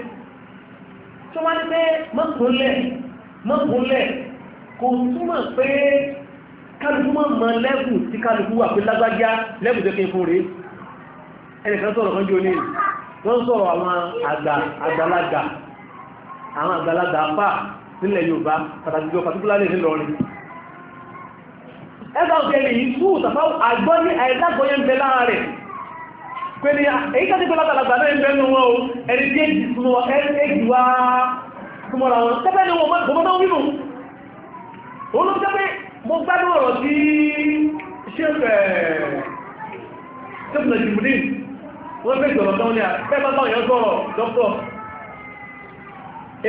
tó ẹnìkan sọ̀rọ̀ kan jí o ní wọ́n sọ̀rọ̀ àwọn àgbàlagbà àwọn àgbàlagbà apá nílẹ̀ Yorùbá pàtàkì jọ pàtíkúlárì nílọrin ẹgbà òkèèrè yìí fún ìtàfà àgbọ́ ní àìdàgbọ́yẹ ń bẹ lára rẹ̀ pé ní èyí tàbí pé látàlàgbà náà ń bẹ nù wọn o ẹni tí èjì súnmọ́ ẹgbì wá súnmọ́ra wọn tẹ́bẹ́ ni wọ́n mọ́ tó wínú òun ló jẹ́ pé mo gbádùn ọ̀rọ̀ sí ṣé wọ́n fẹ́ sọ̀rọ̀ tán ní àpẹ́bá bá yọ́ sọ̀rọ̀ dọ́pọ̀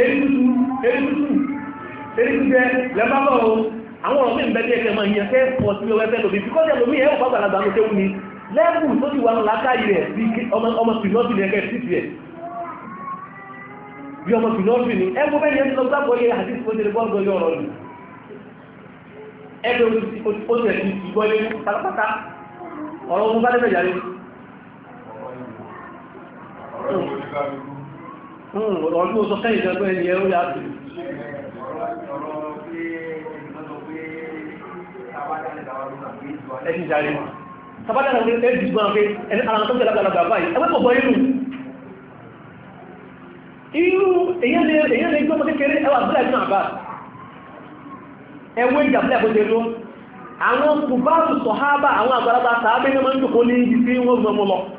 erikutu erikutu erikutẹ lẹ́bàbọ̀ o àwọn ọ̀rọ̀ mìí bẹ́ẹ̀ ẹ̀kẹ́ máa yẹ kẹ́ pọ̀ sí ọwẹ́ fẹ́ lómi bí kọ́jà lómi ẹ̀wọ̀ pàgbàlagbà ló tẹ́wù ni lẹ́bù tó ti wà láká ilẹ̀ bí ọmọ pìnọ́ọ̀tì ní ẹgbẹ́ títì ẹ̀ bí ọmọ pìnọ́ọ̀tì ní ẹgbẹ́ bẹ́ẹ̀ yẹn lọ gbàgbọ́ yẹ àti ìfọ́jẹ́lẹ́ gbọ́gbọ́ yọ ọ̀rọ̀ ọ̀rọ̀ ọmọ ọdún oṣù kẹ́yìn jẹ́ pé ẹni ẹ̀rọ yàtọ̀ ẹni jàre sàbádà náà ẹni jùgbọ́n pé ẹni ara tó jẹ́lá gbàlagbà báyìí pọ̀pọ̀ inú inú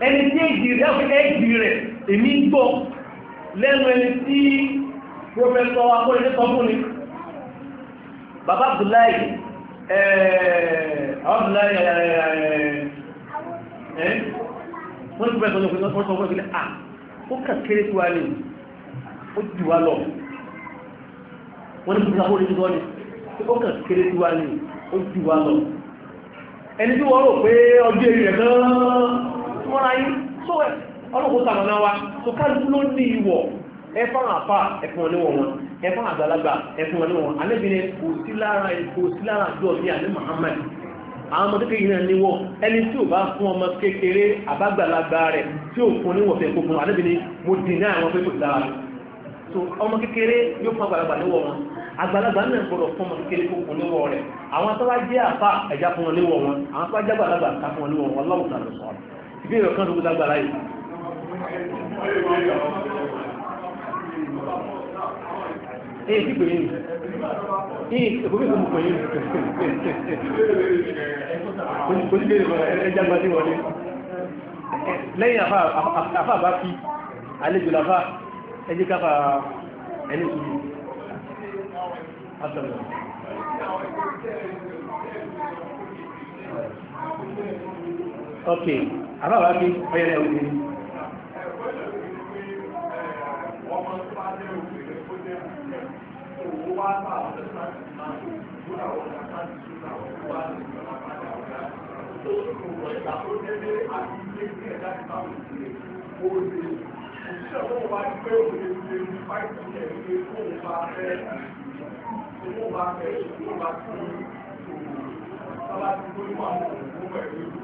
ẹni tí èjì rẹ̀ fún èjì rẹ̀ èmi ń gbọ́ lẹ́nu ẹni tí pọ́fẹ́sọ́ akọ́lẹ́dẹ́ sọ fún ni bàbá Abdullahi Abdullahi wọ́n ti pẹ́sọ́ lọ́pẹ́ lọ́pẹ́ lọ́pẹ́ lọ́pẹ́ à ó kà kéré tó wá ní ó jù wá lọ wọ́n ti pẹ́sọ́ lọ́pẹ́ lọ́pẹ́ ó kà kéré tó wá ní ó jù ẹni tí wọ́n rò pé ọjọ́ èrè náà mọ́ra yín tó ẹ̀ ọlọ́pọ̀ sàmọ́ná wa tó kálukú ló ní ìwọ̀ ẹfọ́n àfà ẹfún ọlẹ́wọ̀n wọn ẹfọ́n àgbàlagbà ẹfún ọlẹ́wọ̀n alẹ́bìnrin kò sí lára kò sí lára àjọ ní alẹ́ Muhammad àwọn ọmọ kékeré níwọ̀ ẹni tí ò bá fún ọmọ kékeré àbágbàlagbà rẹ̀ tí ò fún níwọ̀ ìbéèrè ọ̀kan tó lágbára yìí èyí tí pè yìí èyí ìkòmí kò mú pè yìí kò sí béèrè ẹjá gbájú wọlé lẹ́yìn àfà bá fi àlejò làfà ẹjí káfà ẹni ìlú Thank you ok àbáwá bí ọyẹ́ ẹ̀wọ̀n ní Thank you.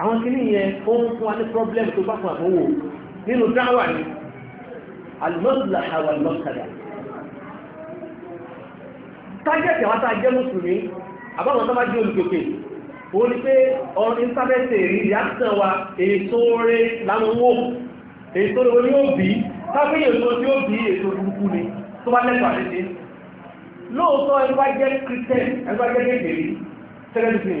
àwọn kìíní yẹn ó ń fún wa ní problem tó bá fún àbówò nínú dáwà ni alimọ́sùlá àwọn alimọ́sùlá tájẹ́tì àwọn tájẹ́ mùsùlùmí àbáwọn tó bá jẹ́ olùgbòkè ó ní pé ọ̀rọ̀ íńtánẹ́ẹ̀tì rí reaction wa èso rẹ̀ láwọn wò èso rẹ̀ ni ó bí káfíyè tó tí ó bí èso burúkú ni tó bá lẹ́tọ̀ọ́ àdéhùn lóòótọ́ ẹgbẹ́ jẹ́ christian ẹgbẹ́ jẹ́ kékeré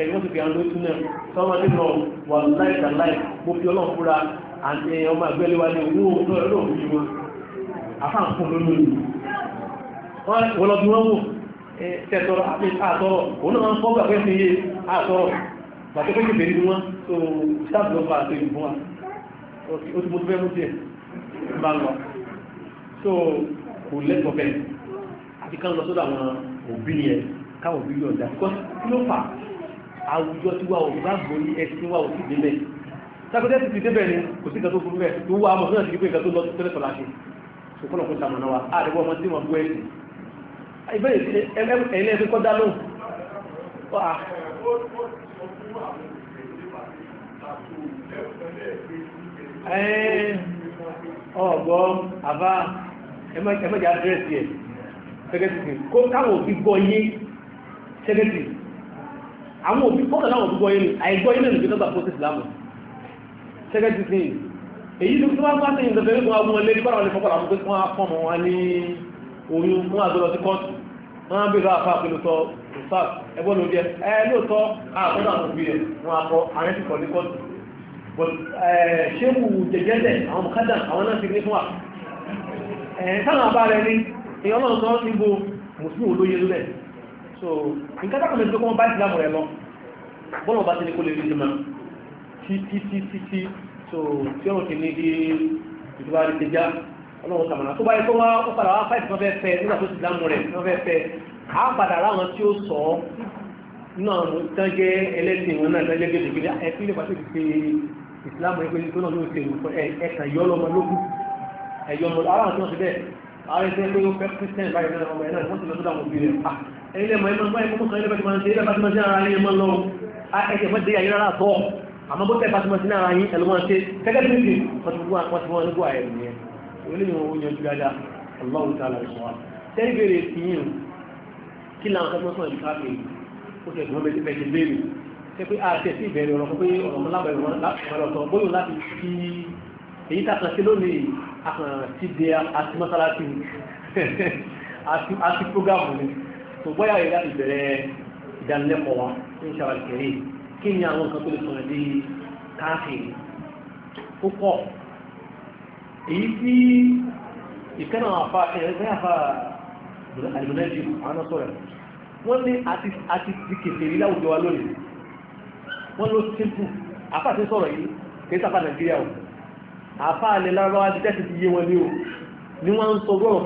ẹ̀yìn wọ́n ti fi àwọn lóṣù náà sọ́wọ́n ní lọ wà láì tà láì mo fi ọlọ́run fúra àti ọmọ àgbẹ̀lẹ̀ wa ní owó ọ̀dọ́ ẹ̀rọ òbí wọn afáǹkùn lónìí ni wọ́n lọ bí wọ́n wò tẹ̀tọ̀rọ̀ àti àtọ̀rọ̀ òun náà fọ́ gbàgbé fi yé àtọ̀rọ̀ bàtẹ́ pé kébèrè ni wọ́n tó sáàbù lọ́pàá àti ìbùn wa ó ti mo fẹ́ mú díẹ̀ bá lọ so kò lẹ́tọ̀ọ́ bẹ́ẹ̀ àti ká lọ sọ́dọ̀ àwọn òbí yẹn káwọn òbí yọ̀ọ̀dà kọ́ ló fà àwùjọ tí wà ò bá gbòrí ẹsì tí wà ò sí délẹ̀ sákòtẹ́ ti ti débẹ̀ ni kò sí ìgbà tó burú rẹ̀ tó wà mọ̀ sọ́nà sí pé ìgbà tó lọ sí tẹ́lẹ̀ tọ́lá ṣe ṣùgbọ́n kò sàmọ̀nà wa àdìgbò ọmọ tí wọ́n bú ẹ̀sì ìbẹ̀rẹ̀ ẹ̀lẹ́ ẹ̀fẹ́ kọ́ àwọn òbí kọ́kànlá àwọn òbígbọ́ inú àìgbọ́ inú ìgbẹ́ tọ́gbà fún ìsìlámù ṣẹ́gẹ́ ti sí èyí tó bá bá tẹ́yìn ìjọba ẹgbẹ́ àwọn ọmọ ẹlẹ́gbẹ́ àwọn ìfọ́kànlá àwọn pẹ́kọ́ fọ́mọ wọn ní oyún wọn àgbọ́lọ sí kọ́ọ̀tù wọn á bèèrè àfà pẹ̀lú sọ ìfàk ẹgbọ́n ló jẹ ẹ lóòótọ́ àkọ́dọ̀ àwọn òbí rẹ̀ wọn akọ àrẹ ti kọ̀ ní kọ́ọ̀tù ṣéwù jẹjẹrẹ àwọn mọ̀kádà àwọn náà ti ní fún wa ẹ̀ sáwọn abá rẹ ní ìyọ́nà sọ níbo mùsùlùmí olóye so nǹkan tákùn lè tó kọ́ bá ìsìlámù rẹ̀ lọ bọ́lọ̀ bá ti ní kó lè rí jùmọ̀ títí títí tí so tí ọ̀rọ̀ ti ní bí ìjọba rí ti já ọlọ́run kàmàrà tó bá yẹ kó wá ó padà wá fáìsì wọ́n fẹ́ fẹ́ nígbà tó ìsìlámù rẹ̀ wọ́n fẹ́ fẹ́ á padà ráwọn tí ó sọ nínú àwọn tán jẹ́ ẹlẹ́sìn wọn náà tán jẹ́ gẹ́gẹ́ ẹ fi lè pàṣẹ ti ìsìlámù ẹgbẹ́ tó náà ló ṣe ẹ̀ẹ̀kan yọ ọlọ́mọ lógún ẹ̀yọ́ ọmọ àwọn àti wọn ti bẹ́ẹ̀ àwọn ẹgbẹ́ pé ó fẹ́ kírísítẹ́nì báyìí náà ọmọ ẹ̀ náà wọ́n ti lọ sódà wọn bí rẹ̀ ah, ẹ̀yìn lẹ́mọ̀ ẹmọ ẹgbẹ́ ẹmọ sọ̀rọ̀ ẹlẹ́bàtí máa ń ṣe ẹlẹ́bàtí máa ń ṣe ara yín ẹmọ lọ ẹ̀kẹ́ mọ́ dé ayé rárá tọ́ àmọ́ bó tẹ́ẹ̀bàtí máa ń ṣe ara yín ẹlọ́mọ́ ṣe gẹ́gẹ́ bí nìkan wọ́n ti wọ́n ti wọ́n nígbà ẹ̀rù yẹn olóyìn wọn oúnjẹ ojú dáadáa ọlọ́run tààlà ìṣọ́ wa tẹ́lẹ̀ bèrè sí yìí kí làwọn kẹ́kọ̀ọ́ sọ̀rọ̀ ìka pé ó ṣe ìgbọ́n bẹ́ẹ̀ bẹ́ẹ̀ léèrè ṣe pé àṣẹ sí ìbẹ̀rẹ̀ ọ̀rọ̀ pé ọ̀rọ̀ mọ́lábẹ̀rẹ̀ wọn lọ́tọ̀ bóyá láti fi èyí tá a tó bọ́yá rẹ̀ láti bẹ̀rẹ̀ ìdánilẹ́kọ̀ọ́ wa ní ṣàwàlìkẹ̀rẹ́ kí ni àwọn nǹkan tó lè sọ̀rọ̀ di káàkiri ó pọ̀ èyí tí ìkẹ́nà àfa ẹ̀rẹ́gbẹ́ àfa àlùmọ́nẹ́jì àwọn sọ̀rọ̀ wọ́n ní àti ti kèfèrí láwùjọ wa lónìí wọ́n ló simple àfa ti sọ̀rọ̀ yìí kì í sáfà nàìjíríà o àfa àlè lárọ́ adídẹ́sì ti yé wọn ní o ni wọ́n ń sọ ọ̀rọ̀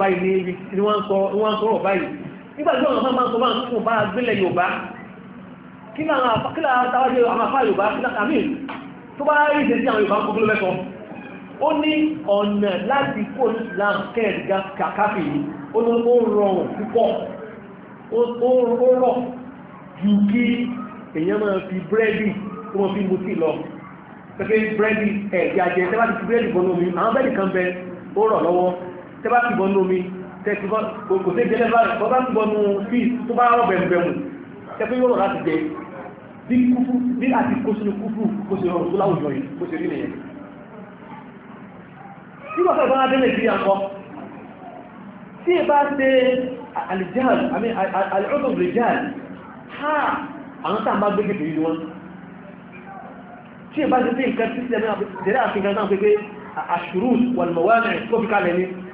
báyìí nígbàtí ọ̀nà máa sọ máa tún bá gbílẹ̀ Yorùbá kí láwọn àtàwájẹ́ àwọn afá Yorùbá àmì tó bá rí ìṣẹ́ sí àwọn Yorùbá kọ́kọ́ lẹ́kọ́ ó ní ọ̀nà láti kó Islam kẹ́ẹ̀dá kàkáfì yìí ó ní ó rọrùn púpọ̀ ó rọ̀ ju tẹ́tìbọ́ kò tẹ́ jẹ́ lẹ́bàá rẹ̀ bọ́bá ń gbọnu sí tó bá rọ̀ bẹ̀mùbẹ̀mù tẹ́fẹ́ yóò rọ̀ láti jẹ bí kúfù bí àti kó sínú kúfù kó sì rọrùn tó láwùjọ yìí kó sì rí nìyẹn nígbà tó ìbára dé nàìjíríà kọ tí ì bá ṣe àlìjáàl àmì àlìọ́dọ̀ rìjáàl ha àwọn tá à ń bá gbégbé tèmi ni wọn tí ì bá ṣe pé nǹkan tí ìṣẹ̀lẹ̀ àfihàn náà pé pé àṣùrù wàlùmọ̀wá rẹ̀ tó fi kalẹ̀ ni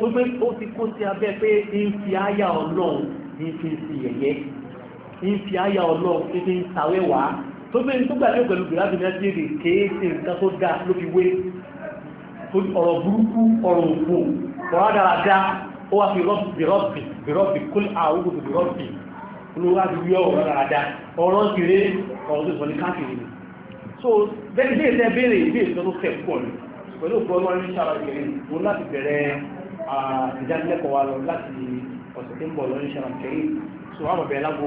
tó pé ó ti kó sí abẹ́ pé ń fi àyà ọlọ́run ń fi sí yẹ̀yẹ́ ń fi àyà ọlọ́run ń fi ń sàwẹ́wà tó pé tó gbà ní pẹ̀lú bìrádì mẹ́sìlì kéèsì nǹkan tó dáa ló fi wé ọ̀rọ̀ burúkú ọ̀rọ̀ òkú ọ̀rọ̀ dáradá ó wá fi bìrọ́bì bìrọ́bì kúl àwùjọ bìrọ́bì olówó àdúgbò ọ̀rọ̀ dáradá ọ̀rọ̀ kiri ọ̀rọ̀ tó sọ ní káàkiri ni so bẹ́ẹ̀ bẹ́ẹ̀ bẹ́ẹ̀ bẹ́ẹ̀ bẹ́ẹ̀ tó fẹ́ pọ̀ ni pẹ̀lú òkú ọlọ́rin sára ìrìn mo láti bẹ̀rẹ̀ ìdánilẹ́kọ̀ọ́ wa lọ láti ọ̀sẹ̀ tí ń bọ̀ lọ́yìn ṣẹlẹ̀ kẹ́yìn so àwọn ọ̀bẹ̀ lágbo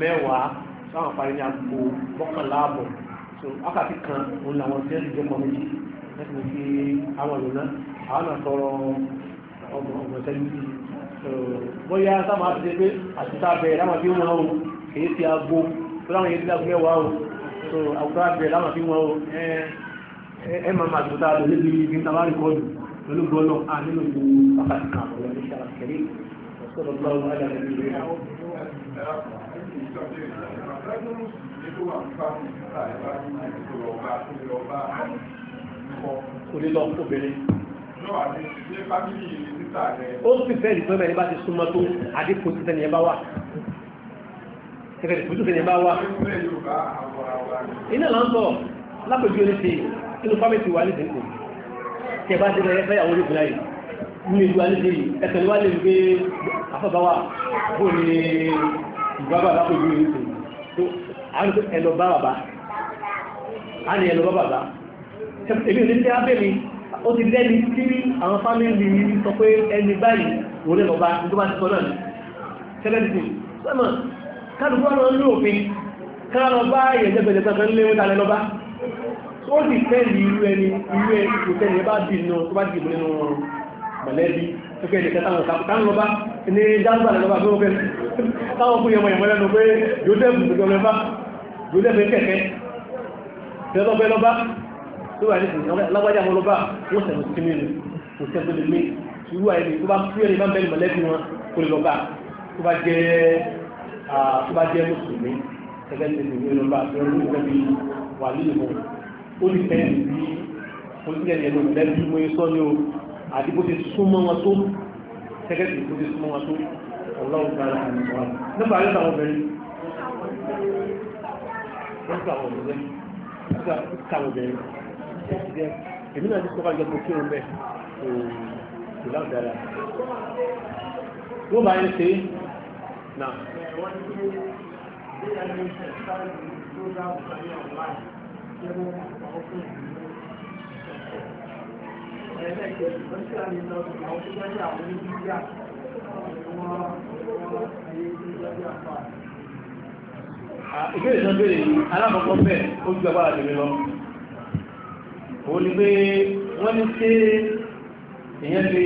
mẹ́wàá so àwọn parí ní agbo mọ́kànlá àbọ̀ so wákàtí kan òun làwọn tí wọ́n ti jẹ́ kọ́mẹ́tì láti mú kí àwọn lòna àwọn náà tọrọ ọmọ ọmọ sẹ́yìn sí bóyá sáwọn àti ṣe pé àti tá a bẹ̀rẹ̀ láwọn tí wọ́n o kìí ti agbo tó láwọn yẹn ti lágbo mẹ́wàá o so àwùjọ àbẹ̀rẹ̀ láwọn tí wọ́n o ẹ ẹ máa máa tó tá a lò níbi ibi tá pẹ̀lú gbọ́nà àmínú gbogbo pàtàkì kan àwọn oníṣẹ́ àkẹ́lẹ́ ọ̀sọ́dọ̀ bá wọn alẹ́ ní ìlú rẹ̀. kò ní lọ obìnrin. ó sì fẹ́ ìdìbò ẹ̀mẹ́rin bá ti súnmọ́ tó àdínkù tí sẹ́ni ẹ bá wà tẹ̀fẹ̀ ìfújú tẹ̀lé bá wà. iná là ń sọ lápẹ̀jú ẹni tí inú fámẹ́tì wà ní ìdínkù tẹ bá débẹ̀ ẹ fẹ́yàwó ní fúláyì ní ìlú alẹ́ yìí ẹsẹ̀ wá lè gbé afọ́báwà bó ní ìgbàgbà lápòjú ní ìsìn tó àwọn ẹlọ bá bàbá a ní ẹlọ bá bàbá èmi ò ní tẹ́ abẹ́ mi ó ti lẹ́ni tí àwọn fámìlì mi sọ pé ẹni báyìí wò lè lọ́ba tó bá ti sọ náà ní sẹ́lẹ̀dìtì sọ́mọ̀ kálukú wọn lọ ní òfin kára lọ bá ìyẹ̀jẹ̀ bẹ̀rẹ̀ kankan lé wọn ta ó sì fẹ́ẹ̀lì irú ẹni irú ẹni kò tẹ́lì bá dì náà tó bá dìbò nínú wọn mọ̀lẹ́bí pẹ́pẹ́ ẹni kẹta wọn táwọn lọ́bá ní dáńgbà lọ́bá tó fẹ́ táwọn fún yẹmọ ìmọ̀ lẹ́nu pé joseph gbogbo lọ́bá joseph kẹ̀kẹ́ tẹ́lọ́pẹ́ lọ́bá tó wà nísìnyí lágbájá wọn lọ́bá wọ́n sẹ̀rọ̀ sí mi kò sẹ́kọ̀ lè mí irú ẹni tó bá fún ẹni bá bẹ́ẹ̀ mọ̀lẹ́bí wọn kò lè lọ́bá tó bá jẹ́ tó bá jẹ́ mùsùlùmí ẹgbẹ́ ó lè fẹ́ ní bí oníṣẹ́ni ẹni òun lẹ́nu mú sọ ní o àti bó ti súnmọ́ wọn tó sẹ́kẹ́tì bó ti súnmọ́ wọn tó ọlọ́run dára àmì wọn nípa àríkà àwọn obìnrin wọ́n ti àwọn obìnrin wọ́n ti àwọn obìnrin èmi náà ti sọ́kà jẹ́ kó kí òun bẹ́ẹ̀ kò láwọn dára wọ́n bá yẹn ṣe náà ìbéèrè tó ń béèrè yìí alákọ̀ọ́kọ́ bẹ́ẹ̀ ó ju agbára tèmi lọ òun ni pé wọ́n ní pé èèyàn lè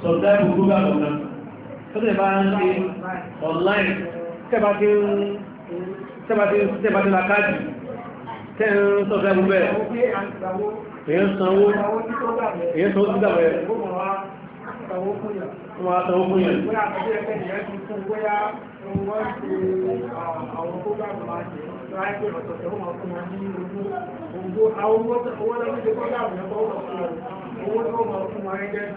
sọ̀dá gbogbo bá lọ́nà tó lè bá ń ṣe online tẹ́bàtí ń tẹ́rin sọ́fẹ́ gbogbo ẹ̀ èyàn sanwó èyàn sanwó tí dàbẹ̀ wọ́n á sanwó fún yàn Owó tó mọ̀ fún wa ẹgbẹ́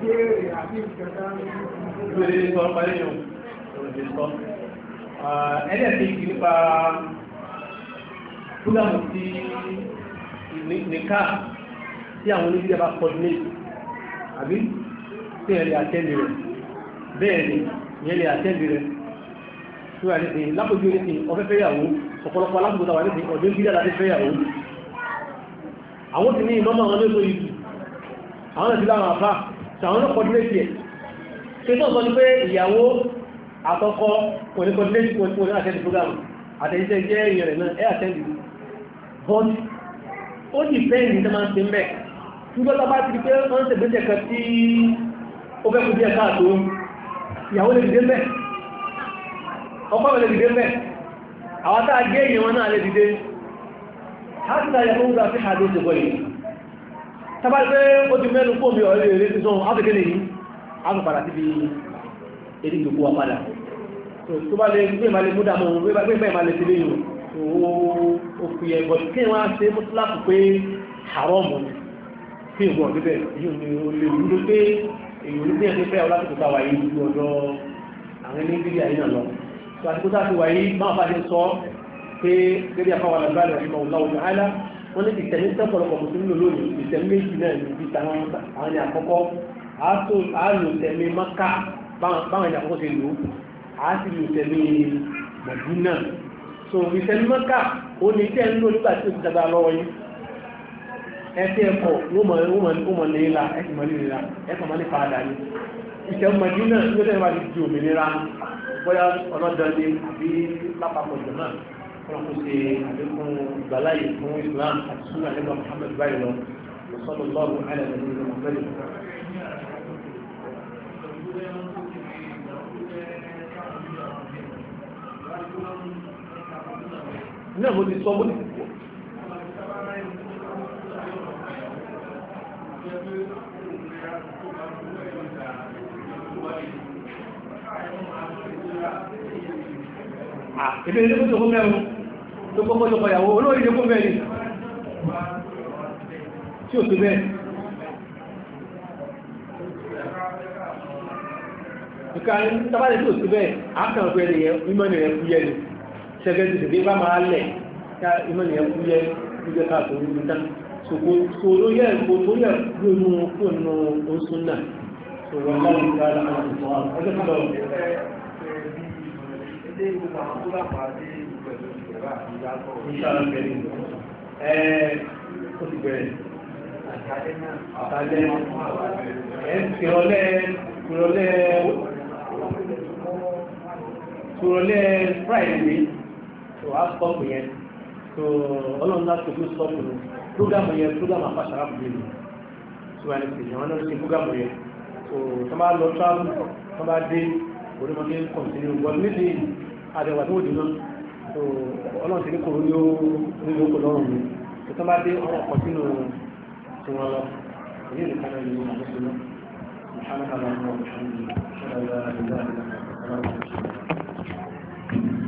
bí béèrè àti ìjọta ní ìgbèrè ìgbọ̀n parí yàn. Ah, ẹlẹ́ẹ̀kejì nípa fúlàmù tí nìka tí àwọn oníbí yàrá coordinate àbí tí ẹ̀rì àtẹ́lì rẹ̀ bẹ́ẹ̀ ni ìyẹn lè àtẹ́lì rẹ̀ tí wà ní sèyí lápòjú ní sèyí ọfẹ́ fẹ́yàwó ọ̀pọ̀lọpọ̀ alákòókò wà ní sèyí ọdún bídà láti fẹ́yàwó àwọn ti ní ìmọ́mọ́ àwọn olóso yìí àwọn ìdílé àwọn àfá ṣàwọn náà coordinate yẹ ṣe tó sọ ní pé ìyàwó àtọkọ kò ní coordinate kò ní àtẹ́lì program àtẹ́lì jẹ́ ìyẹn rẹ̀ náà ẹ́ àtẹ́lì but ó dì fẹ́yìn ní tẹ́mà ṣe mẹ́ nígbọ́ta bá ti pé wọ́n tẹ̀gbẹ́ jẹ́kẹ́ tí ó fẹ́ kú díẹ̀ káàtó ìyàwó lè dìde mẹ́ ọkọ̀ lè dìde mẹ́ àwọn tàà gé èèyàn wọn náà lè dìde hátìta yẹ fún gbàfí àdó ti bọ̀ yìí tàbá pé ó ti mẹ́nu fún mi ọ̀rẹ́ rẹ̀ ti sọ́run áfẹ́kẹ́ lè yìí áfẹ́ padà síbi èdè ìgbòkú wa padà tó bá lè gbé ìmàlè múdàmọ́ gbé ìmàlè sílé yìí òfin ẹ̀gbọ́n kí wọ́n á ṣe mọ́síláàpù pé àrọ́mù ni kí ìwọ̀n níbẹ̀ yóò ní olè wúlò pé èyí olè bíyànjú fẹ́ ọ láti kó táwa yìí ju ọ̀dọ̀ àwọn ẹni bíbí àyínà lọ tó àti kó táwa yìí máa bá ṣe sọ pé gẹ́gẹ́ àfáwọn àgbà rẹ̀ ṣùgbọ́n ọ̀la òjò àìlá wọ́n ní ìtẹ̀mí tẹ́pọ̀lọpọ̀ mùsùlùmí lónìí ìtẹ̀mí méjì náà ní ibi táwọn àwọn ní àkọ́kọ́ àálò tẹ̀mí maka báwọn ní àkọ́kọ́ ṣe lò á sì lò tẹ̀mí mọ̀dúnà so ìfẹnumọ́ká ó ní tẹ́ ń lò nígbà tí ó ti dàgbà lọ́wọ́ yìí ẹtí ẹ̀kọ́ ló mọ̀ léla ẹtì mọ̀ léla ẹtì mọ̀ nípa àdá ni ìṣẹ́mọ̀dí náà di òmìnira bóyá ọlọ́dọọdẹ àbí Islam àti sunna nígbà Muhammad báyìí lọ sọ́dọ̀ náà mo ti sọ mo ti pọ̀. Èdè ilé fún ìfún mẹ́rin tó kọ́kọ́ lọ́kọ̀ ìyàwó olóòrì ilé fún mẹ́rin tí ò tó bẹ́ẹ̀. Ìkàrí tábàlẹ̀ tí ò tó bẹ́ẹ̀, àákàrùn-ún ẹni yẹn, mímọ́ ni rẹ̀ fúyẹ́ ni sẹ́gẹ́dì tètè bá máa lẹ̀ ká iná yẹn kú yẹ kú yẹ káàtó níbi tán ṣòkò tó ló yẹ kó tó yẹ kó nù kó nù oṣù náà tó wọ́n láti ká lára àwọn Friday so a sọ́ọ̀mù yẹn so ọlọ́run náà tó fún sọ́ọ̀mù ní prógámù yẹn prógámù àpàṣàrà fún mi so ẹni pè àwọn náà ṣe prógámù yẹn so tó bá lọ travel tó bá dé onímọ̀dé kọ̀ǹtínú wọ́n níbi àdẹ̀wà tó dì náà so ọlọ́run ti ní kòrò ní ó lọ́rùn mi so tó bá dé ọ̀rọ̀ kọ̀ǹtínú tí wọ́n